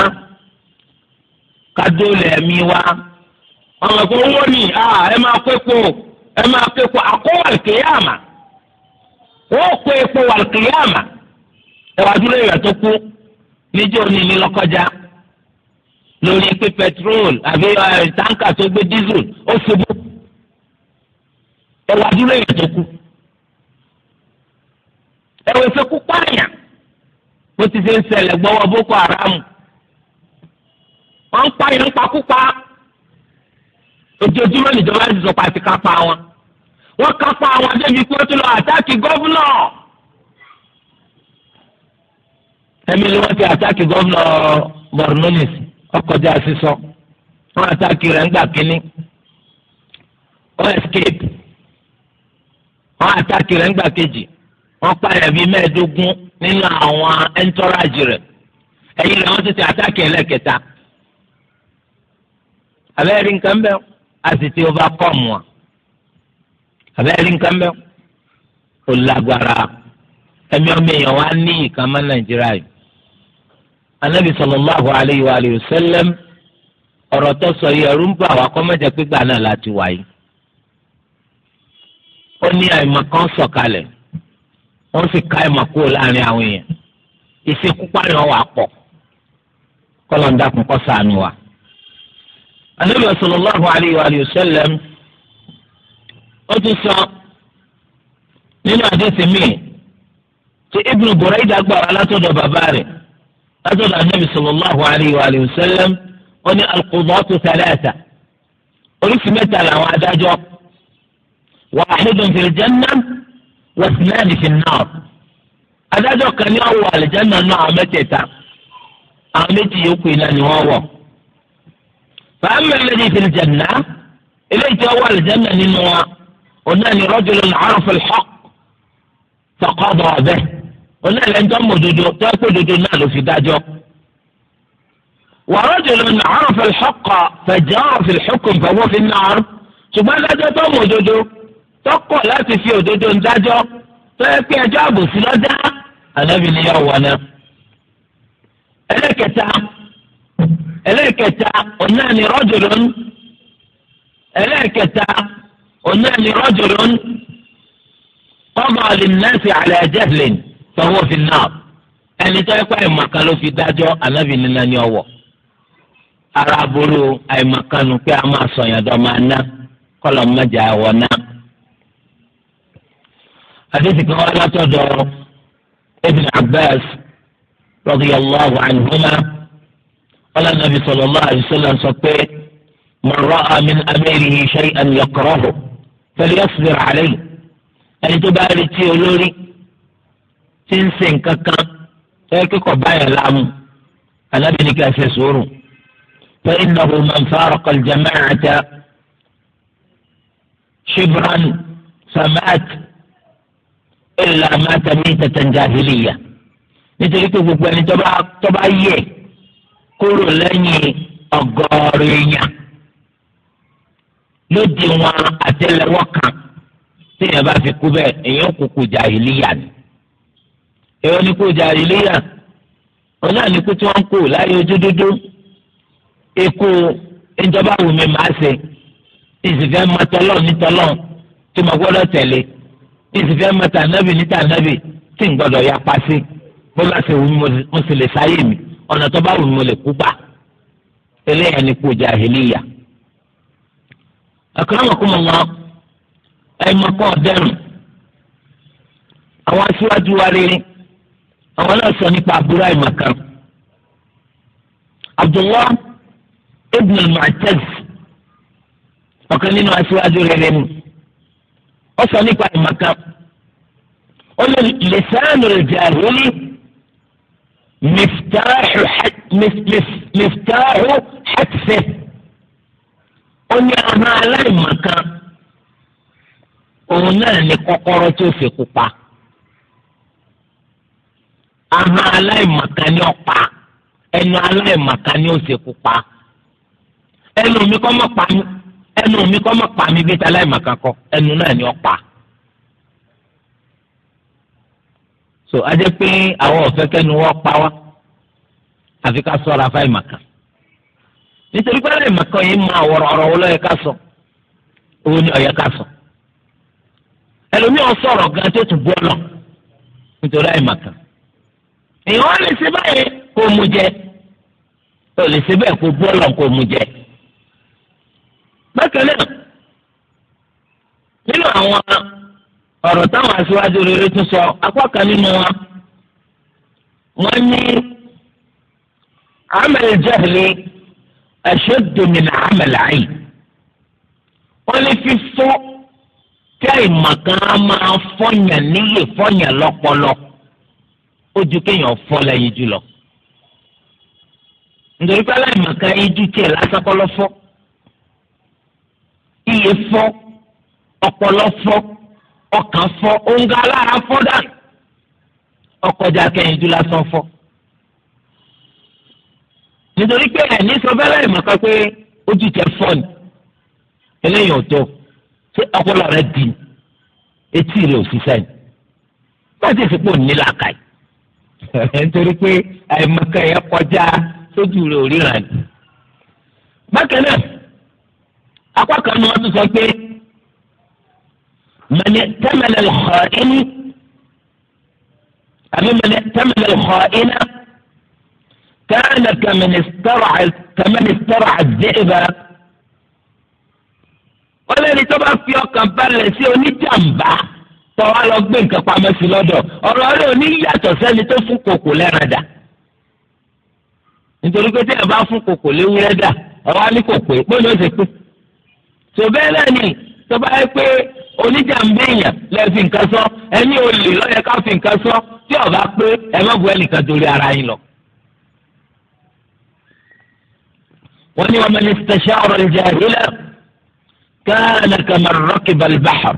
kádó lẹ́ẹ̀mí wa ọmọ ẹ̀kọ́ owó ni ẹ máa kó epo ẹ máa kó epo àkówàlì kìyàmà wọ́n kó epo wàlì kìyàmà ẹ wá dúró ìrẹ̀ tó kú níjọ́ ní ní lọ́kọjá lórí pé pẹtrol àbí táǹkà tó gbé dísù ó ṣubú ẹ dúró ìrẹ̀ tó kú. ẹ̀wẹ̀ fẹ́kú pààyàn bó ti ṣe ń ṣẹlẹ̀ gbọ́wọ́ boko haram wọ́n ń pààyàn pakúpa ojoojúmọ́ níjọba ti sọ kápá wọn wọ́n kápá wọn débi pé ó ti lọ àtàkì gọ́vnà ẹ̀mí ni wọ́n ti àtàkì gọ́vnà Borno nìsí sísọ wọ́n àtàkì rẹ̀ escape àtàkì wọ́n pààyàn bíi mẹ́ẹ̀ẹ́dógún nínú àwọn ẹńtọ́rájì rẹ̀ ẹ̀yìn rẹ̀ wọ́n ti ti àtàkì ẹlẹ́kẹta abẹ́rẹ́ nǹkan bẹ́ẹ̀ a sì ti overcome wọn abẹ́rẹ́ nǹkan bẹ́ẹ̀ ó lágbára ẹ̀mí ọmọ èèyàn wá ní ìkan mọ́ nàìjíríà yìí anabi sallallahu alayhi wa alayhi wa sallam ọ̀rọ̀ tó sọ yìí ẹ̀rù ń bà wá kọ́ pípa náà láti wáyé ó ní àìmọ̀ kan sọ̀kalẹ̀ wọ́n sì ká ìmọ̀ kúrò láàrin àwọn èèyàn ìsìnkúpa ni wọ́n wà pọ̀ kọ́lọ̀ ń dákun kọ́ sànù wa. Ànábì sallallahu alayhi wa sallam ó tún sọ nínú àdéhùn míì tí Ibn Burayda gbà wá látọ̀dọ̀ bàbá rẹ̀ látọ̀dọ̀ Ànábì sallallahu alayhi wa sallam ó ní al-qudatu thalatha oríṣi mẹ́ta làwọn adájọ́ wàhídùn wọ́sílẹ́ẹ̀nì fi náà adájọ́ kan ní ọ̀wọ́ àlìjáná náà àwọn mẹ́tẹ̀ẹ̀ta àwọn méjì yòókù iná ni wọ́n wọ̀ fàámì lẹ́yìn fi jẹ̀nà eléyìí tí ọwọ́ àlìjáná nínú wa ọ̀nà ni rọ́jòló làárọ̀ fẹ́ lọ́ọ̀ tọkọ́ bọ̀ ọ̀bẹ ọ̀nà ìlẹ́jọ́ mọ̀dodo tó ẹ̀kọ́ dodo náà ló fi dájọ́ wàrọ́jòló làárọ̀ fẹ́ lọ́ọ̀ tọkọ láti fi òdodo ń dájọ́ tọ́yẹ pé ẹjọ́ àbòsí lọ́dá ànábì ni yóò wọ̀ náà. ẹlẹ́kẹta ẹlẹ́kẹta ọ̀nà ni rọ́jòlón ẹlẹ́kẹta ọ̀nà ni rọ́jòlón kọ́mọ àlìmọ́sì àlẹ́ jẹ́flin tọ́wọ́ fi náà ẹni tọ́yẹ pé àìmọ̀kan ló fi dájọ́ ànábì nínú ẹni ọ̀wọ̀ ara aburú àìmọ̀kanu pé a máa sọ̀yàn dọ́ máa ná kọ́lọ̀ mẹ́jà wọ̀ náà. حديث كما لا تدر ابن عباس رضي الله عنهما قال النبي صلى الله عليه وسلم صبيت من رأى من أميره شيئا يكرهه فليصبر عليه أن تبالي تيولوري تنسن ككا تيكي كوبايا لامو أنا بنك أسسورو فإنه من فارق الجماعة شبرا فمات illa mata mitatan jahiliya nítorí pé gbogbo ẹni tó bá yẹ kúrò lẹ́yìn ọgọ́rùn èèyàn lóde wọn àtẹ́lẹwọ́ kan tí èèyàn bá fi kú bẹ́ẹ̀ èèyàn kúkú jahiliya ni èèyàn ní kú jahiliya òun náà ní kú tí wọ́n ń kú láyé ojú dúdú ikú ìjọba wùmí màá ṣe ìsìnkẹ́ mọ́tọ́lọ́ nítọ́lọ́ tí mo gbọ́dọ̀ tẹ̀lé ìsìfẹ́ mẹ́ta nábì níta nábì tí ń gbọ́dọ̀ ya pàṣẹ bó bá ṣe wù mí mo sì lè sáyé mi ọ̀nà tó bá wù mí mo lè kú gbà eléyà ni kú jàhílíyà. akramakumullah ẹ̀mọ́kọ́ ọ̀dẹ́rùn àwọn aṣíwájú wa rere àwọn náà sọ nípa àbúrò àìmọ̀kan. abdullah ibn al-mu'taz ọ̀kan nínú aṣíwájú rere ni ó sọ nípa ìmọ̀kan ó lè lisanu al-jahili miftahu miftahu hatsi ó ní ọmọ aláìmọ̀kan òun náà ní kọ́kọ́rọ́ tó fi kú pa ahọ́n aláìmọ̀kan ni ó pa ẹnu aláìmọ̀kan ni ó ṣekú pa ẹnu mi kọ́ mọ̀ pa mí ẹnu mi kọ́ mọ̀ pa mi bí ta láì màkà kọ ẹnu náà ni ọ pa. so a jẹ́ pé àwọn ọ̀fẹ́ kẹ́nu wọ́n pa wá àfi ká sọ̀rọ̀ afáì màkà nítorí pé láì màkà yìí máa wọ̀rọ̀ ọ̀rọ̀ wọlé ọ̀yẹ́ ká sọ owó ni ọ̀yẹ́ ká sọ ẹlòmíràn sọ̀rọ̀ gan tó tún bọ́ lọ nítorí àì màkà èèyàn lè ṣe báyìí kó mu jẹ ó lè ṣe bẹ́ẹ̀ kó bọ́ lọ kó mu jẹ bákan náà nínú àwọn ọ̀rọ̀ táwọn aṣíwájú rere tún sọ apá kan nínú wọn wọ́n ní amal jahli ashaddu min amal ayn wọ́n ní fífọ́ tí àìmọ̀kan máa fọ́yàn níyè fọ́yàn lọ́pọlọ ó ju kéèyàn fọ́ lẹ́yìn jùlọ nítorí pé aláìmọ̀kan yíjú tiẹ̀ lásán kọ́ iye fọ́ ọpọlọ fọ́ ọkàn fọ́ oǹgà alára fọ́ dànù ọkọjà kẹyìndú lásán fọ́. nítorí pé ẹ̀ ní sọfẹ́lẹ́ ìmọ̀ká pé ojú tẹ fọ́ ni eléyìí ò tó ṣé ọpọlọ rẹ di etí rẹ ò ṣiṣẹ́ ni báyìí ti sèpò nílà kàì *laughs* nítorí pé àìmọ̀ká yẹn kọjá sójú rẹ ò ríran ni. bákan náà apá kan ni wọ́n tún sọ pé mẹlẹ tẹmẹlẹ lọọ ẹni àbí mẹlẹ tẹmẹlẹ lọọ ẹna kánà kàmẹnìsítọrọ àdéhìbá wọ́n lẹni tó bá fi ọkàn balẹ̀ sí oníjàmbá tọwọ lọ gbé nǹkan pamọ́ sí lọ́dọ̀ ọ̀rọ̀ rẹ̀ ò ní yàtọ̀ sẹ́ni tó fún kòkò lẹrada nítorí pé tí ẹ bá fún kòkò léwúrẹ́ dà ẹ ní kòkò pé ní ó tó bẹ́ẹ̀ náà ni tó bá yẹ pé oníjàmbéèyàn lẹ́ẹ̀ fi nǹkan sọ ẹ̀yin olè lọ́yẹ ká fi nǹkan sọ tí ọba pé ẹ má bu ẹnìkan torí ara yín lọ. wọ́n ní waman istashara al-jahila kana kaman rakiba al-bahr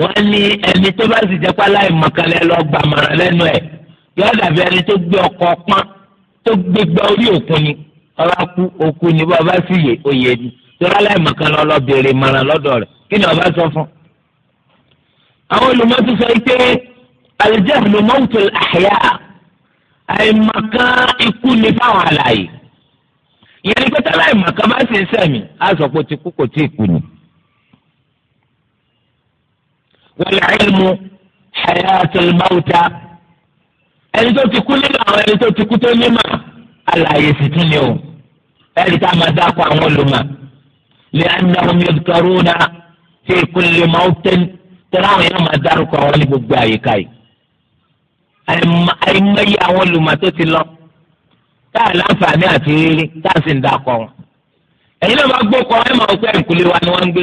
wọ́n ní ẹni tó bá sì jẹ́ pálá ìmọ̀kànlẹ́ lọ gbàmọ̀ràn lẹ́nu ẹ̀ yóò dàbí ẹni tó gbé ọkọ̀ pọ́n tó gbégbá orí òkun ni ọba òkun ni bọ́ọ̀ bá sì yè oyè ni sọlá láìmọ̀kan lọ lọ béèrè ìmọ̀ràn lọ́dọ̀ rẹ̀ kí ni ọba sọ fún. àwọn olùmọ̀tò sọ pé aljahlu mawtul ahya àìmọ̀kan ikú ni fáwọn àlàyé ìyẹn ni pẹ́tẹ́ láìmọ̀kan bá sì ń sẹ̀mí á sọ pé ó ti kú kò tí ì kú ni. wal ilmu hayatul mawta ẹni tó ti kú nínú àwọn ẹni tó ti kú tó ní mà àlàyé sì tún ni o ẹni tá a máa dáko àwọn olùmọ̀. لأنهم يذكرون في كل موت تراهم يوم دارك وغلب بأيكاي àìmọye àwọn olùmọ̀ tó ti lọ tá a láǹfààní àti rírí tá a sì ń dakọ wọn. ẹ̀yin náà máa gbọ́ kọ́ ẹ máa pẹ́ ìkúlé wa ni wọ́n ń gbé.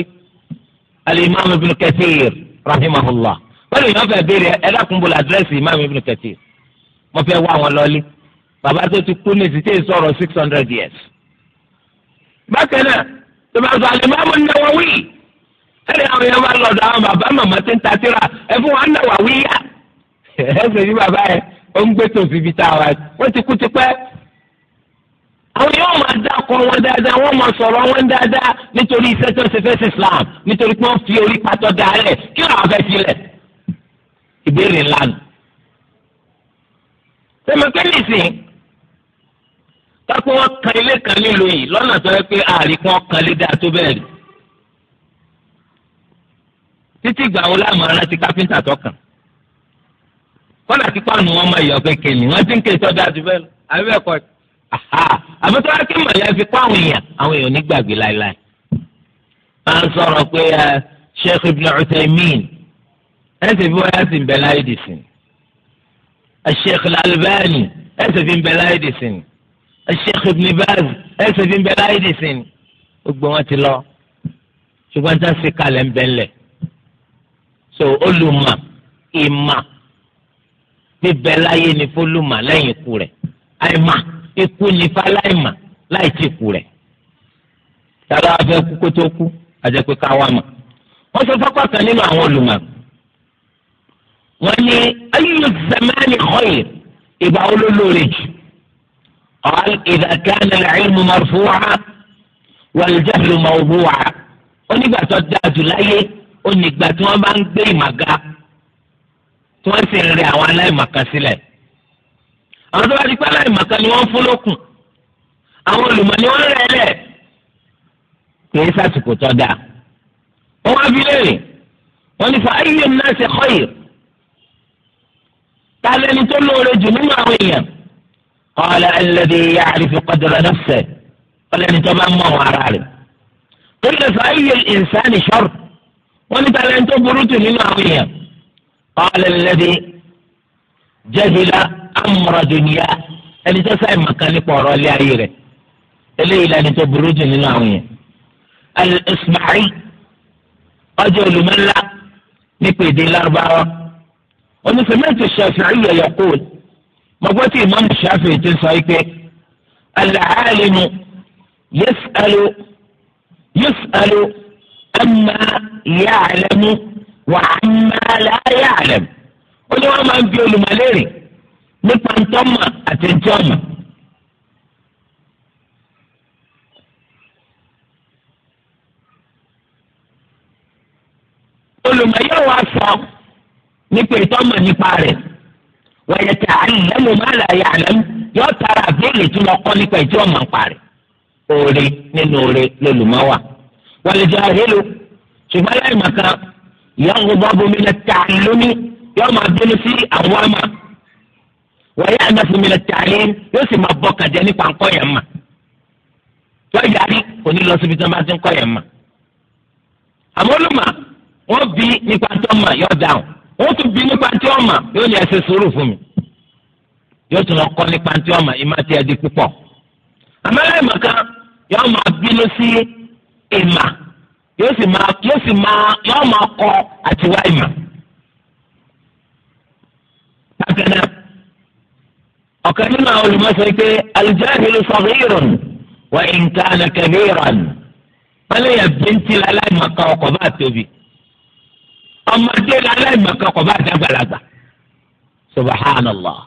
alimami ibn kathir rahimahullah wọ́n yàn fẹ́ béèrè ẹ̀dákùnbó làdírẹ́sì imami ibn kathir mo fẹ́ wá wọn lọ́lé bàbá tó ti kú ní ìsìté ìsọ̀rọ̀ six hundred years. bákan náà tó bá sọ Al-Imam An-Nawawi ẹni àwọn yẹn máa lọ sọ àwọn bàbá màmá tí ń ta síra ẹ fún wọn An-Nawawi yá *laughs* ẹ sọ yìí bàbá yẹn ó ń gbé tòfin bíi tá a wá wọn ti kú ti pẹ́ àwọn yóò máa dá ọkọ wọn dáadáa wọn máa sọ̀rọ̀ wọn dáadáa nítorí iṣẹ́ tó ń ṣe fẹsẹ Islam nítorí pé wọn fi orí pàtó dálẹ kí wọn àwọn fẹẹ filẹ̀ ìbéèrè ńlá nù. sẹmẹkẹ́ nìsín kápẹ́ wọn kan ilé kan nílùú yìí lọ́nà tó yẹ pé ààrí kan kan lé dáa tó bẹ́ẹ̀ rí títí ìgbà wo láàmú aláti káfíńtà tọkàn kọ́nà tí pàánù wọn máa yọ kékeré ni wọ́n ti ń ké sọ́dọ̀ àti bẹ́ẹ̀ lọ àbí bẹ́ẹ̀ kọ́ àmọ́ tó fi kọ́ àwọn èèyàn àwọn èèyàn nígbàgbé láéláé máa ń sọ̀rọ̀ pé Sheikh Ibn Uthaymeen ẹsẹ̀ bí wọ́n yá sí ń bẹ láyé dìsìn Sheikh Al-Albani ẹsẹ̀ fi láyé dìsìn. Sheikh Ibn Baz ẹsẹ̀ fi ń bẹ láyé nìsín gbogbo wọn ti lọ ṣùgbọ́n tá a sì kalẹ̀ ń bẹ̀lẹ̀ so olùmọ̀ ìmọ̀ bíbẹ̀ láyé ni fọlùmọ̀ lẹ́yìn ikú rẹ̀ àìmọ̀ ikú ni fáláìmọ̀ láì tí ikú rẹ̀ tàbí abẹ́ kú kó tó kú àjẹpé ká wà mọ̀ wọ́n sọ fọ́pọ́ kan nínú àwọn olùmọ̀ wọ́n ní ayélujára zamani khair ìgbà wo ló lóore jù. قال إذا كان العلم مرفوعا والجهل موضوعا onígbà tó dáa jù láyé onígbà tí wọ́n bá ń gbé ìmàga tí wọ́n sì ń rẹ àwọn aláìmàkà sílẹ̀ àwọn tó bá di pé aláìmàkà ni wọ́n fún lókun àwọn olùmọ̀ ni wọ́n rẹ̀ lẹ̀ kìí sàtìkò tó dáa wọ́n wá fi léèrè wọ́n ní fa ayé náà ṣe kọ́ yìí ta lẹni tó lóore jù nínú àwọn èèyàn qala alladhi ya'rifu qadra nafsihi ọlẹ́ni tó bá mọ̀ ara rẹ̀. torí lè fa iye ìsáni sharr wọ́n ní talẹ́ tó burú jù nínú àwọn èèyàn qala alladhi jahila amra dunya ẹni tó sáì màkà nípa ọ̀rọ̀ ilé ayé rẹ̀ eléyìí lẹni tó burú jù nínú àwọn èèyàn. al-Ismaili ọjọ́ olùmọ̀lá nípa èdè lárúbáwá onífẹ̀mẹ́tì Shafi'iyya yaqul gbọ́ tí Imam Shafi'i ti sọ pé al-alimu yas'alu yas'alu amma ya'lamu wa amma la ya'lamu ó ní wọ́n máa ń bi olùmọ̀lérè nípa ntọ́mà àti ntọ́mà. olùmọ̀ yóò wá sọ nípa ìtọ́mà nípa rẹ̀ wẹ̀yẹ̀tẹ̀ àlẹ́mu mọ́lá yàlẹ́mu yọ tara àbẹ́lẹ̀ tó lọ kọ́ nípa ìjọ ọmọ parí. oore nínú oore lolùmọ́wà. wàlejò àhélò ṣùgbọ́n láì màkà yọ̀ǹgù bọ́bù mi lẹ tààrí lómi yọ̀ máa bínú sí àwọn àmà. wọ̀nyí ànáfù mi lẹ tààrí yóò sì máa bọ́ kàjẹ́ nípa ńkọ́ yẹn mà. wọ́n yàrí kò lọ síbi tí wọ́n ti ń yẹn mà. àmọ́ olùmọ̀ wọ́n bí nípa tó mà yọ̀ ó tún bí nípa tí ó mà yóò ní ẹsẹ sùúrù fún mi yóò tún lọ kọ́ nípa tí ó mà ìmá tí ẹ di púpọ̀ àmàlà ìmọ̀ká yóò máa bínú sí ìmà yóò sì máa yóò sì máa yóò máa kọ àtiwá ìmà bákanáà ọ̀kan nínú àwọn olùmọ̀sọ̀ pé aljahilu saghirun wa in kana kabiran wọ́n lè yẹ bíntín aláìmọ̀ká ọkọ̀ bá tóbi ọmọdé aláìmọ̀kan kọ̀ bá dàgbàlagbà subhanallah.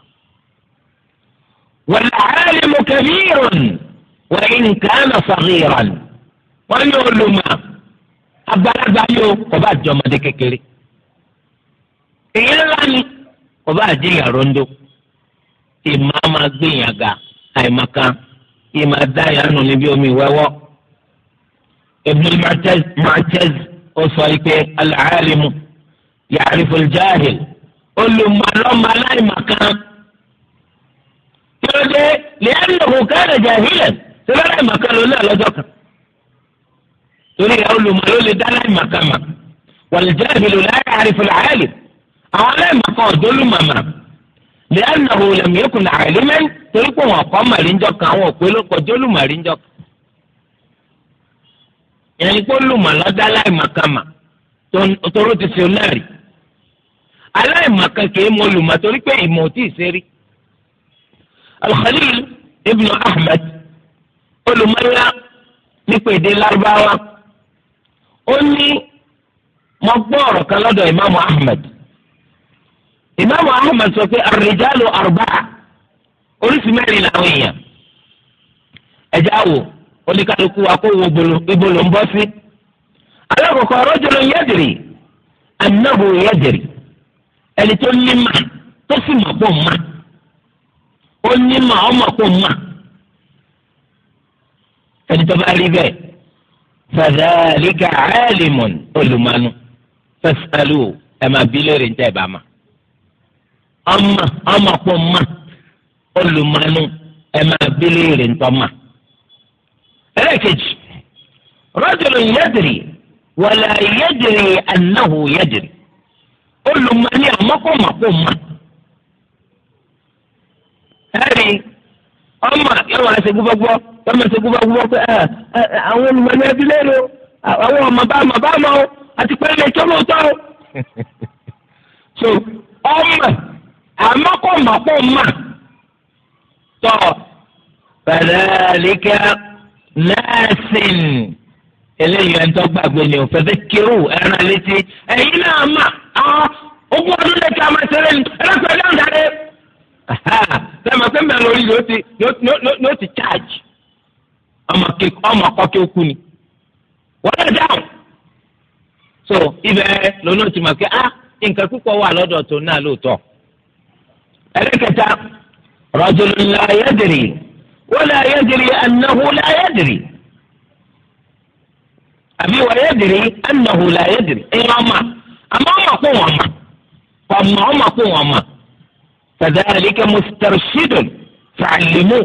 والعالم كبير وإن كان صغيرا wọ́n yóò lò mà àgbàlagbà yóò kò bá jẹ́ ọmọdé kékeré èyí ńlá ni kò bá jẹ́ ìyàrá ńdó ìmọ̀ máa gbìyànga àìmọ̀ká ìmọ̀ dáyàánú níbi omi wẹ́wọ́ Ibn Mu'taz Mu'taz ó sọ pé al ya'riful jahil olùmọ̀lọ́mọ aláìmọ̀kan kí ló dé li'annahu kana jahilan tí lọ́la ìmọ̀kan ló náà lọ́jọ́ kan torí ẹ̀ olùmọ̀ ló lè dá aláìmọ̀kan mọ̀ wal jahilu la ya'riful 'alim àwọn aláìmọ̀kan ọ̀dọ́ olùmọ̀mọ̀ li'annahu lam yakun 'aliman torí pé wọn kọ́ màríńjọ́ kan àwọn òpè ló kọjọ́ olùmọ̀ríńjọ́ kan ìyẹn ni pé olùmọ̀ lọ́dá aláìmọ̀kan mọ̀ tó tó ti fi náà rí aláìmọ̀kan kìí mọ olùmọ̀ torí pé ìmọ̀ ò tí ì sẹ́rí. Al-Khalil ibn Ahmad olùmọ̀lá nípa èdè lárúbáwá ó ní mo gbọ́ ọ̀rọ̀ kan lọ́dọ̀ ìmáàmù Ahmad ìmáàmù Ahmad sọ pé ar-rijalu arba'a oríṣi mẹ́rin làwọn èèyàn ẹ̀já wò oníkàlùkù wa kó ń bọ́ sí alákòókò rajulun yadri annahu yadri ẹni tó ní mà tó sì mọ̀ pọ̀ mà ó ní mà ó mọ̀ pọ̀ mà ẹni tó bá rí bẹ́ẹ̀ fadhalika alimun olùmọ̀nù fasalu ẹ̀ máa bí lórí níta ẹ̀ bá ma ọmọ ọmọ pọ̀ mà olùmọ̀nù ẹ̀ máa bí lórí níta mà ẹlẹ́kejì rajulun yadri wala yadri annahu yadri olùmọ̀ni àmọ́kọ̀mọ́kọ̀mọ́ ẹ̀rí ọmọ yóò wá ṣe gbúgbọ́gbọ́ ọmọ ṣe gbúgbọ́gbọ́ pé àwọn olùmọ̀ni ẹbí lérò àwọn ọmọ bá ọmọ bá ọmọ àti pé ilé ìjọba ò tọ́ so ọmọ àmọ́kọ̀mọ́kọ̀mọ́ tọ́ bẹ̀rẹ̀ àlíkẹ́ nẹ́ẹ̀sìn. eléyìí ẹni tó gbàgbé ni ò fẹsẹ̀ kírù ẹran létí ẹ̀yin náà mà á ogún ọdún lẹ́tí àmọ́ ìṣeré ni ẹlẹ́sìn ẹ̀dá ń darí. sẹ́mi ọ̀sẹ̀ mẹ́rin lórí ló ti charge ọmọ ọkọ kí ó kú ni wọ́n dáhùn. so ibẹ̀ lónà ti mọ̀ pé á nǹkan púpọ̀ wà lọ́dọ̀ tó náà lóòótọ́. ẹlẹ́kẹta rajulun la yadri wala yadri annahu la yadri. àbí wọ́n yẹ dịrị ẹnìyàn hùlà yẹ dìrí ẹ̀yìn ọmọ àmọ́ ọmọ kó wọn ma ọmọ ọmọ kó wọn mọ̀ tàdá àlíkẹ́ fàlímù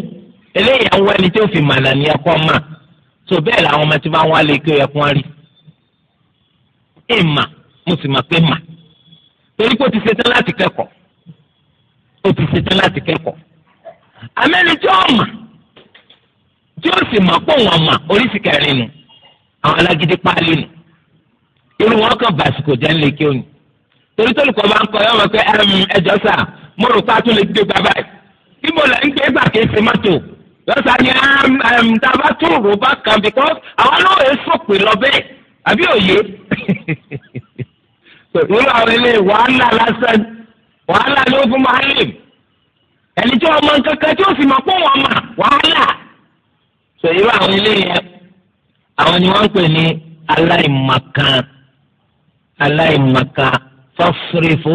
ẹni tó fi màlà ní tó bẹ́ẹ̀ làwọn ọmọ tí wọ́n wá lè kí mo sì pé torí ti ṣetán láti kẹ́kọ̀ọ́ ti ṣetán láti àwọn alágídí páálí nù irú wọn kàn bàsìkò jẹ́ ńlẹ̀ kí òní torí tó lùkọ́ bá ń kọ́ yọ̀ wọ́n pé ẹjọ́ sà mo rò pa tún lè gbé gbà báyìí ibo la ń gbé gbà kí n fi mọ́tò lọ́sà ni tàbá tún rò bá kàn because àwọn náà yẹ sọ̀pẹ̀ lọ bẹ́ẹ̀ àbí òye irú *laughs* àwọn ilé wàhálà lásán wàhálà ló fún mahalim ẹni tí wọn mọ nǹkan kan tí ó sì wọn wàhálà irú àwọn àwọn ni wọ́n ń pè ní aláìmọ̀kan aláìmọ̀kan fọ́sírìfò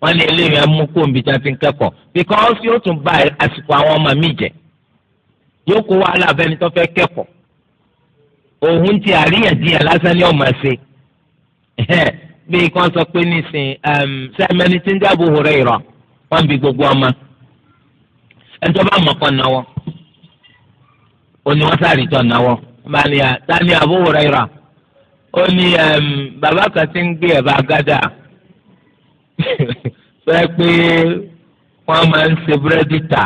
wọ́n ní eléyìí amú kó omi tí a ń kẹ́kọ̀ọ́ because yóò tún ba àsìkò àwọn ọmọ mi jẹ yóò kó wàhálà abẹ́ni tó fẹ́ kẹ́kọ̀ọ́ òun ti àríyànjiyàn lásán ní ọmọ ṣe bí kan sọ pé nísìn sẹ́mẹ́ni um, tí ń jábò hùrẹ́ ìrọ̀ wọ́n bí gbogbo ọmọ ẹni tó bá òní wọ́n sáré jọ náwọ́. mànìyà tani Abu Hurairah ó ní bàbá kan ti ń gbé ẹ̀bà gádà *laughs* fẹ́ pé wọ́n máa ń ṣe búrẹ́dì tà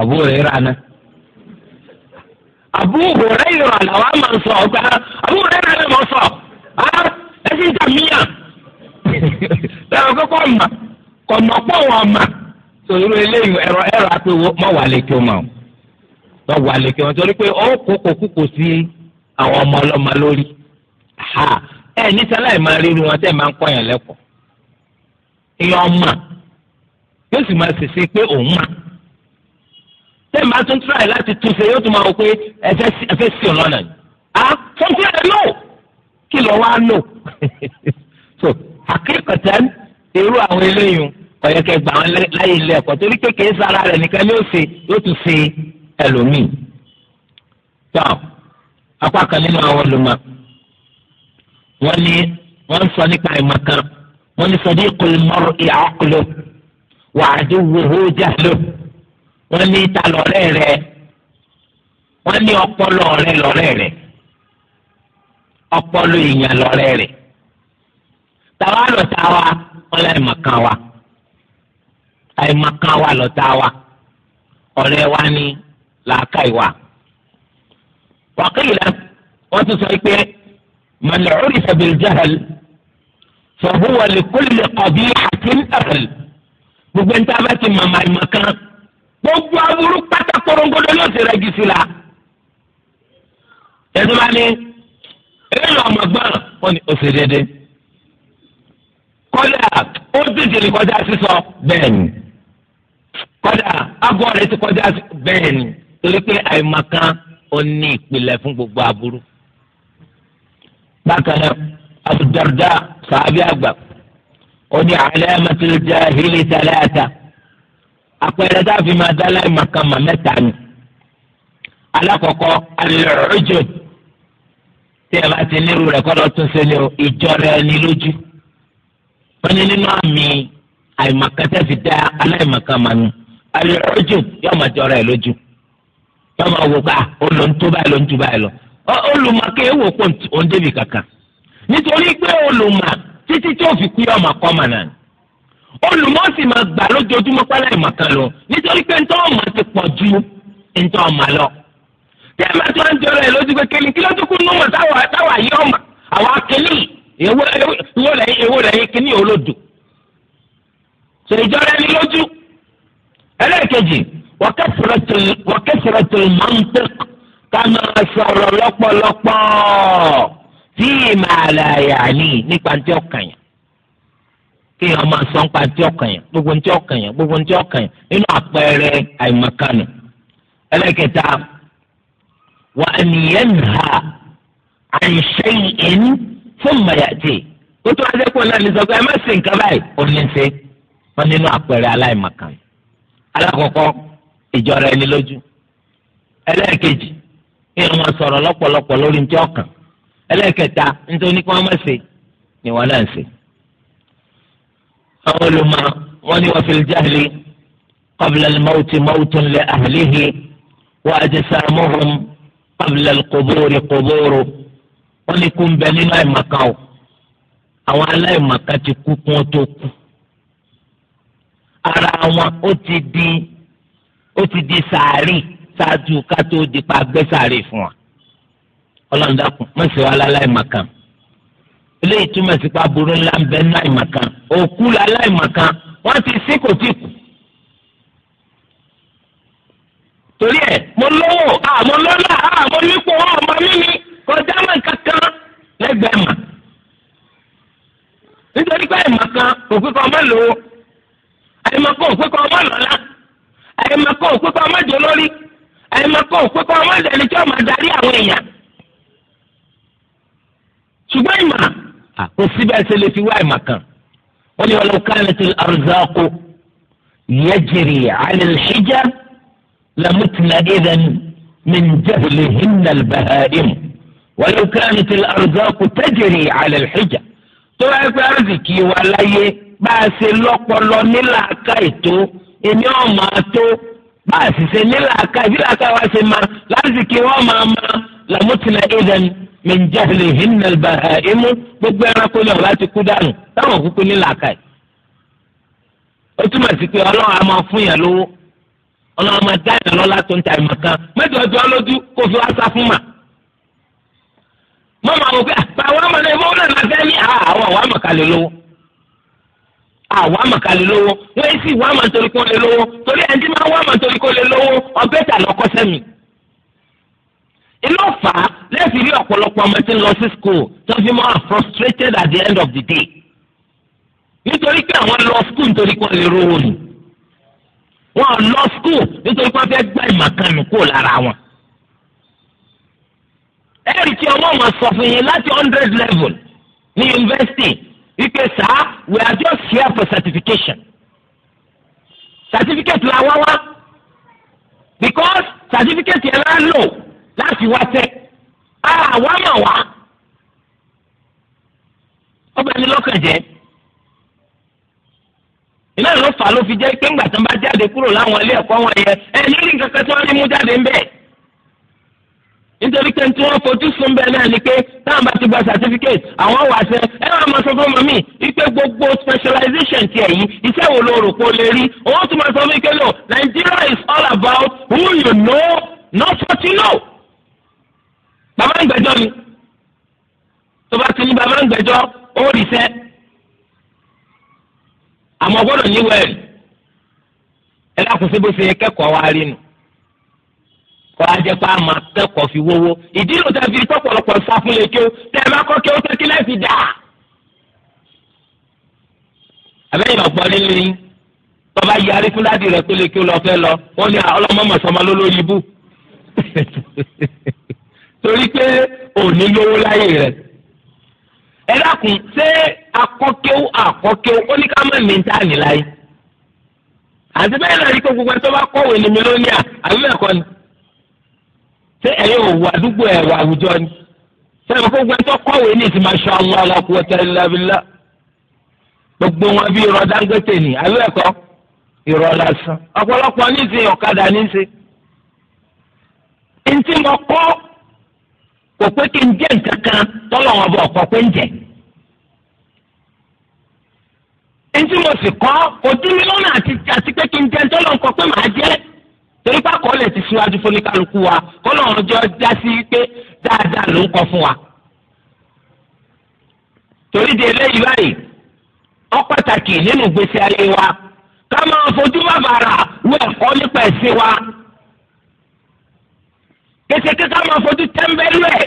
Abu Hurairah náà. Abu Hurairah làwọn á máa ń sọ ọgbà Abu Hurairah náà máa ń sọ ẹ ti ń tà míyàn lẹ́yìn *laughs* akọ́kọ́ ọ̀ma kọ̀nà wọn ọ̀ma sòrò eléyìí ẹ̀rọ ẹ̀rọ apẹ̀wò mọ̀wálé tó máa. lọ wà lẹkẹ wọn torí pé ó kó kókókó sí àwọn ọmọ ọlọmọ lórí ẹ ní sáláì máa ríru wọn tẹ máa ń kọyàn lẹ́kọ̀ọ́ èèyàn ọmọ yóò sì máa ṣèṣe pé òun mà tẹ máa tún tíráì láti túnṣe yóò tún máa wọ pé ẹ fẹ́ sí ọlọ́nà ni à fúnfún ẹ lò kí lọ wá lò *laughs* so akẹ́kọ̀ọ́tà irú àwọn eléyìí ọ̀yẹ̀kẹ̀ gbà wọn láyé ilé ẹ̀kọ́ torí kékeré sára rẹ̀ nìkan yóò ṣe yóò tún ṣe é ẹlòmíì tó apá kan nínú àwọn olùmọ̀ wọ́n ní wọ́n ń sọ nípa ìmọ̀ kan wọ́n ní sadiqul mar'i aqlu wa aduwwuhu jahlu wọ́n ní ta lọ́rẹ́ rẹ̀ wọ́n ní ọpọlọ rẹ̀ lọ́rẹ́ rẹ̀ ọpọlọ èèyàn lọ́rẹ́ rẹ̀ tàwa lọ́ta wa wọ́n lọ ìmọ̀ wa àìmọ̀ wa lọ́ta wa ọ̀rẹ́ wa ní làákà ìwà. wàkìlá wọ́n ti sọ pé man urifa bil jahl fa huwa li kulli qabihatin ahl gbogbo ń tábà ti màmá ìmọ̀ kan gbogbo aburú pátá korongodo ló ti rẹ̀ gisi la. ẹ̀sùn bá ní ẹ̀yìn ọmọ wọn ni ó ṣe déédéé. kọ́dà ó tètè kọjá sísọ bẹ́ẹ̀ ni kọ́dà ti kọjá bẹ́ẹ̀ torí pé àìmọ̀kan ó ní ìpìlẹ̀ fún gbogbo aburú. bákan náà Abu Darda sàábì àgbà ó ní alamatul jahili thalatha àpẹẹrẹ tá a fi máa dá láìmọ̀kan mà mẹ́ta ni. alákọ̀ọ́kọ́ alẹ́rọ̀ọ́jọ tí ẹ bá ti nírú rẹ̀ kọ́ lọ tún ṣe ni ìjọ rẹ̀ ni lójú. wọ́n ní nínú àmì àìmọ̀kan tẹ́ dá aláìmọ̀kan mà nù alẹ́rọ̀ọ́jọ yóò máa jọra ẹ̀ lójú yọmọ wò ká olóńtó ah, báyìí lóńtó báyìí lọ olùmọ̀kẹ́ wò pọ̀ òǹdẹ́bì kankan nítorí pé olùmọ̀ títí tí ó fi kú yọmọ kọ́mọ náà olùmọ̀ sì máa gbà lójoojúmọ́ pálá ìmọ̀kan lọ nítorí pé ntọ́ ọmọ ti pọ̀ ju ntọ́ ọmọ lọ tí ẹ máa tó ń jọrọ ẹ lójú pé kéli kí ló tún kú nùmọ̀ táwa yí ọmọ àwọn akéli èwo lẹ́yìn kíní olódò ṣèjọ́rẹ́ ni lójú ẹlẹ́ẹ̀kejì wọ́kẹ́sìrẹ́tì mọ́ńtẹ́k ká máa sọ̀rọ̀ lọ́pọ̀lọpọ̀ tí ìmàlà yàní nípa ntí ọkàn yẹn kí èèyàn máa sọ nípa ntí ọkàn yẹn gbogbo ntí ọkàn yẹn gbogbo ntí ọkàn yẹn nínú àpẹẹrẹ àìmọ̀kànnì ẹlẹ́kẹta wà á nìyẹn nìha àìṣe ìní fún mayàtì tó tó adékun náà ní sọ pé ẹ má ṣe nǹkan báyìí ó ní ṣe wọn nínú àpẹẹrẹ aláìmọ̀kànnì alákọ̀ọ́kọ́ ìjọra ẹni lójú ẹlẹ́ẹ̀kejì kí wọ́n sọ̀rọ̀ lọ́pọ̀lọpọ̀ lórí ní tí ọkàn ẹlẹ́ẹ̀kẹta nítorí kí wọ́n má ṣe ni wọ́n náà ṣe. àwọn olùmọ̀ wọn ni wọ́n fi jáde qabla al-mawti mawtun li ahlihi wa ajsamuhum qabla al-quburi quburu wọ́n ní kú ń bẹ nínú àìmọ̀ká o àwọn aláìmọ̀ká ti kú kún ó tó kú ara wọn ó ti di ó ti di sàárì ṣáájú ká tó di pa gbé sàárì fún wa ọlọ́run dákun má ṣe wá láláì màkàn eléyìí túmọ̀ sí pa burú ńlá ń bẹ láì màkàn òkú láláì màkàn wọ́n ti sí kò tí kù. torí ẹ mo lówó àmọ́ lọ́lá àmọ́ nípò ọmọ mímí kọjá mọ̀ kankan lẹ́gbẹ̀ẹ́ mà nítorí pé àìmọ̀kan òkú kan mọ̀ lówó àìmọ̀kan òkú kan mọ̀ lọ́lá àyèmọ̀kọ́ òpépọ̀ ọmọdé lórí àyèmọ̀kọ́ òpépọ̀ ọmọdé ẹni tí ọmọ darí àwọn èèyàn. ṣùgbọ́n ìmọ̀ kò sí bẹ́ẹ̀ ṣe lè fi wá ìmọ̀ kan wọ́n ní walau kanatil arzaqu yajri 'ala al-hijab lamutna idhan min jahlihinna al-baha'im walau kanatil arzaqu tajri 'ala al-hijab tó wáyé pé arzikì wà láyé bá èmi ọ̀ máa tó bá a sì ṣe nílàáká ìbílàáká wa ṣe máa lásìkò wọn máa ma làmútìlẹ̀ ìdẹ́nu mẹ̀njáfìlẹ̀ ìhìnnàlbà ẹ̀mú gbogbo ẹranko náà láti kú dànù táwọn kúkú nílàáká yìí. ó túmọ̀ sí pé ọlọ́run á máa fún yàn lówó ọlọ́run máa dá yàn lọ́lá ta ìmọ̀ kan kó fi wá sá fún mà. mọ́ màá wò pé ah, ah, àwọn ọmọ náà ìfowópamọ́ náà fẹ́ ní àwọn àwọn àmọ̀kalẹ̀ lówó. àwọn àmàkálẹ̀ lówó wọ́n sì wọ́n àmà nítorí kó lè lówó torí ẹni tí máa wọ́n àmà nítorí kó lè lówó ọbẹ̀ tà lọ́kọ́ sẹ́mi. inú fà á lẹ́sì rí ọ̀pọ̀lọpọ̀ ọmọ tí ń lọ sí school tó fi mọ́ frustrated at the end of the day. nítorí pé àwọn lọ school nítorí kó lè rówó ni wọ́n lọ school nítorí pé wọ́n fẹ́ gbá ìmàkànnì kúrò lára wọn. ẹ̀rì tí ọmọ wọn sọ fún yín láti hundred level ní yunifásitì wípé sá we are just here for certification certificate la wá wá because certificate yẹn la lò láti wá sẹ́ àwa mọ̀ wá ọba ni lọ́kàn jẹ́ iná ló fà ló fi jẹ́ pé ńgbà tó ń bá jáde kúrò láwọn ilé ẹ̀kọ́ wọn yẹ ẹ̀ nílì kankan tí wọ́n lè mú jáde ń bẹ́ẹ̀ nítorí pé tí wọ́n fojú sùn bẹ́ẹ̀ náà ni pé táwọn bá ti gba certificate àwọn wà sẹ́ ẹ wà máa sọ fún mọ́mí wípé gbogbo specialization tiẹ̀ yìí iṣẹ́ wo lo rò pé o lè rí òun tún máa sọ fún ike Nigeria is all about who you know not what you know. bàbá ń gbẹ́jọ́ ni tó bá ti ní bàbá ń gbẹ́jọ́ ó rí sẹ́ àmọ́ gbọ́dọ̀ níwẹ̀ẹ́rì ẹ dákun sí ṣe kẹ́kọ̀ọ́ wa rí nu kọ́ ajẹ́ pé a máa kẹ́kọ̀ọ́ fi wówó ìdí ló tẹ́ fi pọ̀pọ̀lọpọ̀ ìfọ́ fún lè kéwò tẹ́ ẹ bá kọ́ kéwò tẹ́ kí lẹ́ fi dà. àbẹ́yìn ọ̀gbọ́n nílé yín tọ́ba yarí fún dáàdi rẹ̀ tó lè kéwò lọ fẹ́ lọ wọ́n ní ọlọ́mọ mọ̀sánmá ló lórí ibú. *laughs* torí pé òní lówó láyé rẹ̀. ẹ dákun ṣé akọ́kéwò akọ́kéwò ó ní ká má ní ta ní láyé. àti bẹ́ẹ̀ náà rí pé gbogbo ẹ tó bá kọ̀wé ni mílíọ̀nìà àbí bẹ́ẹ̀ ni. ṣé ẹ̀yin òwò àdúgbò ẹ̀wà àwùjọ ni sẹ́yìn gbogbo ẹjọ́ kọ̀wé ní ìsìn máa ṣọ ọmọ ọlọ́kùn ọ̀tẹ̀ ńlábílá gbogbo wọn bí ni àlọ́ ẹ̀kọ́ irọ lásán ọ̀pọ̀lọpọ̀ ní ìsìn ní ìsìn. ntí mo kò pé kí n nǹkan kan tọ́lọ̀ wọn bọ̀ ọ̀pọ̀ pé ń ntí mo sì kọ́ torí pé àkọọ́lẹ̀ ti síwájú fóníkálukú wa kọ́lọ́run jọ já sí pé dáadáa ló ń kọ fún wa. torí di eléyìí báyìí ó pàtàkì nínú ìgbésí ayé wa ká máa fojú bàbàrà wọ ẹ̀kọ́ nípa ẹ̀sìn wa. kéṣeké ká máa fojú tẹ́ḿbẹ́lú ẹ̀.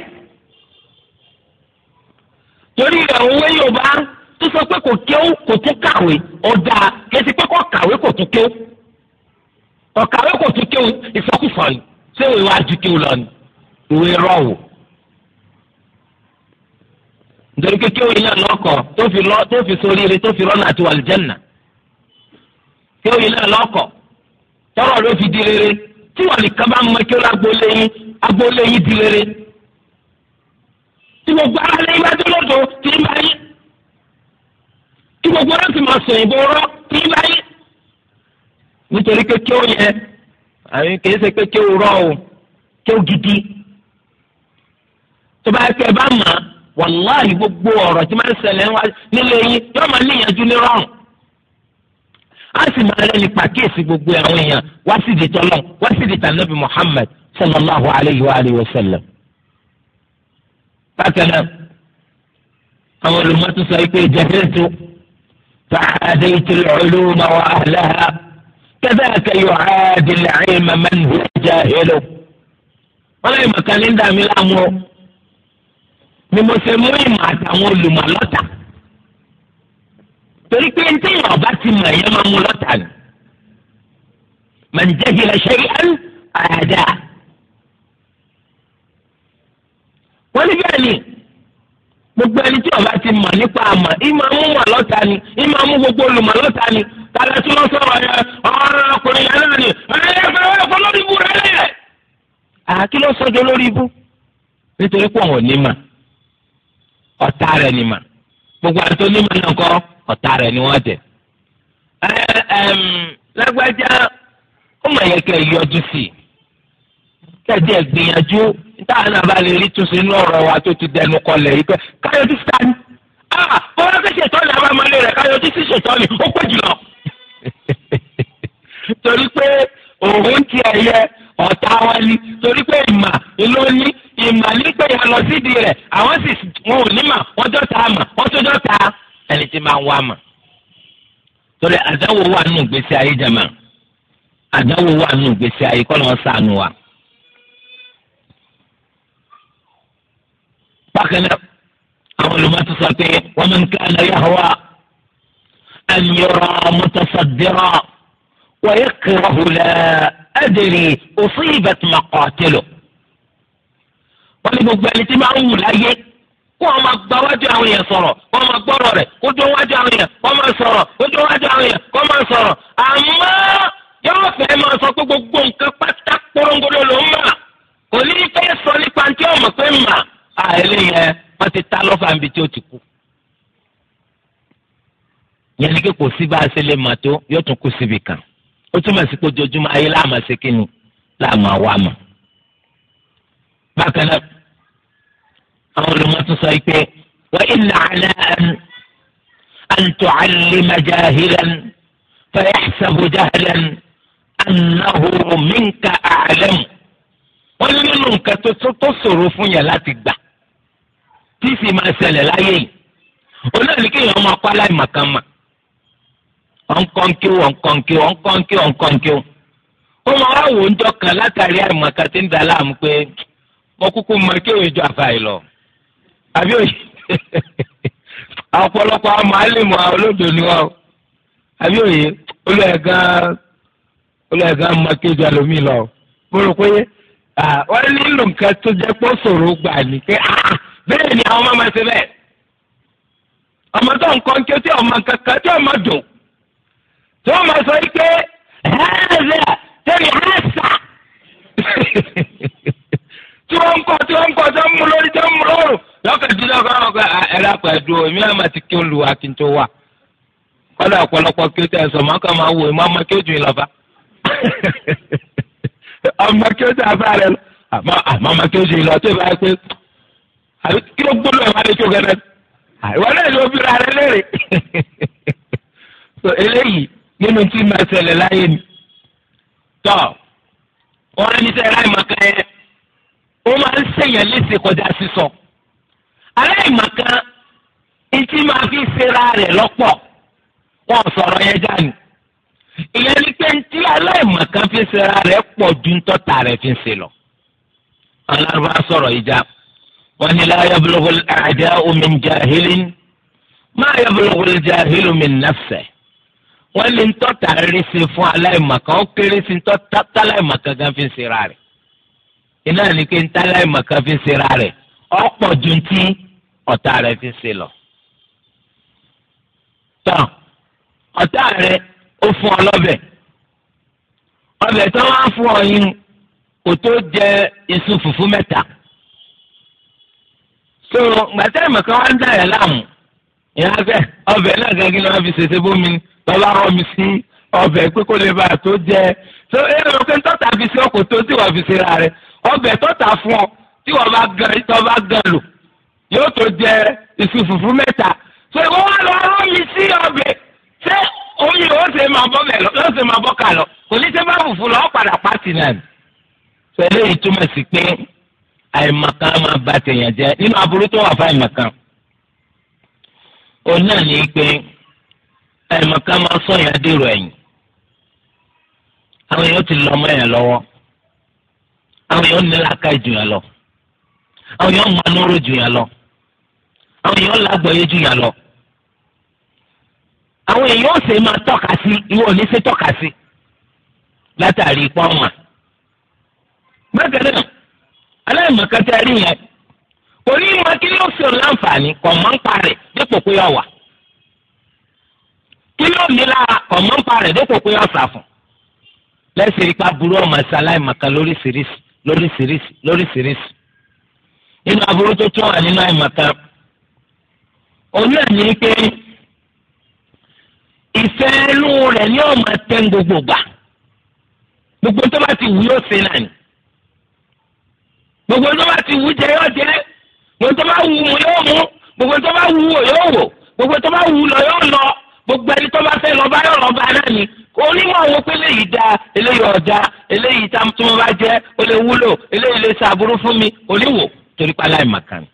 torí rẹ̀ òwe Yorùbá tó sọ pé kò kéwú kò tún kàwé ọ̀dà kéṣe pé kò kàwé kò tún kéwú. ọ̀kàwé kò tún kéwù ìfọkùfọ̀ ni séwèé wá ju lọ ni ìwé rọ̀wù. nítorí pé kéwù tó fi lọ tó fi sórí ire tó fi rọ́nà àti tọrọ fi di rere tí wọn nìkan mọ agboolé yín agboolé di rere tí gbogbo ara lè bá dé lọ́dọ̀ tí ń bá tí gbogbo máa sọ nítorí pé kí ó yẹ àmì kìí ṣe pé kí ó rọ o kí ó gidi tó bá yẹ kí ẹ bá mà wàláhì gbogbo ọ̀rọ̀ tí máa ń ṣẹlẹ̀ nílé yín yóò máa níyànjú ní rọrùn a sì máa rẹni pàkíyèsí gbogbo àwọn èèyàn wá sí di tọ́lọ́ wá sí di tànàbí Muhammad sallallahu alayhi wa alayhi wa sallam. bákan àwọn olùmọ̀tò sọ pé jẹ́fẹ́ tó fàádé tó lọ́ọ́ lóun náà wà á lẹ́hà kẹ́dáàkà yóò áàdì làáyé màmá nìyí ajá èlò. wọ́n lè mọ̀ká ní dàmí láàmú o ni mo ṣe mú ìmọ̀ àtàwọn olùmọ̀ lọ́tà. torí pé ní tíyàn ọba ti mọ̀ ẹ̀yẹ́ máa mú lọ́tà ni. màǹjẹ́ jìnnà ṣe é ń àdá. wọ́n ní bẹ́ẹ̀ ni gbogbo ẹni tí ọba ti mọ̀ nípa àmọ̀ ìmọ̀ amúmọ̀ lọ́tà ni ìmọ̀ amú gbogbo olùmọ̀ lọ́tà ni tààlà tí wọ́n sọ̀rọ̀ yẹn ọ̀rọ̀ ọkùnrin yẹn náà ni ẹ̀yẹ fẹ́rẹ́ ẹ̀kọ́ lórí ibu rẹ̀ lẹ̀. àkí ló sọjọ lórí ibu nítorí pé òun ò ní ni mà gbogbo àti onímọ̀ náà kọ́ ọ̀tá ni wọ́n jẹ. lágbájá ó yẹ kẹ́ yọjú sí i ẹ̀ gbìyànjú táwọn náà bá lè rí túnṣe inú ọ̀rọ̀ wa tó ti dẹnu kọlẹ̀ yìí pé káyọ̀dí ni. rẹ̀ káyọ̀dí sí torí pé òun ti ẹ̀yẹ ọ̀tá wọn ni torí pé ìmà ló ní ìmà nígbà yà lọ sídìí rẹ̀ àwọn sì wọn ò ní mà wọ́n dọ́ta mà wọ́n tó dọ́ta ẹni tí máa ń wá mà. torí àdáwò wà nù gbèsè ayé jẹ̀mà àdáwò wà nù gbèsè ayé kọ́ ló ń sànù wa. bákan náà àwọn olùmọ̀tò sọ pé wọ́n máa ń kí àlàyé àwa ẹ̀yọ̀rọ̀ mọ́tò sọ̀dẹ́rọ̀. ويكره لا أدري أصيبت مقاتله wọ́n ní gbogbo ẹni tí máa ń wù láyé kó ọmọ gbọ́ wájú àwọn èèyàn sọ̀rọ̀ kó ọmọ gbọ́rọ̀ rẹ̀ kó dún wájú àwọn èèyàn kó máa sọ̀rọ̀ kó dún wájú àwọn èèyàn kó máa sọ̀rọ̀ àmọ́ yóò fẹ́ máa sọ pé gbogbo nǹkan pátá korongodo ló ń mà kò ní fẹ́ sọ nípa tí ọmọ pé mà àìlè yẹn wọ́n ti ta lọ́fà níbi tí ó ti kú. yẹn ni kí kò sí bá a ṣe lè mà tó yóò tún kú síbi kan ó túmọ̀ sí pé ojoojúmọ́ ayé láàmà ṣe kí ni láàmà wà mà. bákan náà àwọn olùmọ̀tún sọ pé wà ilà àlẹ́ أن تعلم جاهلا فيحسب جهلا أنه منك أعلم wọ́n ní nínú nǹkan tó ṣòro fún yẹn láti gbà tí sì máa ṣẹlẹ̀ láyé yìí òun náà ní máa kọ́ aláìmọ̀kan mà ọ̀nkọ́nkí ọ̀nkọ́nkí ọ̀nkọ́nkí ọ̀nkọ́nkí ó mọ àwò ńjọ kan látàrí àìmọ̀ká tí ń da láàmú pé mo kúkú mọ kí òye jọ àfàì lọ àbí òye *laughs* ọ̀pọ̀lọpọ̀ àmọ́ àlèmọ̀ olódò ni wọ́n àbí òye olùyẹ̀gán olùyẹ̀gán mọ kí òye jọ àlòmí lọ mo rò pé wọ́n nílò nǹkan tó jẹ́ pé ó gbà ní pé bẹ́ẹ̀ ni àwọn ọmọ máa ṣe bẹ́ẹ̀ ọmọ tó ó tí ọmọ kankan tí ọmọ dùn tí wọ́n máa sọ yìí pé hẹ́ẹ̀dẹ̀ tẹ̀mí hẹ́ẹ̀sà *laughs* tí wọ́n ń kọ́ tí wọ́n ń kọ́ tí wọ́n mú lórí tí wọ́n mú lóòrùn lọ́kàn tí lọ́kàn náà kọ́ ẹ̀rọ àpẹ̀dù èmi náà máa ti kí olù wa kí n tó wà kọ́dà ọ̀pọ̀lọpọ̀ kí o tẹ̀ sọ máa kàn máa wò ìmọ̀ *laughs* ọmọ kí o jù yín lọ́ba ọmọ kí o tẹ̀ afá rẹ lọ àmọ́ ọmọ kí o jù yín lọ tó ìbá pé kí ló gbọ́dọ̀ ẹ̀ máa lè tó gẹ́gẹ́ ah, ìwọ náà ló bí ra rẹ lérè *laughs* nínú tí ma ṣẹlẹ̀ láyé mi. tọ́ wọn á ní sẹ́ aláìmọ̀kan yẹn ó máa ń ṣèyàn léṣe kọjá sísọ. aláìmọ̀kan etí máa fi ṣera rẹ̀ lọ́pọ̀ wọn ò sọ̀rọ̀ yẹn jáde. ìyẹn ni pé tí aláìmọ̀kan fi ṣera rẹ̀ pọ̀ ju ntọ́ta rẹ̀ fi ṣe lọ. alárùbá sọ̀rọ̀ ìjà wọn ni la yablughu al-a'da'u min jahilin ma yablughu al-jahilu min nafsihi wọ́n ní ntọ́ta rí sí fún aláìmọ̀kan ó kéré sí ntọ́ta táláìmọ̀kan gan fi ń ṣera rẹ̀ iná ní kí n táláìmọ̀kan fi ń ṣera rẹ̀ ọ̀pọ̀ ju ti ọ̀tá rẹ̀ fi ṣe lọ. tán ọ̀tá rẹ̀ ó fún ọ lọ́bẹ̀ ọbẹ̀ tó wá fún ọ yín kò tó jẹ iṣu fùfú mẹ́ta. so gbàtẹ́ ìmọ̀kan wá ń dà yẹn láàmú ìyá bẹ́ẹ̀ ọbẹ̀ náà gẹ́gẹ́ ni wọ́n fi ṣèṣe bómi ni lọ́ba rọ mi sí ọbẹ̀ pé kó lè bá a tó jẹ tó ẹ lọ pé tọ́ta fi sí ọkọ̀ tó tí wọ́n fi sí ra rẹ ọbẹ̀ tọ́ta fún ọ tí wọ́n bá gan tó bá gan lò yóò tó jẹ iṣu fùfú mẹ́ta tó ìwọ wà lọ rọ sí ọbẹ̀ ṣé omi ò ṣe máa bọ́ bẹ̀ lọ yóò ṣe máa bọ́ kà lọ kò ní ṣe bá fùfú lọ padà pàtì náà ni. pẹ̀lú èyí túmọ̀ sí pé àìmọ̀kan máa ba tèèyàn jẹ nínú aburú tó wà fún àìmọ̀kan. òun náà ní pé àìmọ̀ká máa sọ yẹn dèrò ẹ̀yìn àwọn èèyàn ti lọ ọmọ yẹn lọ́wọ́ àwọn èèyàn nílò aka jù yẹn lọ àwọn èèyàn máa nóró jù yẹn lọ àwọn èèyàn lágbọ̀ọ́yé jù yẹn lọ àwọn èèyàn ó sì máa tọ́ka sí ìwọ ní sí tọ́ka sí látàrí ipá ọ̀mà bákan náà aláìmọ̀ká tẹ́ rí yẹn kò ní ìmọ̀ kí ló fi láǹfààní máa ń parẹ̀ dípò kí ló ní lára kọ̀mọ́ǹpa rẹ̀ dépò pé ọ̀sà fún lẹ́sìn ipa burú ọmọ ìsàlàyé màkà lóríṣiríṣi lóríṣiríṣi lóríṣiríṣi nínú aburú tó tún wà nínú àìmọ̀ká òun ẹ̀ ní pé ìfẹ́ inú rẹ̀ ní ọ̀mà tẹ́ ń gbogbo gbà gbogbo tó bá ti wù yóò ṣe náà ni gbogbo tó bá ti wù jẹ yóò jẹ gbogbo tó bá wù mú yóò mú gbogbo tó bá wù wò yóò wò gbogbo tó bá wù lọ yóò lọ gbogbo ẹni tó bá fẹ́ lọ bá yọ̀ lọ bá náà ni onímọ̀ àwọn pé eléyìí da eléyìí ọ̀dà eléyìí tá tó bá jẹ́ ó lè wúlò eléyìí lè ṣàbúrú fún mi oníwò torí pa láì màkàn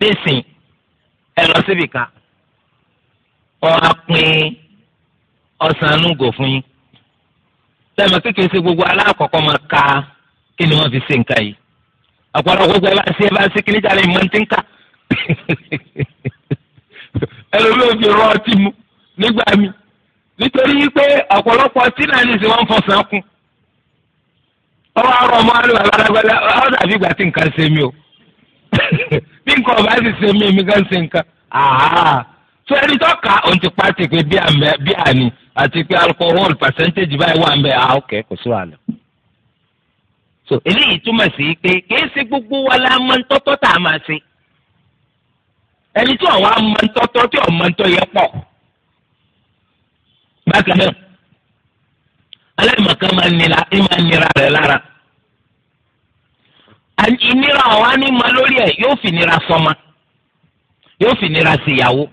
nísìn ẹ lọ síbi kan wọn á pín anúgò fún yín lẹ́mọ̀ kékeré sí gbogbo aláàkọ́kọ́ máa ka kí ni wọ́n fi ṣe nǹkan yìí ọ̀pọ̀lọpọ̀ gbogbo ẹ bá ṣe ẹ bá ṣe kí lè mọ̀ ní ti ń kà *laughs* ẹlòmíràn fi rọ ọtí mu nígbà mi nítorí pé ọ̀pọ̀lọpọ̀ tílà ní ìsìn wọn fọ̀sán kún ọwọ́ àrùn ọmọ àlùbà gbadagbada ọ dàbí ìgbà tí nǹkan ṣe mí o *laughs* bí nǹkan ọba sì ṣe mí èmi kan ṣe nǹkan tó ẹni tó kà ó ti pàṣẹ pé bí àní àti pé alcohol percentage báyìí wà ń bẹ ah ok kò sí wàhálà so eléyìí túmọ̀ sí pé kìí ṣe gbogbo wa la máa ń tọ́tọ́ tá a máa ṣe ẹni tí wọn wá máa ń tí wọn máa ń yẹ pọ̀ bákan náà aláìmọ̀kan máa nira ẹ máa nira rẹ̀ lára ìnira ọ̀wá ní ma lórí ẹ̀ yóò fi nira sọ́mọ yóò fi nira síyàwó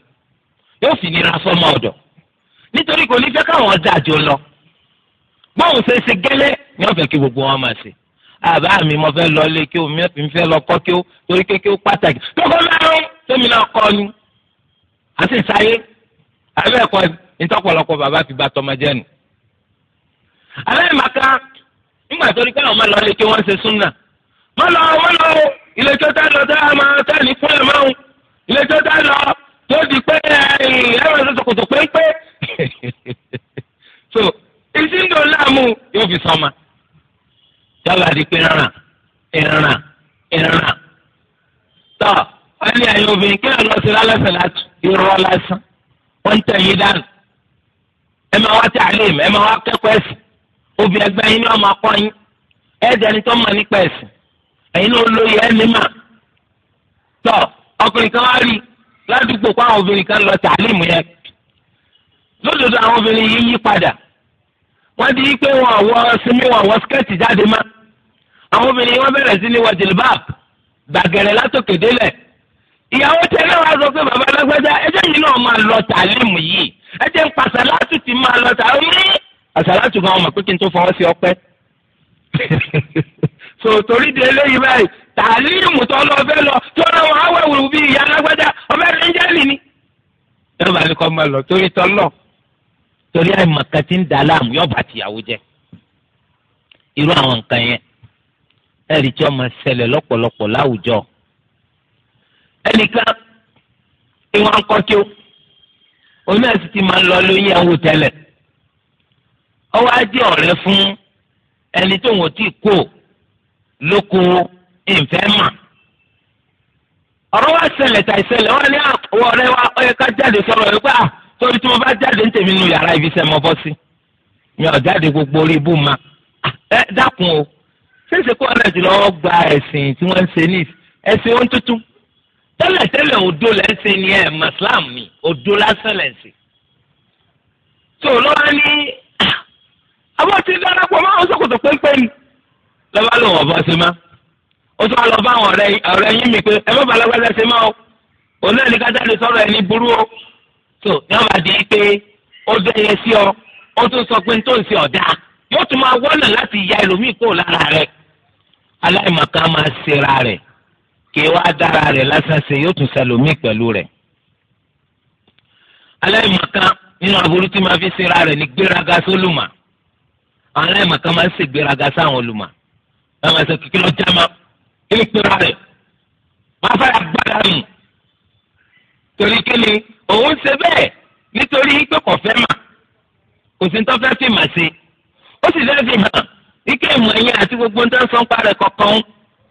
yóò fi nira sọ́mọ ọ̀dọ̀ nítorí kò ní fẹ́ káwọn ọjà àjò lọ bóun ṣe ṣe gẹ́lẹ́ ni wọ́n fẹ́ kí gbogbo wọn máa ṣe àbá mi mo fẹ́ lọ lé kí o mi fẹ́ lọ kọ́ kí o torí kí o pàtàkì lọ́kọ́ márùn-ún tómi náà kọ́ ni àti ìsáyé àbẹ́ ẹ̀kọ́ ni ntọ́pọ̀lọpọ̀ bàbá fi ba tọmọ jẹ́ nu. aláìmàká nígbà tó ní ká àwọn ọmọ lọ lè ké wọ́n ṣe súnà mọ́ lọ mọ́ lọ ilé tó tá lọ tá a máa tá ní kúnlẹ̀ máa ń ilé tó tá lọ tó di pé ẹ̀rọ ìṣòkòtò péńpé. *laughs* so ìsíndò láàmú yóò fi sọma yálà di pé rárá ìrìnà ìrìnà tọ́ wọ́n ní àyè obìnrin kí wọ́n lọ sí lálẹ́sẹ̀ láti irọ́ lásán wọ́n ń tẹ̀yìn dànù ẹ máa wá tàlímù ẹ máa wá kẹ́kọ̀ọ́ ẹ̀sìn obì ẹgbẹ́ yín ni ọmọ akọ yín ẹ̀ẹ́dẹ̀ni tó mọ̀ nípa ẹ̀sìn ẹ̀yin ló lóye ẹ̀ ní mà tọ́ ọkùnrin kan wá rí ládùúgbò kó àwọn obìnrin kan lọ tàlímù yẹn lódodo àwọn obìnrin yìí yí padà wọ́n di pé wọn àwọ̀ sinmi wọn àwọ̀ skẹ́ẹ̀tì jáde má àwọn obìnrin wọn bẹ̀rẹ̀ sí ní wọ jìlbáàb gbàgẹ̀rẹ̀ látòkè délẹ̀ ìyàwó tẹ́lẹ̀ wá sọ pé bàbá alágbájá ẹjẹ́ yìí náà máa lọ tàlímù yìí ẹ jẹ́ ń pa tí máa lọ sàá ní ọmọ pé kí n tó fọwọ́ sí ọpẹ́ *laughs* so torí di eléyìí báyìí tó lọ fẹ́ lọ tó lọ wọn awẹ́wùrú bíi ìyá alágbádá ọmọ ẹ̀rọ jẹ́lì ni. ẹ bá mi kọ́ máa lọ torí tọ́lọ̀ torí tí ń da láàmú yóò bá tìyàwó irú àwọn nǹkan yẹn tí ọmọ ṣẹlẹ̀ lọ́pọ̀lọpọ̀ láwùjọ ẹnìkan ìwọ̀n kọ́kíó oní ẹ̀sìn ti máa ń lọ lóyún ẹ̀wò tẹ́lẹ̀ ọwọ́ ajé ọ̀rẹ́ fún ẹni tó wọ́n ti kó lóko ìfẹ́ mà ọ̀rọ̀ wa ṣẹlẹ̀ tà ìṣẹlẹ̀ wọ́n ní àwọn ah, ọ̀rẹ́ wa ọ̀yẹ́ ká jáde sọ̀rọ̀ yìí pé ah, torí tí mo bá jáde ń tèmi nu yàrá ibi sẹ́ mo bọ́ sí mi ò jáde gbogbo orí ibú ma ah, ẹ dákun o ṣé ṣe ọ̀rẹ́ jùlọ gba ẹ̀sìn tí wọ́n ń ṣe ní ẹ̀sìn ohun tuntun tẹ́lẹ̀tẹ́lẹ̀ odo lẹ́sìn ni ẹ̀ mọ̀sálàmù ni odo lásán lẹ́sìn. tó lọ́wọ́ ní àwọn tí darapọ̀ máa ń sọ̀kòtò pépé ni lọ́wọ́ ló wọ̀ bọ́ sí ma ó tún wá lọ bá àwọn ọ̀rẹ́ yín mi pé ẹ má balagbada sí ma o òun náà ní ká jáde sọ̀rọ̀ ẹni burú o tó ní wọ́n bá di pé ó dẹ́yẹ sí ọ ó tún sọ pé tó ń ṣe ọ̀dà yóò tún máa wọ́nà láti ya ẹlòmíì kúrò lára rẹ̀ aláìmọ̀ká máa ṣera rẹ̀ kí wàá dára rẹ̀ lásán ṣe yóò tún ṣẹlòmíì pẹ̀lú rẹ̀. aláìmọ̀kan nínú aburú tí máa fi ṣera rẹ̀ ní gbéraga sólùmọ̀ àwọn aláìmọ̀kan máa ń ṣe gbéraga sáwọn olùmọ̀ wọ́n máa sọ kíkí lọ jáma kí ni pera rẹ̀ wọ́n fẹ́ agbára nù torí kí ni òun ṣe bẹ́ẹ̀ nítorí pé kò fẹ́ mà kò sí tó fẹ́ fi mà sí ó sì fẹ́ fi hàn ike ìmọ̀ ẹ̀yìn àti gbogbo ń tẹ́ sọ́ńpa rẹ̀ kọ̀ọ̀kan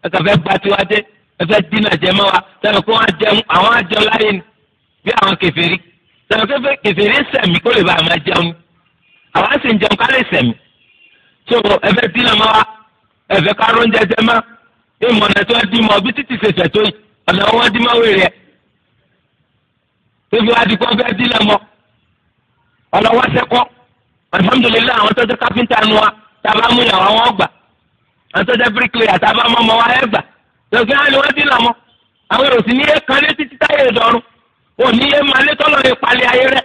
ẹ̀ka fẹ́ gba ẹfẹ dínà jẹ wa sẹmi kó wọn jẹun àwọn àjẹun láyé ni bí àwọn kẹfẹẹrí sẹmi kẹfẹ kẹfẹẹrí sẹmi kó lè ba àwọn àjẹun ni àwọn àti ìjẹun ká lè sẹmi tó ẹfẹ dínà mọ wa ẹfẹ kárọ oúnjẹ jẹ mọ ìmọ̀nà tó di mọ bí títí ṣe fẹ̀ tó yìí ọ̀nà wọn di mọ wẹ̀rẹ̀ tó fi wá di kó ẹfẹ dínà mọ ọlọ́wọ́ sẹ́kọ́ alhamdulilayi àwọn tó jẹ káfíńtà nu wa tá mú yàrá wọn gbà àwọn tó jẹ bíríkìlì àtàbà mọ́mọ́ wa ẹ̀ gbà lọ́sẹ̀ á ní wọ́n ti làmọ́ àwọn èrò sì ní yé kan lé títí táyé ìdọ́rùn ò ní yé máa lé tọ́lọ́ yẹ palẹ̀ ayé rẹ̀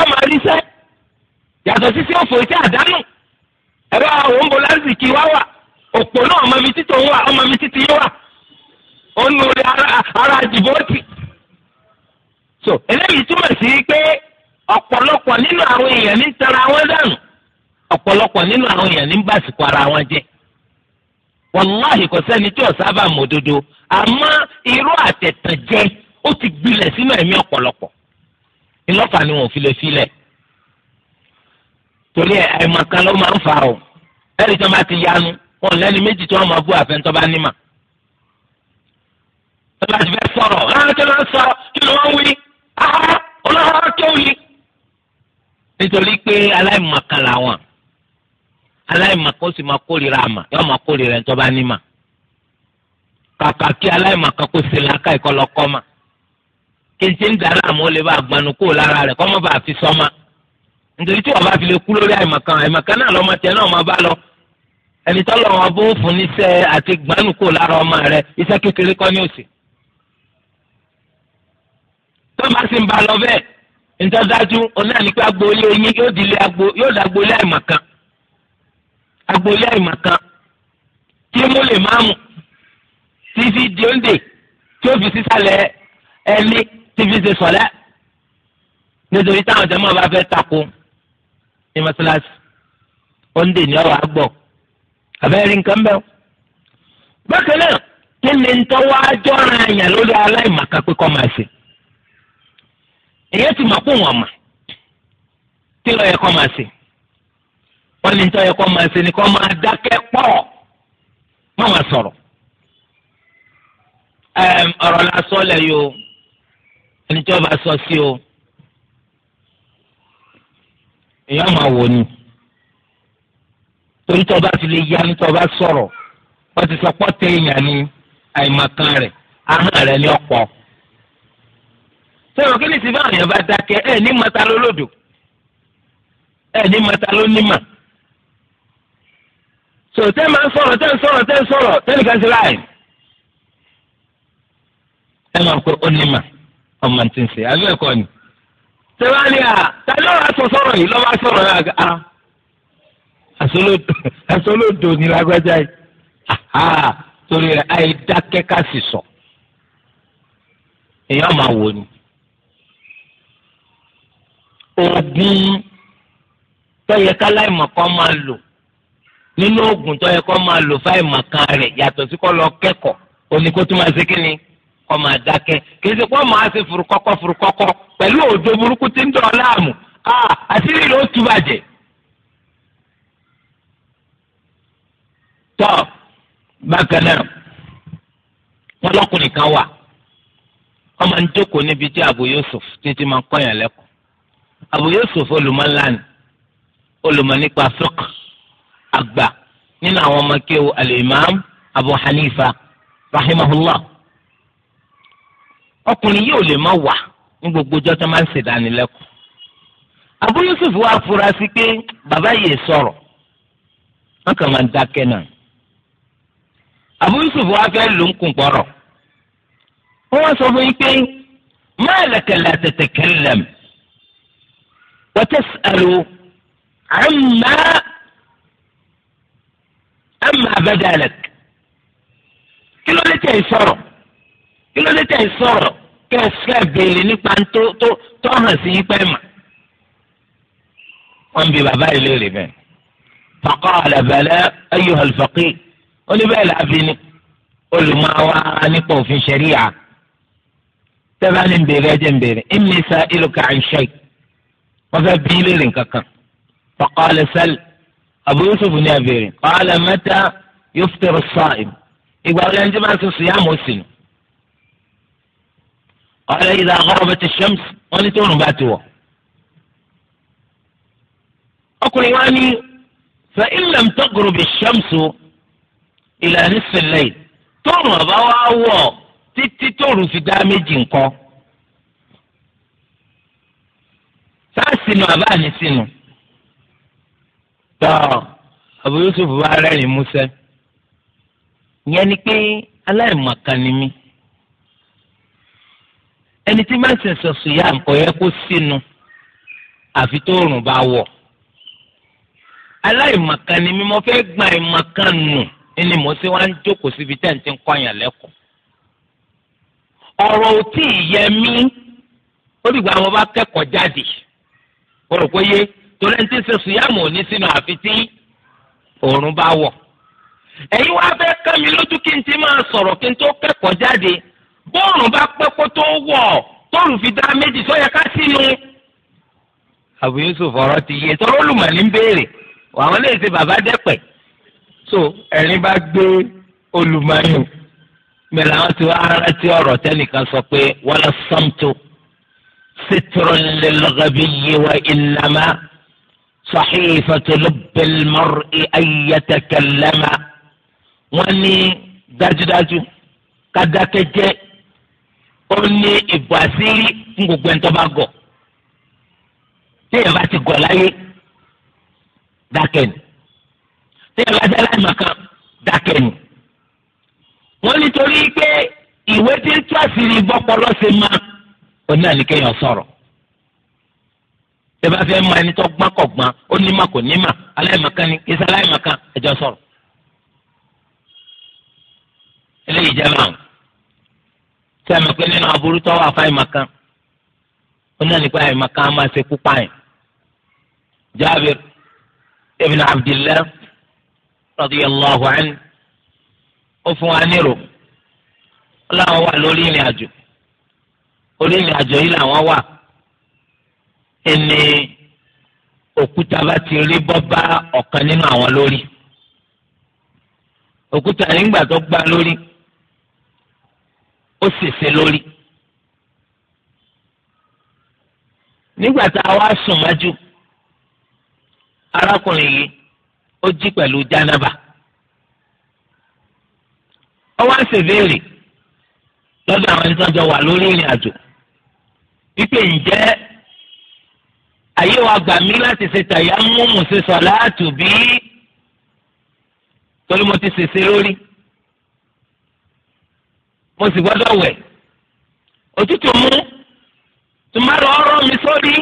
ọmọ àríṣẹ́ yàtọ̀ sísí òfò iṣẹ́ àdánù ẹ̀rọ àwọn òǹbò lásìkì wá wà òpó náà ọmọ mi títò wà ọmọ mi títì wà ó nu ara jìbọ́tì so eléyìí túmọ̀ sí pé ọ̀pọ̀lọpọ̀ nínú àwọn èèyàn ní tara wọn dànù ọ̀pọ̀lọpọ̀ nínú àwọn èèyàn ní bàsìkò ara wọn jẹ́ wàláhì kò sẹ́ni tí ọ̀sá bá mọ̀ òdodo àmọ́ irú àtẹ̀tànjẹ ó ti gbilẹ̀ sínú ẹ̀mí ọ̀pọ̀lọpọ̀ ńlọ́fà ni wọn ò fi lè filẹ̀ torí ẹ̀ àìmọ̀kan ló máa ń fa o ẹ̀rí tó máa ti yanu wọn lẹ́ni méjì tó wọn máa bú àfẹ́ntọ́ bá nímà tó bá ti fẹ́ sọ̀rọ̀ ọ̀hún ah, kí ló ń sọ kí ló ń wí ọ̀hún ah, ọlọ́wọ́ tó wí nítorí pé aláìmọ̀kan làwọn aláìmọ̀kan ó sì máa kórìíra àmà yóò máa kórìíra ẹni tó bá ní mà kàkà kí aláìmọ̀kan kó ṣe làákà ìkọlọ́kọ́ mà kéńté ń dàrá àmọ́ lè bá agbanu kó lára rẹ̀ kọ́ mọ́ bá fi sọ́mà nítorí tí wọ́n bá fi lè kú lórí àìmọ̀kan àìmọ̀kan náà lọ́mọ tiẹ̀ náà máa bá lọ ẹni tọ́lọ̀ wọn bó fún níṣẹ́ àti gbanu lára ọmọ rẹ̀ iṣẹ́ kékeré kọ́ ní òsì tó bá sì ń ba lọ bẹ́ẹ̀ ní agboolé àìmọ̀kan tí mú lè máa mú tí fi di oúnjẹ tí ó fi sísàlẹ̀ ẹni tí fi ṣe sọ̀lẹ́ nítorí táwọn ọ̀dọ́ máa bá fẹ́ takò ní mọ́ṣáláṣí oúnjẹ ni ọ̀rọ̀ àgbọ̀ àbẹ́rẹ́ nǹkan bẹ́ẹ̀ bákan náà kí ni ń tọ́wọ́ ajọ́ra àyàn lórí aláìmọ̀kan pé máa ṣe èyí ti mọ̀ kó wọn mọ̀ kí lọ́ọ́ kọ́ máa ṣe. wọ́n ní nítorí kọ́ máa ṣe ni kọ́ máa dákẹ́ pọ̀ wọ́n máa sọ̀rọ̀. ọ̀rọ̀ la sọ yìí o ẹni sọ sí o èèyàn máa wò ni torí tí ti lè ya ni tí wọ́n ti sọ pọ́ tẹ èèyàn ní ní ni ti bá àwọn bá dákẹ́ ẹ̀ ní mọ́ta so tẹ́ máa ń sọ̀rọ̀ tẹ́ ń sọ̀rọ̀ tẹ́ ń sọ̀rọ̀ tẹ́lẹ̀ kan ti láì. ẹ máa kó onímọ̀ ọmọ tí ń ṣe àbí ẹ̀kọ́ ni. tẹ́wáni à ta ló wàá sọ sọ̀rọ̀ yìí lọ́wọ́ sọ̀rọ̀ náà à àsolódò ní lágbájá yìí torí rẹ̀ àyè dákẹ́ ká sì sọ. èèyàn máa wò ni. oògùn tọ́yẹ ká láì máa lò nínú oògùn tó yẹ kó máa lò fáì màkàn rẹ̀ yàtọ̀ sí kó lọ kẹ́kọ̀ọ́ òní kó tún máa ṣe kí ni kó máa dákẹ́ kì í ṣe kó máa ṣe furukọ́kọ́ furukọ́kọ́ pẹ̀lú òdo burúkú tí ń dọ̀ láàmú àṣírí ló tú bàjẹ́. tọ́ bákan náà wọ́n lọ́kùnrin kan wà wọ́n máa ń jókòó níbi tí Abu Yusuf títí máa ń kọ́yàn lẹ́kọ̀ọ́ Abu Yusuf olùmọ̀ńlá ni olùmọ̀ nípa fúlọ́kù Agba nínú àwọn ọmọ kéwù Alimami abu hanifa rahimahullah ọkùnrin yìí ò lè má wà ní gbogbo ọjọ́ tó máa abu yusuf wa fura sí pé bàbá yìí sọ̀rọ̀ wọn kàn máa abu yusuf wa fẹ́ lù ń kún pọ̀rọ̀ wọ́n sọ fún yín pé amma أما بدا لك kí ló dé tẹ̀ ń sọ̀rọ̀ kí ló dé tẹ̀ ń sọ̀rọ̀ kẹ́ ẹ fẹ́ béèrè nípa tó tó tó hàn sí yín ẹ mà. wọ́n bi bàbá yìí léèrè bẹ́ẹ̀ faqala bala ayyuha al-faqih ó ní bẹ́ẹ̀ láàbí ni olùmọ̀wá nípa òfin ṣẹ̀ríyà tẹ́lá ní ni bèrè ẹ̀jẹ̀ ń bèrè sa inni sa'iluka 'an shay' wọ́n fẹ́ bí lè rìn kankan fakọ alẹ́ sẹ́lẹ̀. Abu Yusuf ní abèrè qala mata yuftiru as-sa'im ìgbà wọlé ẹni tí máa ń sọ siyam òsì nù qala idha gharabat ash-shams wọn ní tóorùn bá ti wọ̀. ọkùnrin wa ní fa in lam taghrib ash-shamsu ila nisfi al-layl tóorùn títí tóorùn fi dá méjì nǹkan sáà sínú àbá ní sínú tọ́ Abu Yusuf bá rẹ́rìn músẹ́ ìyẹn ni pé aláìmọ̀kan ni mí ẹni tí máa ń sẹ̀sọ̀ sùyà nǹkan yẹ kó sínú àfi tó rùn bá wọ̀ aláìmọ̀kan ni mí mo fẹ́ gba ìmọ̀kan nù ni mo sì wá ń jókòó síbi tẹ́ ń ti ń kọ́yàn lẹ́kọ̀ọ́ ọ̀rọ̀ ò tí ì yẹ mí ó dìgbà mo bá kẹ́kọ̀ọ́ jáde ó rò pé yé torí ẹni tí ń ṣe sùyàmù òní sínú àfi tí òòrùn bá wọ̀ ẹ̀yin wá fẹ́ kán mi lójú kí n ti máa sọ̀rọ̀ kí n tó kẹ́kọ̀ọ́ jáde bóòrùn bá pẹ́ kó tó wọ̀ tóòrùn fi dá méjì sọ́yẹ ká sínú. àbú Yusuf ọ̀rọ̀ ti yé tọ́rọ́ olùmọ̀ ń béèrè àwọn lè ṣe bàbá dẹ́pẹ̀ so ẹ̀rín bá gbé olùmọ̀yìn mẹ́lẹ̀ àwọn ti ara ti ọ̀rọ̀ tẹ́nìkan sọ pé wala samtu sitrun lil ghabiyyi wa innama. صحيفة لب المرء أن يتكلم واني داجو داجو كدكجة أني إبواسيري نقوم تباغو téèyàn bá ti gọ̀ láyé dákẹ́ni téèyàn bá jẹ́ aláìmọ̀kan dákẹ́ni. wọ́n nítorí pé ìwé tí ń tú àṣírí bọ́pọlọ ṣe máa oní àníkéyàn sọ̀rọ̀ e bá fẹ́ mọ ẹni tó gbọ́n kọ̀ gbọ́n ó nímọ̀ kò ni kí sáláìmọ̀kan ẹjọ́ sọ̀rọ̀ eléyìí jẹ́ báwọn tí a mọ̀ pé nínú aburú tó wà fáìmọ̀kan ó náà nípa àìmọ̀kan á máa ṣe púpà yẹn Jabir ibn Abdillah radiyallahu anhu ó fún wa nírò ó láwọn wà lórí ìrìn àjò orí ìrìn àjò yìí ẹni òkúta bá ti rí bọ́ bá ọ̀kan nínú àwọn lórí òkúta nígbà tó gbá lórí ó sèse lórí nígbà tá a wá sùn májú arákùnrin yìí ó jí pẹ̀lú jánábà ó wá ṣèbéèrè lọ́dọ̀ àwọn ẹni tó ń jọ wà lórí ìrìn àjò àyè wa gbà mí láti ṣe tàyà múmu ṣe sọ̀láàtù bí torí mo ti ṣèṣe lórí mo sì gbọ́dọ̀ wẹ̀ òtútù mú tùmọ̀rọ̀ ọ̀rọ̀ mi sórí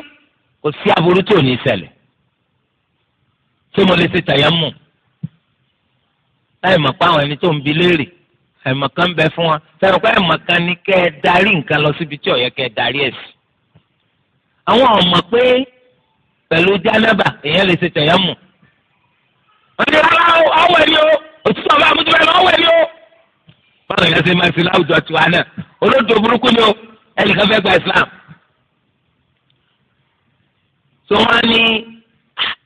kò sí aburú tó ní ṣẹlẹ̀ tí mo lè ṣe tàyà mú láì mọ̀ pé àwọn ẹni tó ń bi léèrè àìmọ̀ kan ń bẹ fún wa sẹ́wọ̀n pé àìmọ̀ kan ní kẹ́ ẹ darí nǹkan lọ síbi tí ó kẹ́ ẹ darí ẹ̀ sí àwọn ọmọ pé pẹ̀lú jánábà èèyàn lè ṣe tẹ̀yẹ́mù. wọ́n ní rárá o ọwọ́ ẹ̀rí o òtútù ọba àmújú bẹ́ẹ̀ lọ ọwọ́ ẹ̀rí o. báwo ni rara o owo eni o otutu oba amuju bee lo owo eri o bawo ni se maa fi láwùjọ tí wàá náà olóòtú burúkú ni o ẹnìkan fẹ́ gba Islam. tó wọ́n ní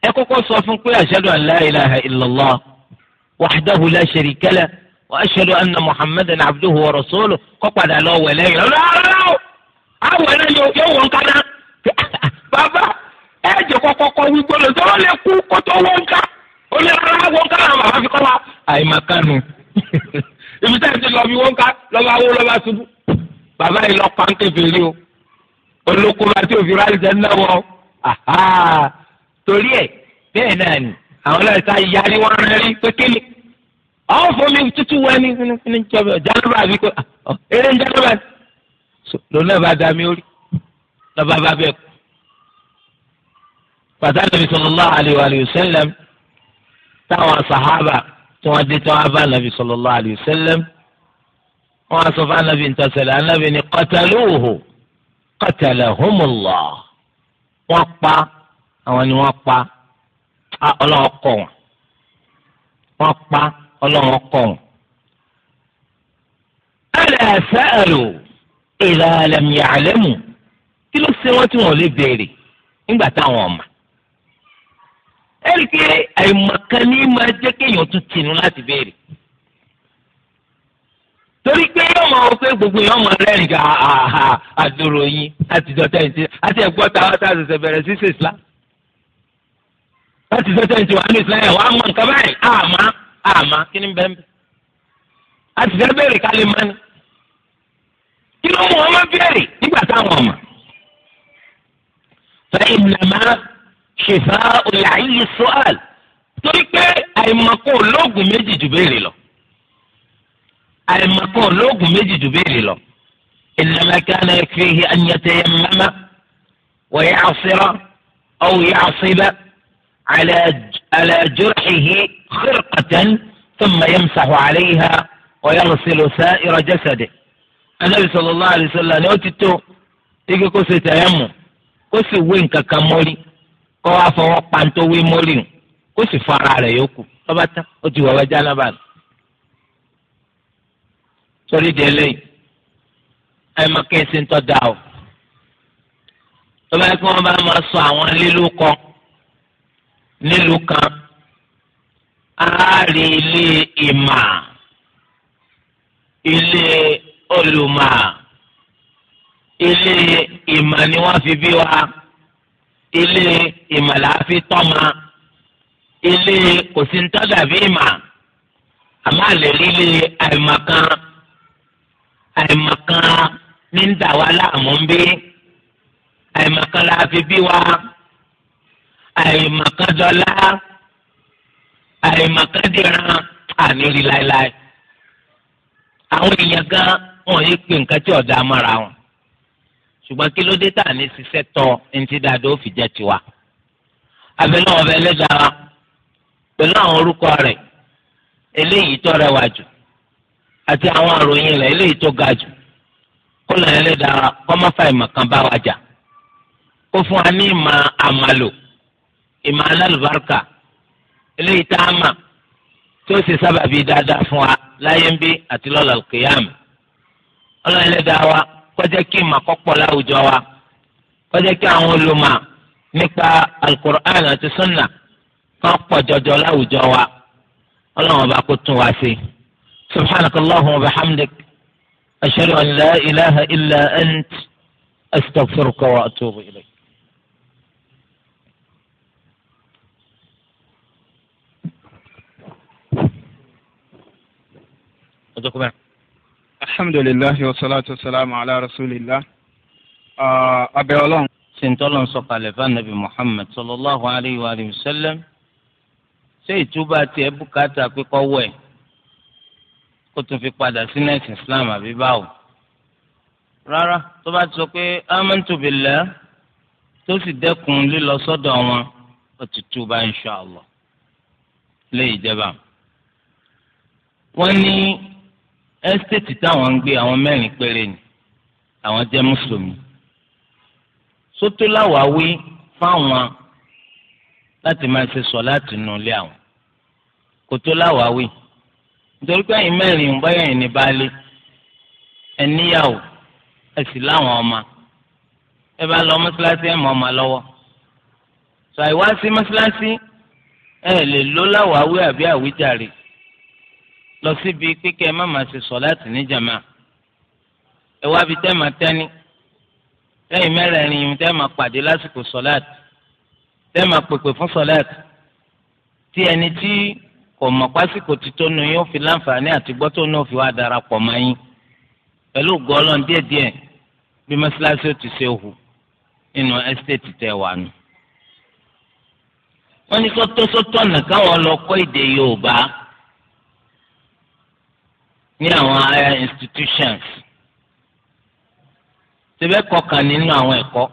ẹ kọ́kọ́ sọ fún pé ashhadu aláìláha ìlọ́lá ilaha illallah wahdahu la sharika lah wa ashhadu anna muhammadan abduhu wa rasuluhu kọ́ padà lọ wẹ̀ lẹ́yìn rárá o àwọ̀ ẹ̀ náà yóò wọ̀ ń kaná bàbá ẹ jẹ́ kọ́kọ́kọ́ wí gbọ́dọ̀ tó ló lè kú kó tó wọ́n ká ó lè rárá wọ́n ká àwọn àfi kọ́ wa àìmọ̀kánu *laughs* ibi táyà ti lọ bí wọ́n ká lọ́ba wó lọ́ba ṣubú bàbá yìí lọ pa ń o olóko bá tí òfin ráàlì sẹ́ni náà wọ torí ẹ̀ bẹ́ẹ̀ náà ni àwọn ọlọ́ọ̀ta yarí wọn rẹ́rí pékélé àwọn fún mi tútù wẹ ní ní jọba jálùbá àbí kò ah, eré ń jálùbá lónà bá dá mi orí lọ́ba bá bẹ́ẹ̀ kú pàtàkì nàbì sallallahu alayhi wa sallam táwọn sàhábà tí wọ́n dé tí wọ́n bá nàbì sallallahu alayhi wa sallam wọ́n á sọ fún anabi ntọ́sẹ̀lẹ̀ anabi ni qataluhu qatalahumullah wọ́n pa àwọn ni wọ́n pa ọlọ́wọ́ kọ̀ wọ́n wọ́n pa ọlọ́wọ́ kọ̀ wọ́n. ala sa'alu idha lam ya'lamu kí ló ṣe wọ́n tí wọ́n lè béèrè nígbà táwọn ọ̀ma. ẹ̀rí kiri àìmọ̀kan ní máa jẹ́ kéèyàn tún tinú láti béèrè. torí pé yóò máa wọ pé gbogbo èèyàn máa rẹ́rìn ká àdúró yín láti dọ́tà ẹ̀ ń tẹ́ ẹ̀gbọ́n ta ọ́ a ṣẹ̀ṣẹ̀ bẹ̀rẹ̀ sí ṣe láti wàá ní wàá mọ nǹkan báyìí àmọ́ àmọ́ kí ni bẹ́ẹ̀ bẹ́ẹ̀. ọmọ nígbà ṣìfà olàyè sọ́àl torí pé àìmọ̀kọ́ olóògùn méjì jù béèrè lọ àìmọ̀kọ́ olóògùn méjì jù béèrè lọ innama kana yakfihi an yatayammama wa ya'sira aw ya'siba ala jurhihi khirqatan thumma yamsahu alayha wa yaghsilu sa'ira jasadihi anabi sallallahu alayhi wa sallam ni ó ti tó igi kó ṣe tayammum kó sì wé nǹkan kan mọ́rí. kọ́ wá fọwọ́ pàǹtó wí mọ́lì kó sì fọ ara rẹ̀ yókù lọ́ba tán ó ti wọ̀wẹ́ jánábà nù. torí di eléyìí ẹ máa kẹ́sì ń tọ́da o lọ́ba yẹn kí wọ́n bá máa sọ àwọn lílù kan nílùú kan á ilé ìmà ilé olùmọ̀ ilé ìmà ni wọ́n fi bí wa ilé ìmọ̀láfi tọ́ma ilé kòsíntọ́dàbí ìmà àmọ́ àlè líle àìmọ̀kan àìmọ̀kan ní ń dà wá láàmú ń bí àìmọ̀kan la fi bí wa àìmọ̀kan dọ́lá àìmọ̀kan dìran àníri láéláé àwọn èèyàn gan wọn yìí pè nǹkan tí ọ̀dà mọ́ra wọn ṣùgbọ́n kí ló dé tà ní ṣiṣẹ́ tọ ntí dáadọ́ ó fi jẹ́ tiwa. abẹ́lẹ́ ọ̀bẹ ẹlẹ́dàá pẹ̀lú àwọn orúkọ rẹ̀ eléyìí tó rẹwà jù àti àwọn àròyìn rẹ̀ eléyìí tó ga jù kó lọ́n ẹlẹ́dàá kọ́mọ́fà ìmọ̀ kan bá wa jà kó fún wa ní ìmọ̀ àmàlò ìmọ̀ alálùbáríkà eléyìí tá a mà tí ó ṣe sábàbí dáadáa fún wa láyé ń bí àti lọ́la kìyàmù ọlọ́run wa. kọjá kí ìmọ̀ kọ́pọ̀ láwùjọ wa kọjá kí àwọn olùmọ̀ nípa alukur'an àti sunna kan pọ̀ jọjọ láwùjọ wa ọlọ́run bá kó tún wá sí i subhanaka allahumma wa bihamdik ashari wa la ilaha illa ant astaghfiruka wa atubu ilayk. Ojo kuma. alhamdulilah wa salatu wa salamu ala rasulillah abẹ Ọlọ́run. sèǹtọ́lọ́n sọ̀kalẹ̀ fanabi muhammed sallallahu alayhi wa sallam ṣé ìtúbà tiẹ̀ bùkátà pípọ̀ wẹ̀ kó tún fi padà sí nẹ́ẹ̀sì islam àbí báwo. rárá tó bá ti sọ pé amantu billah tó sì dẹ́kun lílọ sọ́dọ̀ wọn ó ti túbà inshàlá lè jẹba. wọ́n ní ẹ́stéètì táwọn ń gbé àwọn mẹ́rin péré ni àwọn jẹ́ mùsùlùmí sótóláwà wí fáwọn láti máa ṣe sọ láti nù lé àwọn kòtóláwà wí nítorí pé ẹ̀yin mẹ́rin ń báyọ̀ ẹ̀yin ní baálé ẹ níyàwó láwọn ọmọ ẹ bá lọ mọ́ṣáláṣí ẹ̀ mọ́ ọmọ lọ́wọ́ sọ àìwá sí mọ́ṣáláṣí ẹ lè lọ láwàáwí àbí àwíjàre lọ síbi kíkẹ́ má máa ṣe sọ̀láàtì ní jàmá ẹ wá bi tẹ́ máa tẹ́ni lẹ́yìn mẹ́rẹ̀ẹ̀rin yìí tẹ́ máa pàdé lásìkò sọ̀láàtì tẹ́ máa pèpè fún sọ̀láàtì tí ẹni tí kò mọ̀ pásìkò ti tó nu yóò fi láǹfààní àti gbọ́ tó nu fi wá darapọ̀ mọ́ yín pẹ̀lú gọ́ọ̀lọ́n díẹ̀díẹ̀ bí mọ́ṣáláṣí ó ti ṣe hù nínú ẹ́sítéètì tẹ́ wà nù. wọ́n ní sọ́tọ́sọ́tọ́ nìkan wọn lọ kọ́ èdè Yorùbá ní àwọn higher institutions síbẹ̀ kọkàn nínú àwọn ẹ̀kọ́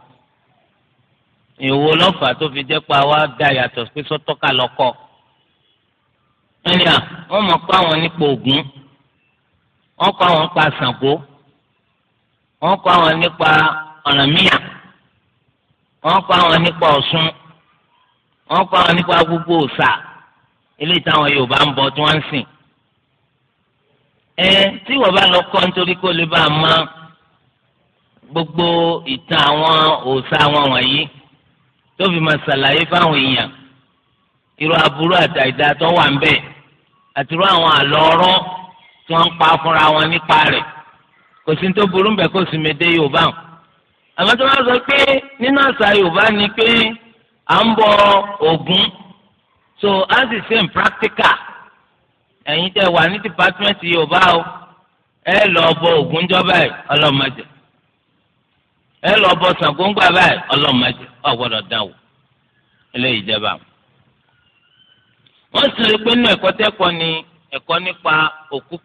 èwo lọ́fà tó fi jẹ́ pa wá dá yàtọ̀ pé sọ́tọ́kà lọ́kọ́ ẹni à wọ́n mọ̀ pé àwọn nípa Ògún wọ́n kọ́ àwọn nípa Ṣàngó wọ́n kọ́ àwọn nípa Ọ̀rànmíyà wọ́n kọ́ àwọn nípa Ọ̀ṣun wọ́n kọ́ àwọn nípa gbogbo òòṣà eléyìí táwọn Yorùbá ń bọ tí wọ́n ń sìn ẹ tí wọ́n bá lọ kọ́ nítorí kó lè bá a mọ gbogbo ìtàn àwọn òòṣà wọn wọ̀nyí tó fi máa ṣàlàyé fáwọn èèyàn irú aburú àtàìdá tó wà ń bẹ̀ àti irú àwọn àlọ́ ọ̀rọ̀ tí wọ́n ń pa fúnra wọn nípa rẹ̀ kò sí tó burú bẹ́ẹ̀ kó sì méde Yorùbá hàn àmọ́ tó bá sọ pé nínú àṣà Yorùbá ni pé à ń bọ Ògún so as is same practical ẹ̀yin tẹ́ wà ní dìpátímẹ́ǹtì yorùbá o ẹ lọ bọ ògúnjọ́ báyìí ọlọ́mọdé ẹ lọ bọ sàngóńgbà báyìí ọlọ́mọdé ọ̀gbọ́dọ̀ dáwọ́ eléyìí jẹba. wọ́n pé nínú ẹ̀kọ́ nípa òkú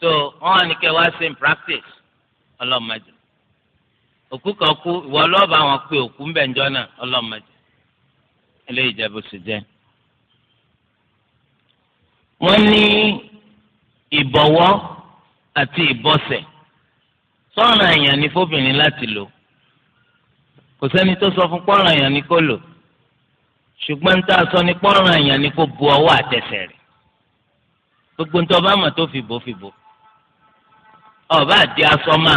so wọ́n wà ní kẹ́ wá sí practice ọlọ́mọdé òkú kan kú ìwọ wọn pé òkú wọ́n ní ìbọ̀wọ́ àti ìbọ̀sẹ̀ sọ́ọ̀nà èèyàn ni fóbìnrin láti lò kò sẹ́ni tó sọ fún pọ́nrán èèyàn ni kó lò ṣùgbọ́n tá a sọ ni pọ́nrán èèyàn ni kó bu ọwọ́ àtẹsẹ̀ rẹ̀ gbogbo ń tọ́ bá mọ̀ tó fìbò fìbò ọba àti asọ́mà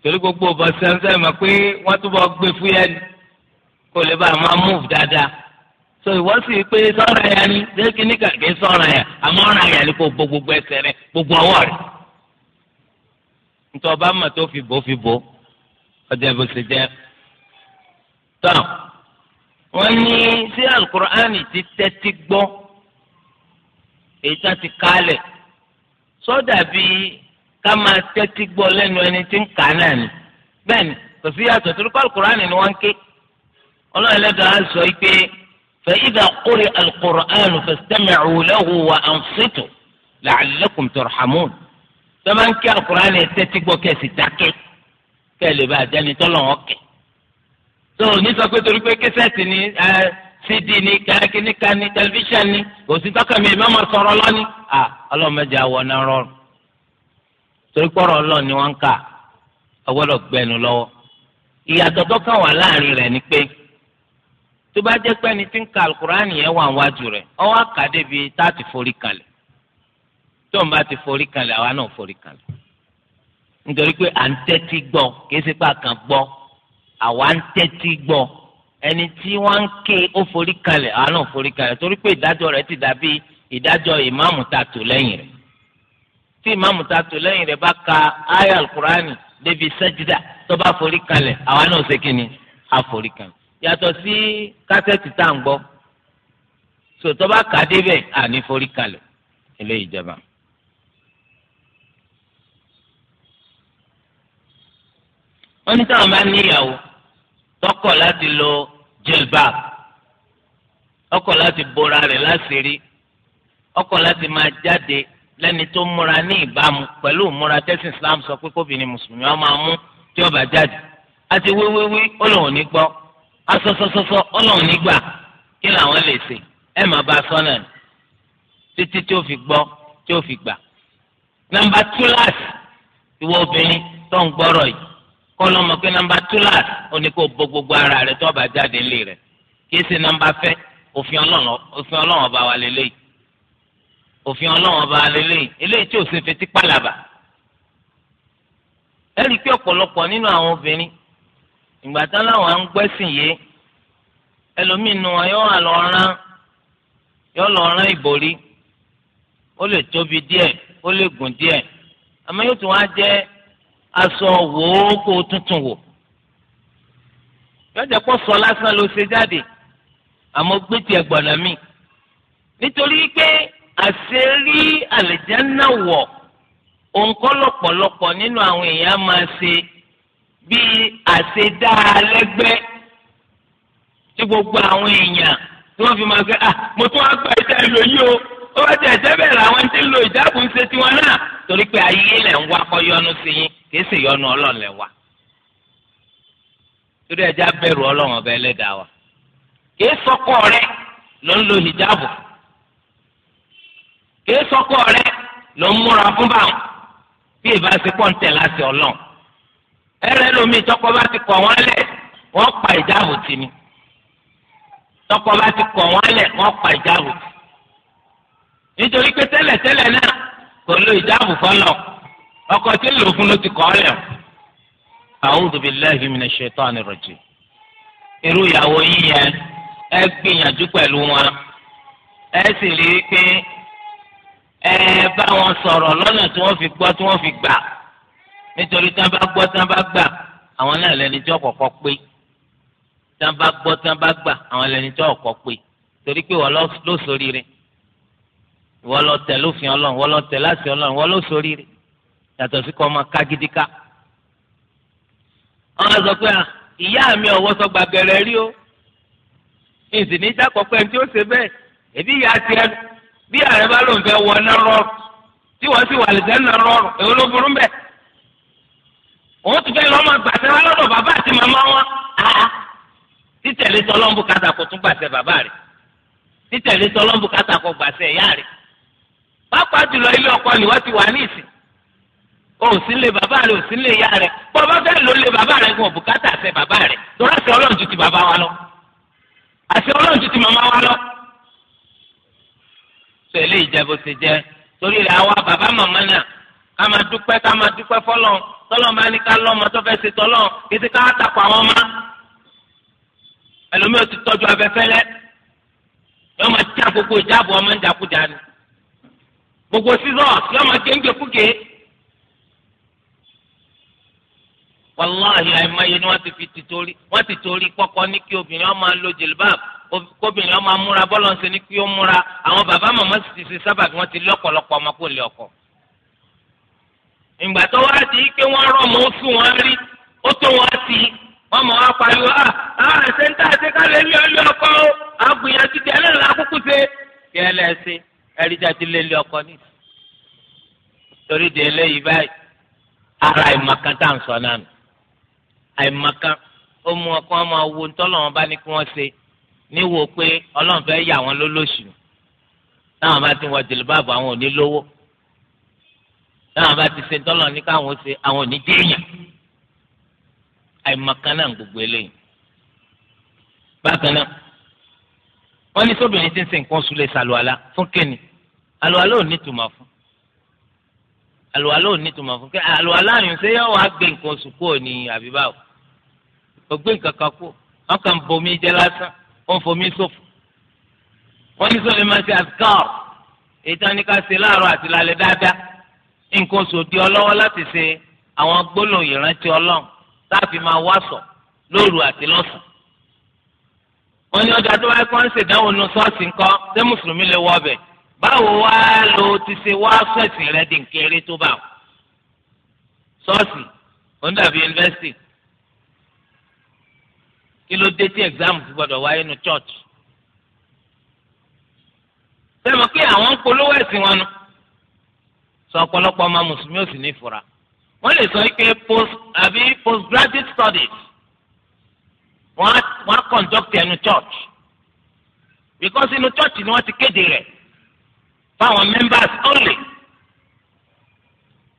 torí gbogbo ọba sẹ́nsẹ́ mọ̀ pé wọ́n túbọ̀ gbé fúyẹ́ kó lè bá a máa múùf dáadáa so ìwọ sì pé sọ́ra ya ni ṣé kí ní kàkí sọ́ra ya àmọ́ ọ̀ra ya ni kò bo gbogbo ẹsẹ̀ rẹ gbogbo ọwọ́ rẹ. nítorí ọba mọ̀ tó fi bò fi bò ọjà bó ṣe jẹ́. tán wọ́n ní sí alukur'ani ti tẹ́tí gbọ́ èyí ti kálẹ̀ sọ́dà bíi ká máa tẹ́tí gbọ́ lẹ́nu ẹni tí ń kà náà ni bẹ́ẹ̀ ni kò sí yàtọ̀ torí kọ́ alukur'ani ni wọ́n ń ké ọlọ́run ẹlẹ́dàá sọ فإذا قرئ القرآن فاستمعوا له وأنصتوا لعلكم ترحمون tọ́mọ̀n kí alukur'an yẹn tẹ́tí gbọ́ kẹ́sì dákẹ́ kẹ́lẹ́ bá dání tọ́lọ̀ wọn kẹ́. tó o ní sọ pé torí pé kẹ́sẹ̀tì ni cd ni kíníkà ni tẹlifíṣàn ni òsítọ́ kàmi ìmọ̀ ọmọ sọ̀rọ̀ lọ́ni à ọlọ́mọdé àwọ̀ náà rọrùn. torí pọ́rọ̀ ọlọ́ọ̀ ni wọ́n ń kà ọgbọ́dọ̀ gbẹnu lọ́wọ́. ìyàtọ̀ tó kàn wà láàrin rẹ̀ ni pé tó bá jẹ́ pé ẹni tí ń ka alukur'an yẹn wà wájú rẹ̀ ọwọ́ débi tá ti forí kalẹ̀ tó ń bá ti forí kalẹ̀ àwa náà forí kalẹ̀ nítorí pé à ń tẹ́tí gbọ́ kìí ṣe pé a kàn gbọ́ àwa ń tẹ́tí gbọ́ ẹni tí wọ́n ń ké ó forí ti dàbí ìdájọ́ ka ayé alukur'an débi tó bá forí kalẹ̀ àwa náà ṣe kíni kalẹ̀ yàtọ̀ sí kásẹ̀tì tá à ń gbọ́ sòtọ́ bá kà á débẹ̀ àní forí kalẹ̀ ilé ìjọba. wọ́n ní táwọn bá níyàwó tọkọ̀ láti lo jelbab ọkọ̀ láti bora rẹ̀ láṣìírí ọkọ̀ láti máa jáde lẹ́ni tó múra ní ìbámu pẹ̀lú múra tẹ́sí Islam sọ pé kóbìnrin mùsùlùmí wọn máa mú tí ó bá jáde àti wíwíwí ó lòun ní gbọ́ asọsọsọsọ ọlọ́run nígbà kí làwọn lè ṣe ẹ má bá a sọ náà títí tí ó fi gbọ́ tí ó fi gbà. nàmbà túláàsì ìwọ obìnrin tó ń gbọ́rọ̀ yìí kọ́ lọ́mọ pé nàmbà túláàsì ó ní kó bo gbogbo ara rẹ̀ tó bá jáde ńlẹ̀ rẹ̀ kì í ṣe nàmbà fẹ́ òfin ọlọ́run ọba wa lélẹ́yìí òfin ọlọ́run ọba lélẹ́yìí eléyìí tí ò ṣe fetí pàlàbà. ẹ rí i pé ọ̀pọ̀lọpọ̀ nínú àwọn obìnrin ìgbà tán láwọn à ń gbẹ́sìn yìí ẹlòmínú wọn yóò wà lọ́ọ́rán yóò lọ́ọ́rán ìbòrí ó lè tóbi díẹ̀ ó lè gùn díẹ̀ àmọ́ yóò tún wá jẹ́ aṣọ wòókò tuntun wò yọjẹ kó sọ lásán ló ṣe jáde àmọ́ gbé tiẹ̀ gbọ̀nà mi nítorí pé àṣírí àlìjáná wọ̀ òǹkọ́ lọ́pọ̀lọpọ̀ nínú àwọn èèyàn máa ṣe bíi àṣedáalẹ́gbẹ́ tí gbogbo àwọn èèyàn tí wọ́n fi máa gbé ah mo tún wá gba ìta ìlò yìí o ó bá tẹ̀ sẹ́bẹ̀ làwọn ti ń lo ìdáàbò ń ṣe tiwọn náà torí pé ayé lẹ̀ ń wá kọ́ yọnu sí yín kì í sì yọnu ọlọ́run lẹ̀ wá. torí ẹja bẹ̀rù ọlọ́run ọba ẹlẹ́dàá wa kì í sọkọ rẹ ló ń lo ìjáàbò kì í sọkọ rẹ ló ń múra fún báwọn bí ìbá ń tẹ̀ láti ọlọ́run ẹrẹ lomi tọkọ bá ti kọ̀ wọ́n lẹ̀ wọ́n pa ìjáàbò tì ní tọkọ bá ti kọ̀ wọ́n lẹ̀ wọ́n pa ìjáàbò tì nítorí pé tẹ́lẹ̀tẹ́lẹ̀ náà kò lo ìjáàbò fọlọ ọkọ tí ń lò fún ló ti kọ̀ ọ́ lẹ̀ a'udhu billahi minash shaitani rajim irú ìyàwó yín yẹn ẹ gbìyànjú pẹ̀lú wọn ẹ sì rí i pé ẹ bá wọn sọ̀rọ̀ lọ́nà tí wọ́n fi gbọ́ tí wọ́n fi gbà nítorí tí wọ́n bá gbọ́ tí wọ́n bá gbà àwọn náà lẹni tí ọkọ̀ọ̀kọ̀ pé tí wọ́n bá gbọ́ tí wọ́n bá gbà àwọn lẹni tí ọkọ̀ pé torí pé wọ́n ló ṣoríire wọ́n lọ tẹ̀ lófin ọlọ́run wọ́n lọ tẹ̀ láti ọlọ́run wọ́n ló ṣoríire yàtọ̀ sí kọ́ ọmọ kágídíká. wọ́n sọ pé ah, ìyá mi ọ̀wọ́ sọ gbàgẹ̀rẹ̀ rí o ìsìn ní dákọ̀ọ́pẹ́ tí ó ṣe bẹ́ẹ̀ èbí ìyá tiẹ̀ bí ààrẹ bá lóun fẹ́ wọ náà rọrùn tí wọ́n sì wà lẹ́sẹ̀ náà rọrùn èwo ló burú bẹ́ẹ̀ òun ti fẹ́ lọ́ máa gbàtẹ́ wá lọ́dọ̀ bàbá àti màmá wọn títẹ̀lé tọ́lọ́mbù kàtà kó tún gbàtẹ́ bàbá rẹ̀ títẹ̀lé tọ́lọ́mbù kàtà kó gbàtẹ́ ìyá rẹ̀ pápá jùlọ ilé ọkọ ni wọ́n ti wà ní ìsìn òsínlé bàbá rẹ̀ òsínlé ìyá rẹ̀ bọ́bá fẹ́ ló lé bàbá rẹ̀ kó bùkátà àṣẹ bàbá rẹ̀ lọ́wọ́ àṣẹ ọlọ́run ju ti bàbá wa lọ àṣẹ ọlọ́run ju ti màmá wa lọ. sọ eléyìí jẹ bó ṣe jẹ torí rẹ̀ àwa bàbá màmá náà ká máa dúpẹ́ ká máa dúpẹ́ fọlọ́run tọ́lọ́ máa ní ká lọ́mọ tó fẹ́ ṣe tọ́lọ́ kí ti ká takọ̀ àwọn ọmọ ẹlòmíì ò ti tọ́jú abẹ́fẹ́lẹ́ yọ máa tí àkókò ìjáàbọ̀ ọmọ ń jàkújà ni gbogbo scissors yọ máa gé ń gbẹkúgẹ. wàláhì àìmọye ni wọ́n ti fi ti torí wọ́n ti torí kọ́kọ́ ní kí obìnrin ọmọ lo jìlbáàb kóbìnrin ọmọ amúra bọ́lọ̀ ní kí ó múra àwọn bàbá màmá sì ti ṣe sábà kí wọ́n ti lé ọ̀pọ̀lọpọ̀ ọmọ kó lé ọkọ̀ ìgbà tó wá sí pé wọ́n rọ̀mọ́ sùn wọn rí ó tó wọn sí wọ́n mọ̀ wá pariwo à ah, á ah, ṣẹ́ńtà ṣe ká lè lé ọlé ọkọ o àgbìyànjú tẹ ẹlẹ́rìn lákòókò ṣe kí ẹ lẹ́sẹ̀ ẹ̀rí jáde lé lé ọkọ ní. torí de eléyìí báyìí ara ìmọ̀kan tá à ń sọ náà nù àìmọ̀kan ó mú ọkọ ọmọ wo ntọ́lọ́wọ́n bá ní kí wọ́n ṣe níwò pé ọlọ́run fẹ́ yà wọ́n lólóṣù táwọn bá ti wọ táwọn bá ti ṣe tọ́lọ̀ ní káwọn ṣe àwọn ò ní déèyàn àìmọ̀kan náà gbogbo eléyìí. bákan náà wọ́n ní sóbìnrin tí ń ṣe nǹkan oṣù lè ṣàlùwàlá fún kéènì àlùwàlá ò ní tùmọ̀ fún àlùwàlá ò ní tùmọ̀ fún kéènì àlùwàlá àyùn ṣé yóò wá gbé nǹkan oṣù kúrò ní àbíbá o kò gbé nǹkan kan kúrò wọ́n kàn ń bomi jẹ lásán wọ́n fomi ṣòfò wọ́n ní sóbìnrin máa ṣe àṣkáà èyí ní ká ṣe láàárọ̀ àti lálẹ́ dáadáa nǹkan oṣù di ọlọ́wọ́ láti ṣe àwọn gbólóhùn ìrántí ọlọ́run láti máa wàásọ̀ lóru àti lọ́sàn. wọ́n ní ọjà tó wáyé kọ́ ń ṣèdánwò nu ṣọ́ọ̀ṣì ńkọ́ ṣé mùsùlùmí lè wọ ọbẹ̀ báwo wá lo ti ṣe wàásù ẹ̀sìn rẹ dì nkéré tó bá ṣọ́ọ̀ṣì ó ń yunifásitì kí ló dé tí ẹ̀gzáàmù fi gbọ́dọ̀ wáyé nu chọ́ọ̀chì. sẹ́mi pé àwọn ń polówó ẹ̀sìn wọn nu sọ ọ̀pọ̀lọpọ̀ ọmọ mùsùlùmí ò sì ní ìfura wọ́n lè sọ pé post àbí postgraduate studies wọ́n á conduct ẹnu church because inú church ni wọ́n ti kéde rẹ̀ fáwọn members only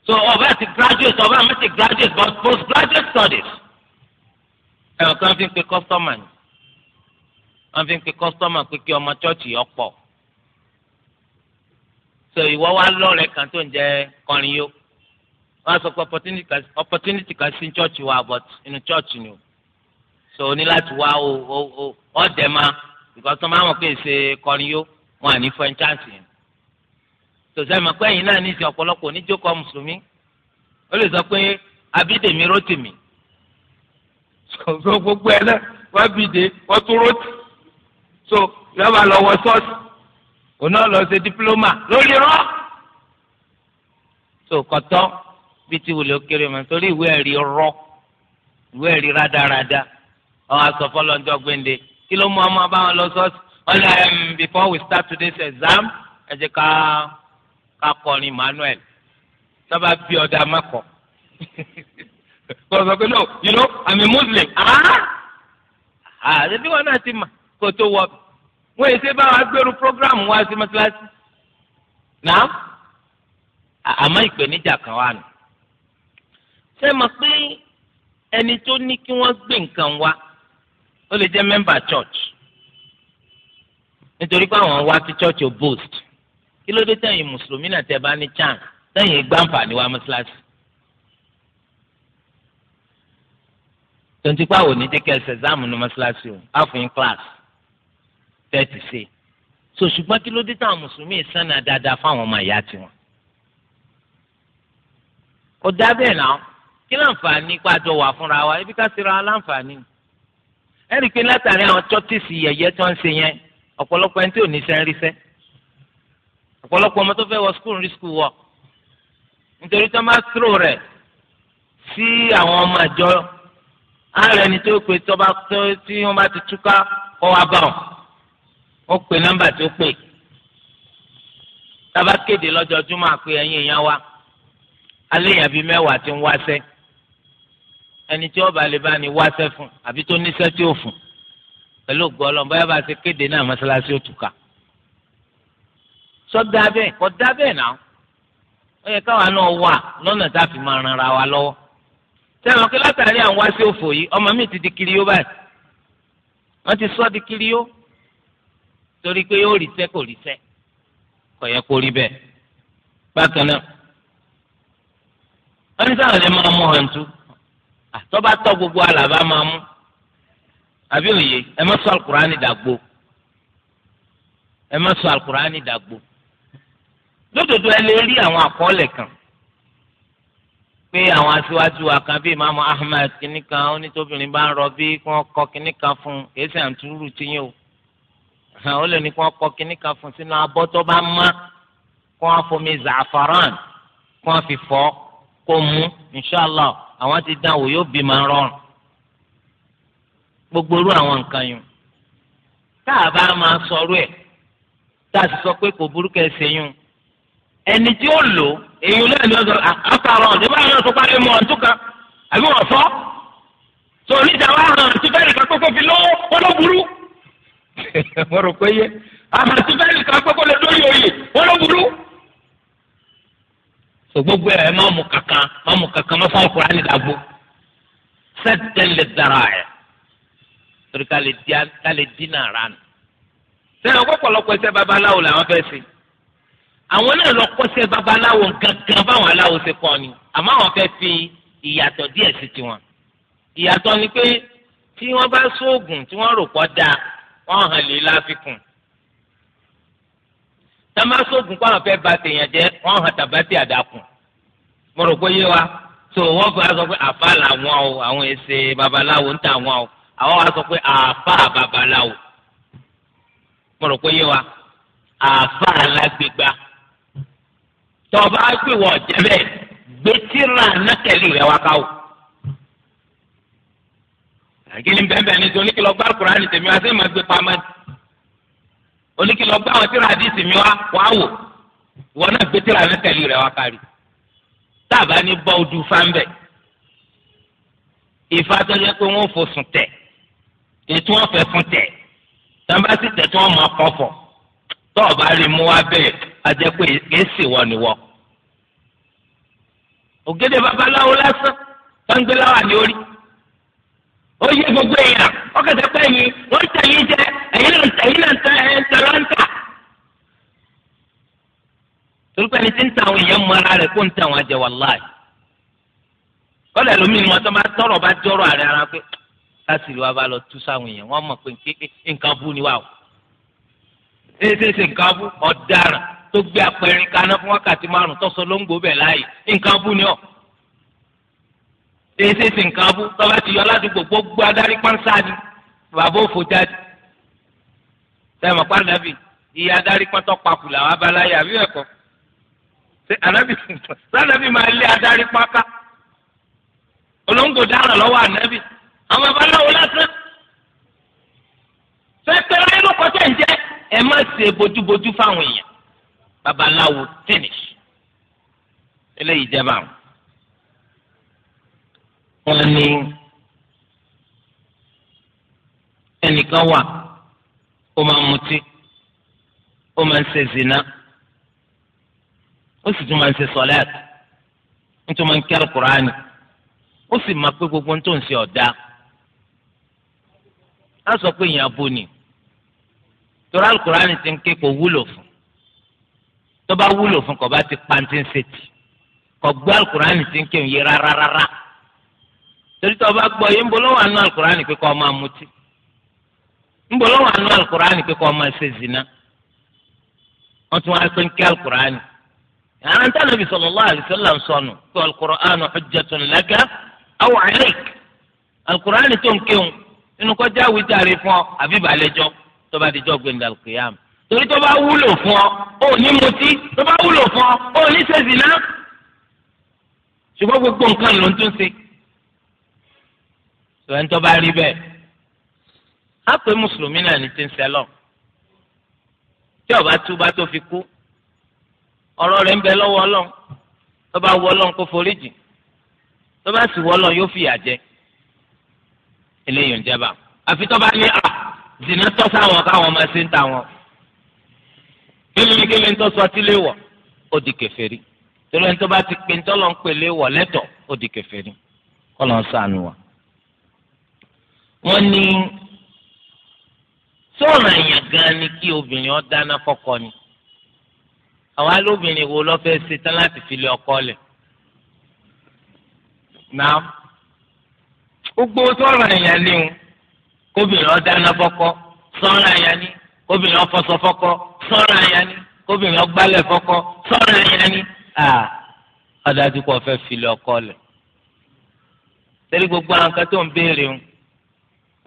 so ọba ti graduate ọba mi ti graduate but postgraduate studies ẹ̀wọ̀n kan fi ń pe customer ni wọ́n fi ń pe customer pé kí ọmọ church yọ pọ̀ so ìwọ wa lọ́rẹ̀ kan tó ń jẹ́ kọrin yó wọ́n sọ pé opportunity kan sí church wa but inú church ni o so o ní láti wá o o o ọ̀dẹ̀ ma because wọ́n máa mọ̀ pé ṣe kọrin yó wọn à ní fún ẹ chance yẹn tòṣẹ́ mọ̀ pé ẹ̀yin náà ní ìsìn ọ̀pọ̀lọpọ̀ oníjókòó mùsùlùmí ó lè sọ pé abídèmí rótìmí so gbogbo ẹ náà wọ́n bìde wọ́n tún rótì so yọba lọ wọ ṣọ́ọ̀ṣì oná lọ ṣe diploma. lórí rọ́ tó kọ́tọ́ bí ti wùlé kéré mọ́ torí ìwé ẹ̀rí rọ́ ìwé ẹ̀rí rádaràda àwọn asọ̀fọ́ lọ́jọ́ gbéǹde kí ló mú ọmọ abáwọn lọ sọ́ọ̀sì wọ́n lọ um, before we start today's exam ẹ jẹ́ ká ká kọrin Manuel sábà bí ọ̀dà mẹ́kọ̀ọ́ kọ̀ọ̀sọ̀ *laughs* pé no you know I'm a Muslim ah ah ṣe bí wọn náà ti mà kó tó wọ bẹ́ẹ̀ wọ́n èsè bá wa gbèrú program wa sí mọ́tíláṣí náà àmọ́ ìpèníjà kan wà nù. ṣé mo pé ẹni tó ní kí wọ́n gbé nǹkan wá ó lè jẹ́ mẹ́mbà church nítorí pé àwọn wá sí church ò boast kí ló dé tẹ̀yìn mùsùlùmí náà tẹ́ bá ní chance tẹ̀yìn gbàǹfààní wa mọ́tíláṣí. tontigbà wò ní jẹ́ kí ẹ ṣe exam ní mọ́tíláṣí o á fún yín class tẹ́ ti ṣe so ṣùgbọ́n kí ló dé táwọn mùsùlùmí sànà dáadáa fáwọn ọmọ ìyá tiwọn. ó dá bẹ́ẹ̀ náà kí láǹfààní pàjọ wà fúnra wa ibi ká sira láǹfààní. ẹ rí i pé látàrí àwọn chọ́tìsì yẹ̀yẹ́ tó ń ṣe yẹn ọ̀pọ̀lọpọ̀ ẹni tí ò ní sẹ́ ń ríṣẹ́ ọ̀pọ̀lọpọ̀ ọmọ tó fẹ́ wọ skul rí skul wọ nítorí tó máa tró rẹ̀ sí àwọn ọmọ àjọ ààrẹ ni tó pe tó bá tó tí wọ́n bá ti túká kọ́ ó pe nọ́mbà tó pè tába kéde lọ́jọ́júmọ́ àpè ẹ̀yìn èèyàn wa alẹ́ yẹn bíi mẹ́wàá ti ń wáṣẹ́ ẹni tí ọba lè bá ní wáṣẹ́ fún àbí tó níṣẹ́ tí ò fún pẹ̀lú gbọ́lọ́n báyà bá ṣe kéde náà mọ́ṣáláṣí ò túká sọ dá bẹ́ẹ̀ kọ́ dá bẹ́ẹ̀ náà ó yẹ káwa náà wà lọ́nà tá a fi máa ran ara wa lọ́wọ́ sẹ́wọ̀n kí látàrí àwọn wáṣẹ́ òfò yìí ọmọ mi ti di kiri yó báyìí wọ́n ti sọ́ di kiri yó torí pé yóò rí sẹ́ kò rí sẹ́ kò yẹ kó rí bẹ́ẹ̀ bákan náà wọ́n ní sáwọn lè máa mú hàntú àtọ́bá tọ́ gbogbo àlàbá máa mú àbí òye ẹ má sọ alukurani dàgbò ẹ má sọ alukurani dàgbò lódodo ẹ lè rí àwọn àkọọ́lẹ̀ kan pé àwọn aṣíwájú wa bíi Imaamu Ahmed kìnnìkan onítòbìnrin bá ń rọ bí wọ́n kọ kìnnìkan fún kìí ṣe àǹtúrú tiyín o ó lè ní kí wọ́n kọ́ kinní kan fún sínú abọ́ tó bá mọ́ kí wọ́n fomi zàfàrán kí wọ́n fi fọ́ kó mú inṣàlá àwọn ti dán wò yóò bí máa rọrùn gbogbo irú àwọn nǹkan yìí tá a bá máa sọ̀rọ̀ ẹ̀ tá a sì sọ pé kò burúkú ẹ̀ sẹ́yìn ẹni tí ó lò èyí ló ẹni ọ̀sọ̀ àkàrọ̀ ọ̀dẹ́ báyìí ló tó parí mọ́ ọ̀tún kan àbí wọ́n fọ́ tó oníjà wa hàn tó bẹ́ẹ̀ nìkan kókó fi lówó ó ló burú. *laughs* mo rò pé yé àmàtí bẹ́ẹ̀ kan pé kó lè dórí oyè wọ́n ló burú. sọ gbogbo ẹ̀ má mú kankan má mú kankan má fọ́n kura ní ìdàgbò sẹ́tẹ̀lẹ̀ dára ẹ̀ torí ká lè dínà ara nù. sẹ́yìn ọkọ̀ pọ̀lọpọ̀ ẹsẹ̀ babaláwo làwọn fẹ́ ṣe àwọn náà lọ kọ́ṣẹ́ babaláwo gangan báwọn aláwo ṣe kọ́ ni àmọ́ àwọn fẹ́ fi ìyàtọ̀ díẹ̀ sí tiwọn ìyàtọ̀ ni pé tí wọ́n bá sóògùn tí wọ́n rò pọ̀ dáa wọ́n hàn lé láfikún tamasogun kó àwọn fẹ́ ba tèèyàn jẹ́ wọ́n hàn tàbátì àdàkùn mo rò pé yé wa tó wọ́n fẹ́ sọ pé àfa làwọn o àwọn èsè babaláwo ń tà wọn o àwọn wa sọ pé àfa babaláwo mo rò pé yé wa àfa alágbègbà tọba gbé jẹbẹ gbẹtìrà nákẹlì rẹ wá káwọ àkínní bẹ́ẹ̀ ní ti oníkìlọ̀ gbá kúránì tèmi wá sí ìmọ̀ gbé pamọ́ oníkìlọ̀ gbá àwọn tíra àdìsí mi wá wá wò wọn náà gbé tíra náà tẹ̀lé rẹ̀ wá kárí táàbà ní bọ́ ojú fáńbẹ̀ ìfà tó yẹ pé wọ́n fò sùn tẹ̀ ètò wọn fẹ́ fún tẹ̀ tàbá sì tẹ̀ tí máa kọ́ fọ̀ tọ́ọ̀bá rí mú wá bẹ́ẹ̀ ajẹ́ pé kìí wọ́n ni wọ́n. ògèdè babaláwo lásán tó ń gbé láwà ó yẹ gbogbo èèyàn ọkàtà pé ẹ̀yin wọ́n ń tẹ̀yìn jẹ ẹ̀yin náà ń tẹ̀yìn náà ń tẹ ẹ̀ ń tẹ lọ́ńtà. torí pé ẹni tí ń ta àwọn ni wọ́n tọrọ bá jọrọ àrẹ ara pé káṣíìrì wa bá lọ tú sáwọn èèyàn wọ́n mọ̀ pé nǹkan bú ni wà o. nǹkan bú ọ̀daràn tó gbé apẹ̀rin kaná fún wákàtí márùn-ún tọ́sọ èsì sì nǹkan bú tọ́ba ti yọ aládùúgbò gbogbo adarí pánṣá ni bàbá òfò jáde sẹ́mi ọ̀pá nàbì iye adarí pátọ́ papù làwọn abáláyé àbí ẹ̀kọ́ ànábì sànàbì *laughs* máa lé adarí páká olóńgbò dára lọ́wọ́ ànábì àwọn abáláwo lásán fẹ́ẹ́ láyé ló kọjá ǹjẹ́ ẹ má ṣe bójúbójú fáwọn èèyàn babaláwo finish eléyìí jẹ́ báwọn wọn ní ẹnìkan wà ó máa mutí ó máa ń ṣe zina ó sì tún máa ń ṣe sọlẹ́t ó tún máa ń kẹ́rù kúránì ó sì máa pé gbogbo tó ń ṣe ọ̀dà á sọ pé ìyẹn abo ni torí alukúránì ti ń ké kó wúlò fún tó bá wúlò fún kó bá ti pa ti ń ṣe tì kó gbé alukúránì ti ń ké òye rárá rárá torí tó o bá gbọ́ yìí ń bọ́ lọ́wọ́ àánú alukur'ani pé kọ́ ọ máa mutí ń bọ́ lọ́wọ́ àánú alukur'ani pé kọ́ ọ máa ṣe zina wọ́n tún wá pé ń kí alukur'ani àwọn ẹ̀ńtà nàbì sallallahu alaihi wasallam sọnù pé alukur'ani hujjatun laka aw alayk alukur'ani tó ń kéwọn inú kọjá wíjàre fún ọ àbí balẹ̀jọ́ tó bá dijọ́ gbẹ̀ndà alukiyam torí tó bá fún ọ ò ní mutí tó bá wúlò fún ọ ṣùgbọ́n gbogbo nǹkan ló ń tún ṣe sọ̀rọ̀ ní tó bá rí bẹ́ẹ̀ á pé mùsùlùmí náà ní ti ń sẹ́lọ̀ tí ó bá túbá tó fi kú ọ̀rọ̀ rẹ̀ ń bẹ lọ́wọ́ ọlọ́run tó bá wọ ọlọ́run kó foríjì tó bá sì wọ ọlọ́run yóò fìyà jẹ eléyìí ń jẹba àfi tó bá ní à tọ́ sáwọn káwọn máa ṣe ń ta wọn kíni kíni tó sọ tí lè ó di kèfèrí torí ẹni tó bá ti pè ń tọ́lọ́ ń pè lè lẹ́tọ̀ ó di kèfèrí kọ́ lọ́n sànù wa. wọ́n ní sọ̀rọ̀ èèyàn gan ni kí obìnrin ọ dáná fọ́kọ ni àwọn alóbìnrin wo lọ́fẹ́ ṣe tán láti fi lé ọkọ lẹ̀ náà gbogbo sọ̀rọ̀ èèyàn ni o kóbìnrin ọ dáná fọ́kọ sọ̀rọ̀ èèyàn ni kóbìnrin ọ fọṣọ fọ́kọ sọ̀rọ̀ èèyàn ni kóbìnrin ọ gbálẹ̀ sọ̀rọ̀ èèyàn ni fẹ́ fi lé ọkọ lẹ̀ gbogbo àwọn kan tó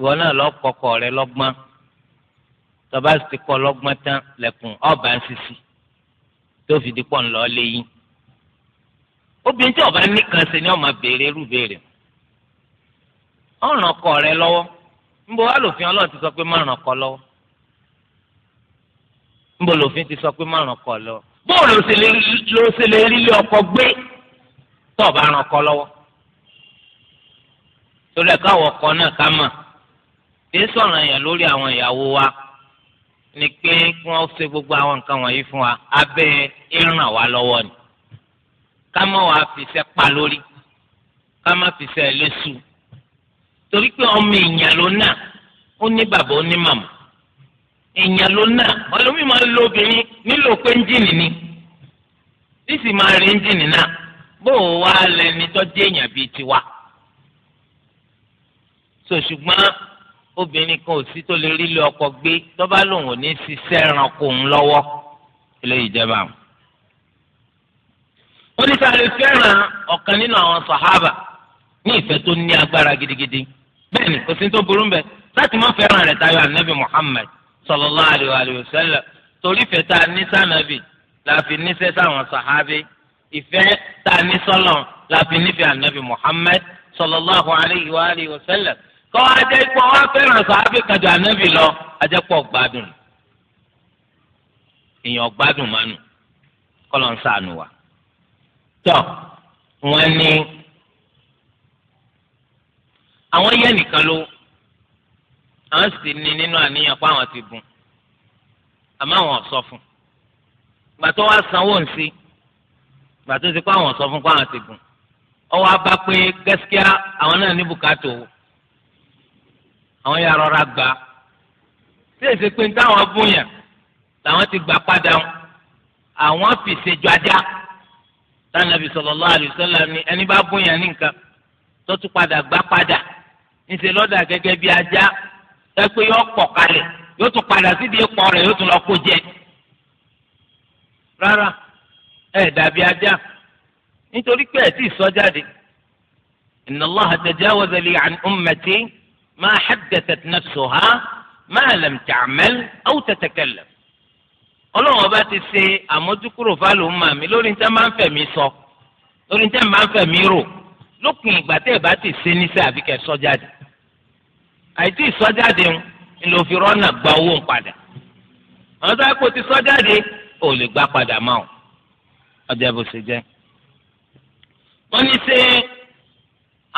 ìwọ náà lọ kọkọ rẹ lọ́gbọ́n tọba sì kọ lọ́gbọ́n tán lẹkùn ọba ń sisi tó fi di pọ̀ ńlọ léyìn obìnrin tí ọba nìkan ṣe ni ọmọ béèrè irú béèrè ọràn ọkọ rẹ lọ́wọ́ níbo wá lòfin Ọlọ́run ti sọ pé má ràn ọkọ lọ́wọ́ níbo lòfin ti sọ pé má ràn ọkọ lọ́wọ́ bóò ló ṣe lè rí ilé ọkọ gbé tó ọba ràn ọkọ lọ́wọ́ torí ẹ káwọ ọkọ náà ká mọ̀ kì í sọ̀rọ̀ yẹn lórí àwọn ìyàwó wa ni pé kí wọ́n ṣe gbogbo àwọn nǹkan wọ̀nyí fún wa abẹ́ ìràn wa lọ́wọ́ ni ká má wàá fìṣẹ́ pa lórí ká má fìṣẹ́ lẹ́sù torí pé ọmọ èèyàn ló náà ó ní bàbá ó ní màmá èèyàn ló náà ọlọ́mí máa lo obìnrin nílò pé ńjìnì ni nísì máa rí ńjìnì náà bó o wá lẹni tó jẹ́ èèyàn bíi tiwa so ṣùgbọ́n obìnrin kan ò sí tó lè rí ilé ọkọ gbé tó bá lòun ò ní ṣiṣẹ́ ẹranko òun lọ́wọ́ eléyìí jẹba àwọn. oníṣà lè fẹ́ràn ọ̀kan nínú àwọn sàhábà ní ìfẹ́ tó ní agbára gidigidi bẹ́ẹ̀ ni kò sí tó burú mbẹ́ láti má fẹ́ràn rẹ̀ tayọ ànábì Muhammad sallallahu alayhi wa alayhi wa sallam torí ìfẹ́ tá a ní sànàbì la fi nífẹ̀ẹ́ sáwọn sàhábì ìfẹ́ tá a ní sọ́lọ̀ la fi nífẹ̀ẹ́ ànábì Muhammad sallallahu alayhi wa alayhi kọ́ ajẹ́ ipò wọn fẹ́ràn sàábì kan ju ànábì lọ ajẹ́ pọ̀ gbádùn èèyàn gbádùn mánu kọ́lọ̀ ń sànù wa. tọ́ wọn ní àwọn yẹ́ nìkan ló àwọn sì ní nínú àníyàn pé àwọn ti bùn àmọ́ àwọn ò sọ fún gbà tó wá sanwó nsí gbà tó ti pé àwọn sọ fún pé àwọn ti bùn ọ wá pé gẹ́síkíá àwọn náà ní bùkátà owó àwọn yà rọra gbà á tí èsì pé ní táwọn bùn yàn làwọn ti gbà padà wọn àwọn fi ṣèjọ ajá tánàbì sallallahu alaihi wasallam ni ẹni bá bùn yàn ní nǹkan tó tún padà gbà padà ńṣe lọ́dà gẹ́gẹ́ bí ajá ẹ pé yọ pọ̀ yóò tún padà sídìí pọ̀ rẹ̀ yóò tún lọ kó jẹ rárá ẹ dàbí ajá nítorí pé ẹ tí sọ jáde inna Allaha tajawaza li an ummati. ما حدثت نفسها ما لم تعمل أو تتكلم ọlọ́run ọba ti ṣe àmójúkúrò fálùmọ́ mi lórí níta máa ń fẹ̀mí sọ lórí níta máa ń fẹ̀mí rò lópin ìgbà tẹ́ ẹ̀ bá ti ṣe níṣẹ́ àbí kẹ́ sọ jáde àìtí ìsọjáde ń lò fi rọ́nà gba owó ń padà àwọn tó kó ti sọjáde ò lè gbà padà mọ́ ọ ọjà bó ṣe jẹ́ wọ́n ní ṣé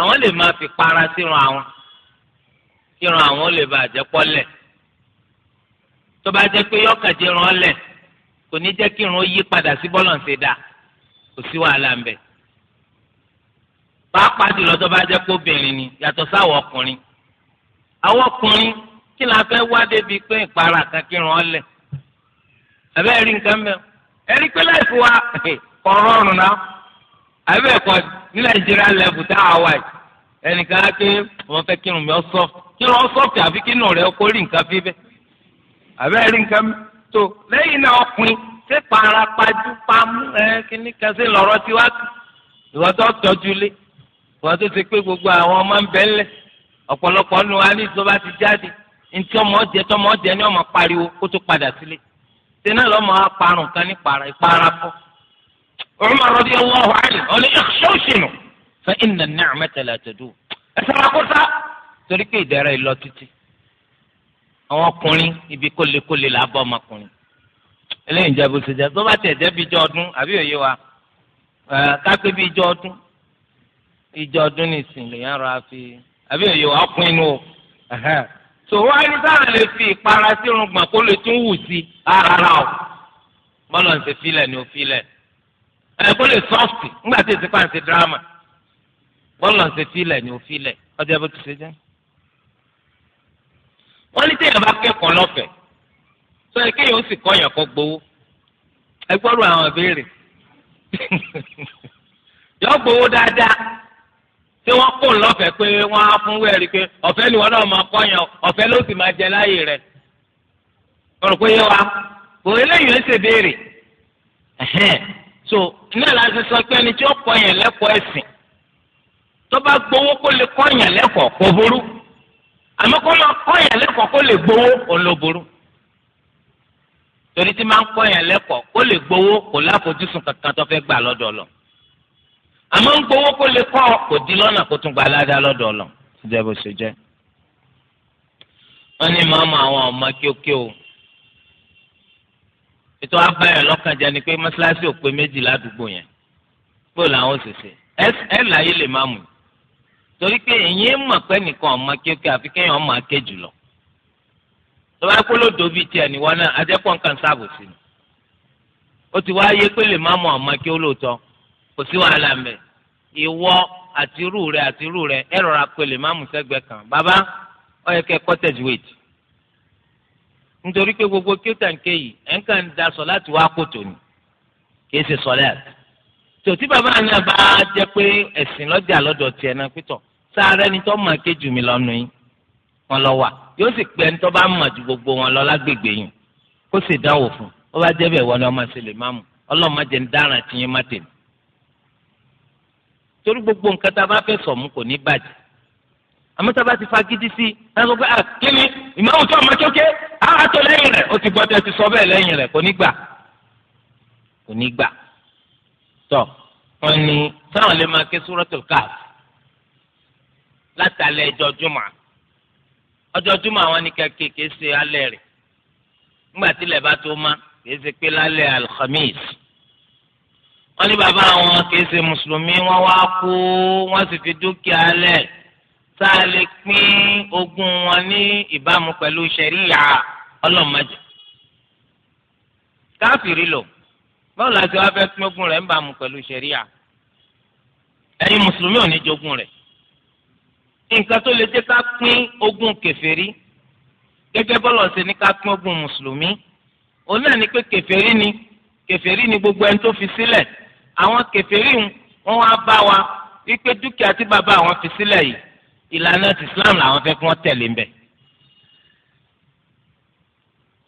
àwọn lè máa fi para sírun àwọn kíran àwọn lè bá àjẹpọ̀ lẹ̀ tó bá jẹ́ pé yọkàdé ran lẹ̀ kò ní jẹ́ kírun ó yí padà sí bọ́lọ̀ ṣe dà kò sí wàhálà ń bẹ̀. pàápàá jùlọ tó bá jẹ́ pé obìnrin ni yàtọ̀ sáwọ̀ ọkùnrin àwọn ọkùnrin kí la fẹ́ wá débi pé ìpara kan kírun ó lẹ̀ àbẹ́ rí nǹkan mẹ́ ẹ̀rí pé láìpẹ́ wa *laughs* kọ̀ rọrùn náà àbẹ́ ẹ̀kọ́ ní nàìjíríà lẹ́bù tá a wà ẹnìkan á ké wọn fẹ́ kírun mi ó sọ́ọ̀tù kí lọ sọfì àfi kí nù rẹ kó rí nǹkan fi bẹ àbẹ rí nǹkan tó lẹ́yìn náà ọkùnrin ṣé parapaju pamú ẹ kíní kan ṣe lọ́rọ̀ tiwa ìwọ tó tọ́jú lé ìwọ tó ṣe pé gbogbo àwọn ọmọ ń bẹ ńlẹ̀ ọ̀pọ̀lọpọ̀ nù wa ní ìjọba ti jáde ntí ọmọ ọdẹ tọmọ ọdẹ ni ọmọ pariwo kó tó padà sílé sínú lọmọ apàrùn kan ní para ìpara bọ. Umar radiyallahu anhu ọ̀nà ìṣòṣìnù fa inna an-ni'mata la ẹ̀sán torí pé ìdẹ̀ra ìlọ títí àwọn ọkùnrin ibi kólékólé là á bọ́ ọmọkùnrin eléyìí jẹ́ bó ṣe jẹ́ tó bá tẹ̀ jẹ́ bí ijọ́ ọdún àbí òye wa kápẹ́ bí ijọ́ ọdún ijọ́ ọdún nìsín lèyàn rọ àfi àbí òye wa ọkùnrin nù o tòwó ẹni sáà lè fi ìpara sírun gbọ̀n kó lè tún wù sí ah, rárá o bọ́lọ̀ ń ṣe filẹ̀ ni ó filẹ̀ ẹ̀ kó lè sọ́ọ̀tì ńgbà tí èsì pàǹsì dírámà bọ́lọ̀ ń ṣe filẹ̀ ni ó filẹ̀ ọjọ́ bó ti ṣe jẹ́ wọ́n ní téèyàn bá kẹ́kọ̀ọ́ lọ́fẹ̀ẹ́ sọ yẹ kéèyàn ó sì kọ́yàn kọ́ gbowó ẹ gbọ́dọ̀ àwọn ìbéèrè yọ gbowó dáadáa tí wọ́n kò lọ́fẹ̀ẹ́ pé wọ́n á fún wẹ́ẹ̀rí pé ọ̀fẹ́ ni wọ́n náà máa kọ́yàn ọ̀fẹ́ ló sì máa jẹ láàyè rẹ̀ ọ̀rọ̀ pé yé wa kò eléyìí ó ṣe béèrè so náà la ṣe sọ pé ẹni tí ó kọ́yàn lẹ́kọ̀ọ́ ẹ̀sìn tó bá gbowó kó lè kọ́yàn lẹ́kọ̀ọ́ kò burú àmọ́ kó máa kọ́yàn lẹ́kọ̀ọ́ kó lè gbowó olóboró torí tí máa ń kọ́yàn lẹ́kọ̀ọ́ kó lè gbowó kò láfojúsùn kankan tó fẹ́ gbà lọ́dọ̀ lọ àmọ́ ń gbowó kó lè kọ́ kò dín lọ́nà kó tún gba aládàá lọ́dọ̀ lọ. jẹ́ bó ṣe jẹ́. wọ́n ní màmá àwọn ọmọ kíókíó ètò abáyọ̀ lọ́kànjá ni pé mọ́ṣáláṣí ò méjì ládùúgbò yẹn bó làwọn ò sì ṣe láyé lè má mú un torí pé èyí ń mọ̀ pé nìkan ọmọ kéèké àfi kéèyàn ọmọ aké jùlọ tó bá bíi tiẹ̀ níwọ náà ajẹ́pọ̀ nǹkan sí ni ó ti wá yé pé lè má mọ ọmọ kí ó lóòótọ́ kò sí wàhálà mẹ́ ìwọ àti irú rẹ àti irú rẹ ẹ rọra pé má mú sẹ́gbẹ́ kan bàbá ó yẹ kẹ́ cottage weight nítorí gbogbo kí ó tàn ké yìí da sọ láti wá ni sáré ni tó mọ̀ kéjù mi lọ́nu yín wọn lọ wà yóò sì pẹ́ ní tó bá mọ̀ ju gbogbo wọn lọ lágbègbè yìí kó sì dánwò fún ó bá jẹ́ bẹ́ẹ̀ wọ́n ni ọmọ ìṣẹ̀lẹ̀ máa mú ọlọ́run má jẹ́ ń dáràn tí yín má tèmi. torí gbogbo nǹkan tá a bá fẹ́ sọ kò ní bàjẹ́ àmọ́ tá a bá ti fagídí sí ẹ sọ pé à kí ni ìmáwù tó ọmọ kéke àá tó lẹ́yìn rẹ̀ ó ti gbọ́ tẹ́ ti sọ bẹ́ẹ̀ lẹ́yìn rẹ̀ kò ní gbà kò ní gbà tọ́ wọn ni táwọn lè máa ké Suratul Kahf látàlẹ́ ọjọ́ jùmọ̀ ọjọ́ jùmọ̀ àwọn ni kẹ̀kẹ́ kìí ṣe alẹ́ rẹ̀ ńgbà tílẹ̀ bá tó má kìí ṣe pé lálẹ́ alhamis wọ́n ní bàbá àwọn kìí ṣe mùsùlùmí wọ́n wá kú wọ́n sì fi dúkìá lẹ̀ tá a lè pín ogún wọn ní ìbámu pẹ̀lú ṣẹ̀ríyà ọlọ́mọdé káfíìrì lò báwo la ṣe wá fẹ́ pín ogún rẹ̀ ń pẹ̀lú ṣẹ̀ríyà ẹ̀yin mùsùlùmí ò ní jogún rẹ̀ nǹkan tó lè jẹ́ ká pín ogún kèfèrí gẹ́gẹ́ bọ́lọ̀ ṣe ní ká pín ogún mùsùlùmí òun náà ni pé kèfèrí ni kèfèrí ni gbogbo ẹni tó fi sílẹ̀ àwọn kèfèrí wọn wá bá wa wípé dúkìá tí bàbá àwọn fi sílẹ̀ yìí ìlànà ti Islam làwọn fẹ́ kí wọ́n tẹ̀lé ń bẹ̀.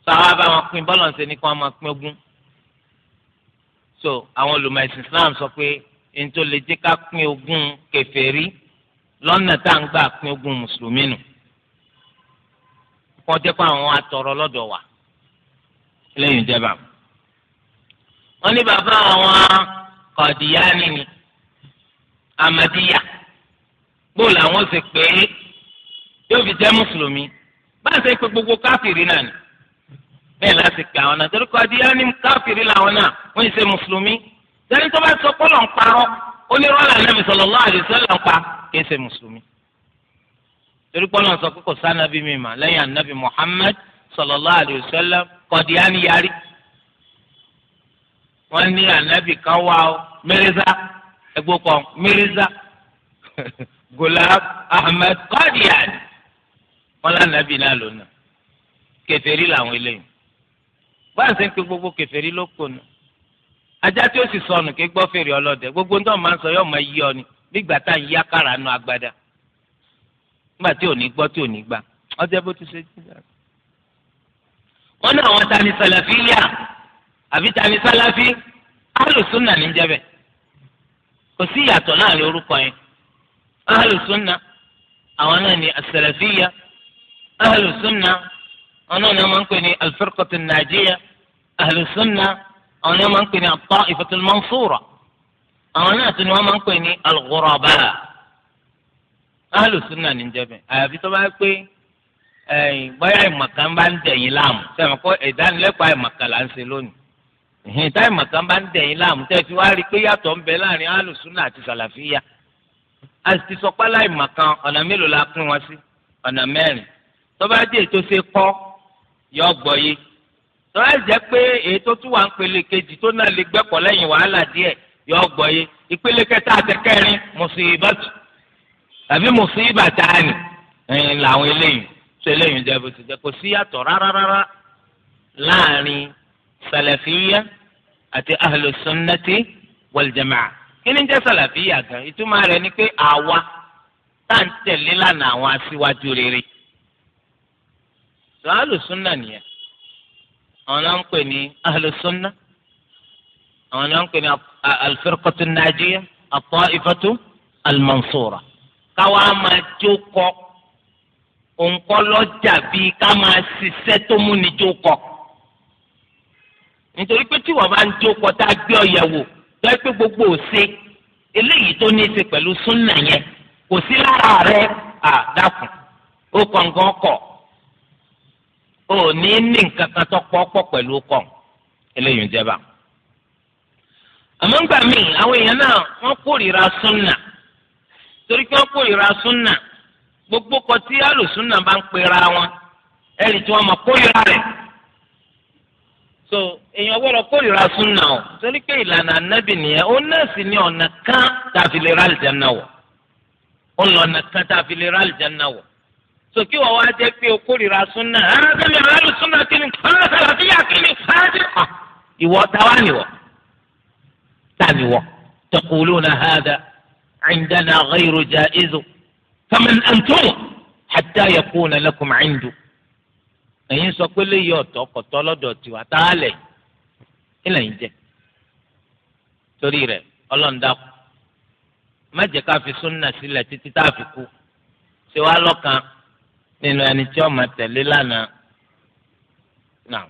sáwá bá wọn pín bọ́lọ̀ ṣe ní kí wọ́n máa pín ogún so àwọn olùmọ̀ ẹ̀sìn Islam sọ pé ẹni tó lè jẹ́ ká pín ogún kèfèrí lọ́nà tá à ń gbà pín ogun mùsùlùmí nù kọ́ jẹ́ pé àwọn atọrọ lọ́dọ̀ wa lẹ́yìn ìjẹba wọ́n ní bàbá àwọn kọ̀dìyàní ni amadiya gbọ́dọ̀ làwọn ṣe pé yóò fi jẹ́ mùsùlùmí bá a pé gbogbo káfìrí náà ni bẹ́ẹ̀ láti pè àwọn náà torí kọ̀dìyàní káfìrí làwọn náà wọ́n ṣe mùsùlùmí sẹ́ni tó bá sọ pé lọ́n parọ́ onírọ́lá nàbì sallallahu alaihi wasallam pa kìí ṣe mùsùlùmí torí pé ọlọ́run sọ pé kò sànàbí mi mà lẹ́yìn ànábì Muhammad sallallahu alayhi wa sallam kọ̀díánì yarí wọ́n ní ànábì kan wá o mírízà ẹgbó kan mírízà gulam *laughs* ahmed kọ̀díánì wọ́n lànàbì náà lónà kèfèrí làwọn eléyìí bá a ṣe ń pe gbogbo kèfèrí ló kò nù ajá tí ó sì sọnù kí gbọ́ fèrè ọlọ́dẹ gbogbo ń tọ́ máa ń sọ yóò máa yí ọ ni nígbà tá à ń yá kára nu agbada nígbà tí ò ní gbọ́ tí ò ní gbà ọjọ́ bó ti ṣe jíjà. wọ́n ní àwọn tani sàlàfí yá àbí tani sàlàfí alùsùnà ní jẹ́bẹ̀ kò sí ìyàtọ̀ láàrin orúkọ yẹn alùsùnà àwọn náà ní asàlàfí yá alùsùnà àwọn náà ní wọ́n máa ń pè ní alfarqatu nàìjíríà alùsùnà àwọn náà máa ń pè ní at-ta'ifatul mansura àwọn náà tún ni wọ́n máa ń pè ní al-ghuraba alùsùn náà ní jẹ́bẹ̀ àyàfi tó bá pé bóyá ìmọ̀kan bá ń dẹ̀yìn láàmú sẹ́wọ̀n kó ìdánilẹ́kọ̀ọ́ ìmọ̀kan là ń ṣe lónìí ìhìn tá ìmọ̀kan bá ń dẹ̀yìn láàmú tẹ́ fi wá rí i pé yàtọ̀ ń bẹ láàrin alùsùn àti sàlàfíà a sì ti sọ pé aláìmọ̀kan ọ̀nà mélòó yọ gbọ́ yé ìpele kẹta àtẹkẹrin mùsíbàtù tàbí mùsíbà tààní ẹ̀yìn làwọn eléyìí tó eléyìí jẹ́ bó ti jẹ́ kò sí yàtọ̀ rárárárá láàrin sàlàfíyà àti ahlùsùnnàtì wàlìjàmáà kí ni jẹ́ sàlàfíyà gan ìtumọ̀ rẹ̀ ni pé àwa tá à ń lánàá àwọn aṣíwájú rere tó ahlùsùnnà nìyẹn àwọn náà ń pè ní ahlùsùnnà àwọn ni wọ́n ń pè ní alfirqatu najiya at-ta'ifatu al-mansura káwa máa jókòó òǹkọ́ lọ́jà bíi ká máa ṣiṣẹ́ tó múni jókòó nítorí pé tí wọ́n bá ń jókòó tá a gbé ọ̀yẹ̀wò tó ẹ pé gbogbo òṣè eléyìí tó ní í ṣe pẹ̀lú súnà yẹn kò sí lára rẹ àdàkùn ó kọ̀ǹgàn kọ̀ ò ní ní nǹkan kan tó pọ̀ pọ̀ pẹ̀lú kọ̀ eléyìí ń jẹba àmọ́ ńgbà míì àwọn èèyàn náà wọ́n kórìíra súnà torí pé wọ́n kórìíra súnà gbogbo kọ tí alùsúnà bá ń pera wọn ẹni tí wọ́n mọ̀ kórìíra rẹ̀ so èèyàn wọ́rọ̀ kórìíra súnà o torí pé ìlànà anábì nìyẹn ó náà sì ní ọ̀nà kan tá a fi lè ra àlìjáná wọ̀ ó ń lọ ọ̀nà kan tá a fi lè ra àlìjáná wọ̀ so kí wọ́n wá jẹ́ pé o kórìíra súnà ara sẹ́mi àwọn alùsúnà kìíní kìíní àwọn ìwọ tàbí تقولون هذا عندنا غير جائز فمن أنتم حتى يكون لكم عنده indu ẹ̀yin sọ pé léyìí ọ̀tọ̀ kọ̀tọ̀ lọ́dọ̀ tiwa tá a lẹ̀ ilẹ̀ yìí jẹ́ torí rẹ̀ ọlọ́ndàkù má jẹ́ ká fi súnà sílẹ̀ títí tá a fi kú ṣé wàá lọ́kàn nínú ẹni tí ó máa lánàá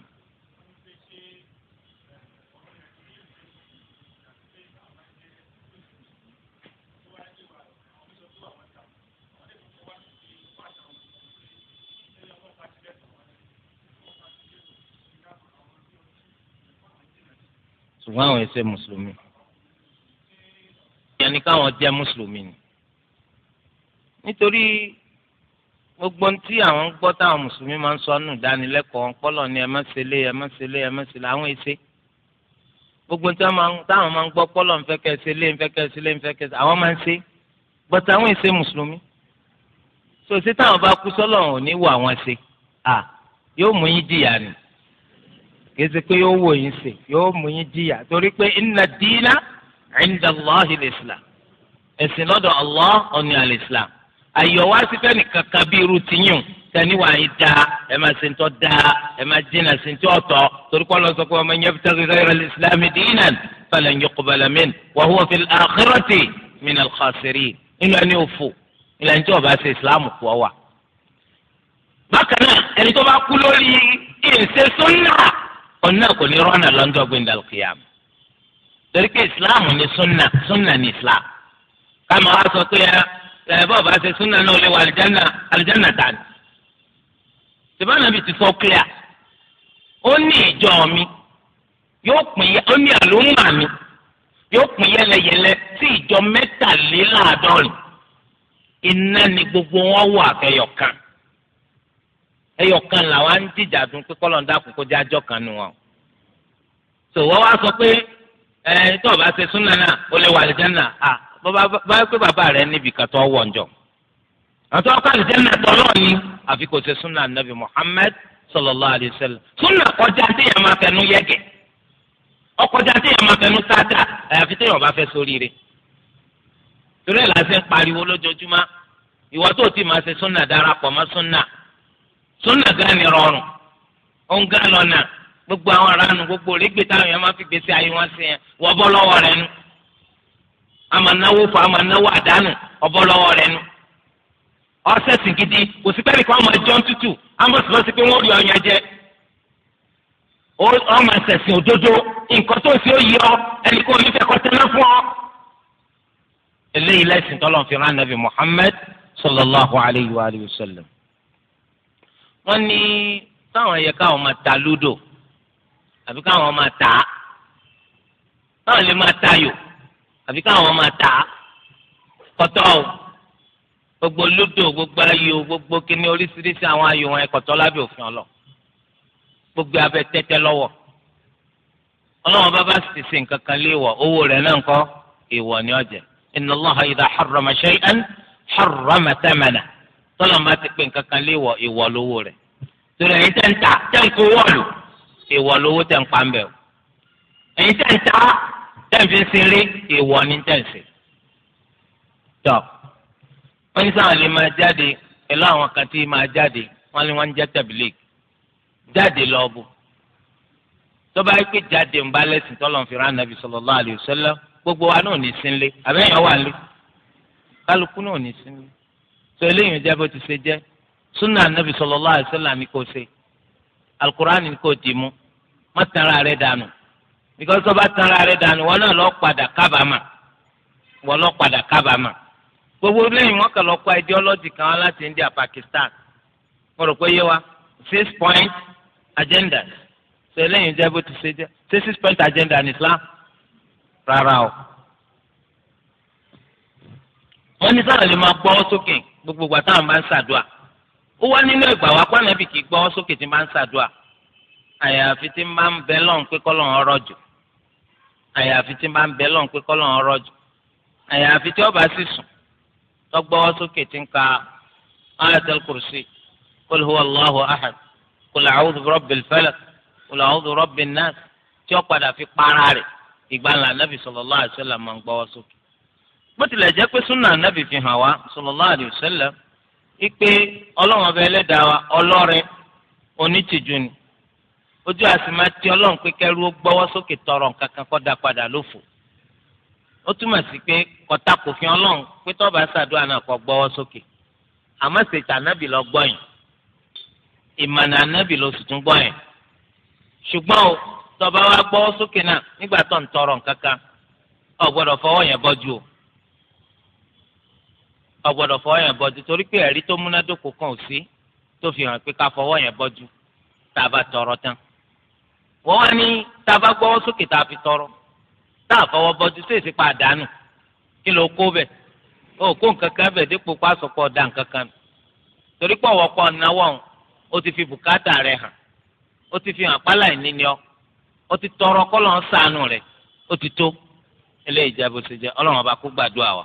ṣùgbọ́n àwọn ẹsẹ̀ mùsùlùmí ìyẹn ni káwọn jẹ́ mùsùlùmí ni nítorí gbogbo ohun tí àwọn ń gbọ́ táwọn mùsùlùmí máa ń sọ nù dánilẹ́kọ̀ọ́ pọ́lọ̀ ni ẹ má ṣe lé ẹ má ṣe lé ẹ má ṣe lé àwọn ẹsẹ̀ gbogbo ohun táwọn máa ń gbọ́ pọ́lọ̀ ń fẹ́ kẹ́ ṣe lé ń àwọn máa ń ṣe bọ́tà àwọn ẹsẹ̀ mùsùlùmí sòsí táwọn bá kú sọ́lọ̀ ò wọ àwọn ẹsẹ̀ à yóò mú yín jìyà ni kìí ṣe pé yóò wò yín sè yóò mú yín jìyà torí pé inna dina inda Allahi l'islam ẹ̀sìn lọ́dọ̀ Allah ọ̀ni al-islam àyọ̀wá sí fẹ́ nìkan kan bí irú tiyún tani wà yín da ẹ máa ṣe ń tọ́ da ẹ máa jìnnà ṣe ń tí ọ̀tọ̀ torí kọ́ lọ sọ pé man yabtaghi ghayra al-islam dinan falan yuqbala min wa huwa fil akhirati min al òun náà kò ní rọ́nà lọ́jọ́ gbẹ̀ndàlùkìyàm torí pé ìsìláàmù ni sunna, sunna ni Islam. káma wá sọ pé ẹ bọ́ọ̀ bá ṣe súnà náà lè wà àlìjánà àlìjánà dànù tìbánà bíi ti sọ clear ó ní ìjọ mi yóò pín yẹ ó ní àlùmọ́ mi yóò pín yẹlẹyẹlẹ sí ìjọ mẹ́tàléláàádọ́rin iná ni gbogbo wọn wà àfẹyọkan ẹyọ kan làwọn á ń dìjà dùn pé kọ́lọ̀ ń dákun kó jẹ́ àjọ kan nu wọn. tó wọ́n wá sọ pé ẹ tó o bá ṣe súnà náà o lè wà àlìjánà à bá pé bàbá rẹ níbi kan tó wọ̀ ǹjọ́. àti ọkọ àlìjánà tọ́lọ́ ni àfi kò ṣe súnà nàbì Muhammad sallallahu alayhi wa sallam súnà kọjá tí yẹn máa fẹnu yẹgẹ ọkọjá tí yẹn máa fẹnu sáàdà àyàfi tí yẹn bá fẹ́ sóríire. torí ẹ̀ lásán pariwo lójoojúmọ́ ìwọ súnà gan ni rọrùn òun gan lọ́nà gbogbo àwọn aráàlú gbogbo orígbè táwọn yẹn máa fi gbèsè ayé wọn sí yẹn wọ́n bọ́ lọ́wọ́ rẹ nu àmà náwó fún àmà náwó àdánù ọbọ̀ lọ́wọ́ rẹ nu ọ̀sẹ̀sì gidi kò sí pẹ́ẹ́lí kan máa jọ́ tútù ámọ̀sí lọ sí pé wọ́n rí ọyàn jẹ ọmọ ẹ̀sẹ̀sìn òdodo nǹkan tó ń fi yí ọ ẹni kó omi fẹ́ kọ́ tẹ́lẹ̀ fún ọ. eléyìí lẹ́sìn tọ́lọ́ fi rán nàbì Muhammad sallallahu alayhi wa sallam wọ́n ní táwọn yẹ káwọn máa ta lúdò àbí káwọn máa tà á káwọn lè máa tayò àbí káwọn máa tà á kọtọ́ o gbogbo lúdò gbogbo ayò gbogbo kíní oríṣiríṣi àwọn ayò wọn ẹ̀kọ́tọ́ lábẹ́ òfin ọlọ gbogbo abẹ tẹ́tẹ́ lọ́wọ́ ọlọ́wọ́n bá bá sì nǹkan kan léèwọ̀ owó rẹ̀ náà ńkọ́ èèwọ̀ ni ọ̀jẹ̀ inna Allaha idha harrama shay'an harrama tọ́lọ̀ máa ti pè nǹkan kan lé ìwọ lówó rẹ̀ torí ẹ̀yin tẹ̀ ń ta tẹ̀ ń kó wọ́ọ̀lù ìwọ lówó tẹ̀ ń pa ń bẹ̀ o ẹ̀yin tẹ̀ ń ta tẹ̀ ń fi sinrí ìwọ ní tẹ̀ ń sè. tọ́ wọ́n ní sáwọn lè máa jáde pẹ̀lú àwọn kan tí máa jáde wọ́n ní wọ́n ń jẹ́ tẹ̀bílík jáde lọ́ọ̀bù tọ́ba yìí pé jáde ń bá lẹ́sìn tọ́lọ̀ fi rán nàbì sallallahu alaihi wasallam gbogbo wa náà ní sínlé àbẹ́yẹn wà lé kálukú náà ní sínlé so eléyìí jẹ́ bó ti ṣe jẹ́ sunna anabi sallallahu alaihi wasallam ni kò ṣe alukur'ani ni kò dì mú má tanra rẹ̀ dànù because tó bá tanra rẹ̀ dànù wọn náà lọ padà kábàámà wọn lọ padà kábàámà gbogbo eléyìí wọn kàn lọ kó ideology kan láti India Pakistan mo rò pé yé wa six point agenda so eléyìí jẹ́ bó ti ṣe jẹ́ ṣé six point agenda ni Islam rárá o wọ́n ní sáà lè máa gbọ́ sókè. gbogbo gba táwọn bá ń ṣàdúà ó wá nínú ìgbà wa kó ànábì kì í gbọ́ sókè tí ń ń ṣàdúà àyàfi tí ń ń bẹ lọ́n pé kọ́lọ́n ọ̀rọ̀ jù àyàfi tí ń ń bẹ lọ́n pé kọ́lọ́n ọ̀rọ̀ jù àyàfi tí ọba sì sùn sókè tí ń ka ahad qul a'udhu bi rabbil falaq qul a'udhu bi tí bó tilẹ̀ jẹ́ pé súnà anábì fi hàn wá alayhi wa sallam ipe ọlọ́run ọba ẹlẹ́dàá wa ọlọ́rẹ onítìjú ni ojú àsìmá tí ọlọ́run pé kẹ́rú ó gbọ́wọ́ sókè tọrọ nǹkan kọ́ da padà lófo ó túmọ̀ sí pé kọ́tà kò fi ọlọ́run pé tọ́ba ṣàdúrà náà kọ́ gbọ́wọ́ sókè àmọ́ ṣètà anábì lọ gbọ́yìn ìmọ̀nà sì tún gbọ́yìn ṣùgbọ́n o tọ́ba wa gbọ́wọ́ sókè ọgbọ́dọ̀ fọwọ́ yẹn bọ́jú torí pé ẹ̀rí tó múnádóko kan ò sí tó fi hàn pé ká fọwọ́ yẹn bọ́jú tá a bá tọrọ tán wọ́n wá ní tá a bá gbọ́wọ́ sókè tá a fi tọrọ tá a fọwọ́ bọ́jú sí èsì pa àdánù kí ló kó bẹ̀ ó kó nǹkan kan bẹ̀ dípò pa sọ̀pọ̀ nǹkan kan torí pé ọ̀wọ́ pọ̀ náwó ọ̀hún ó ti fi bùkátà rẹ̀ hàn ó ti fi hàn pálá ìníni ọ ó ti tọrọ kọ́ lọ́n sànù rẹ̀ ó ti tó eléyìí jẹ́ bó ọlọ́run ọba kó gbàdúrà wa.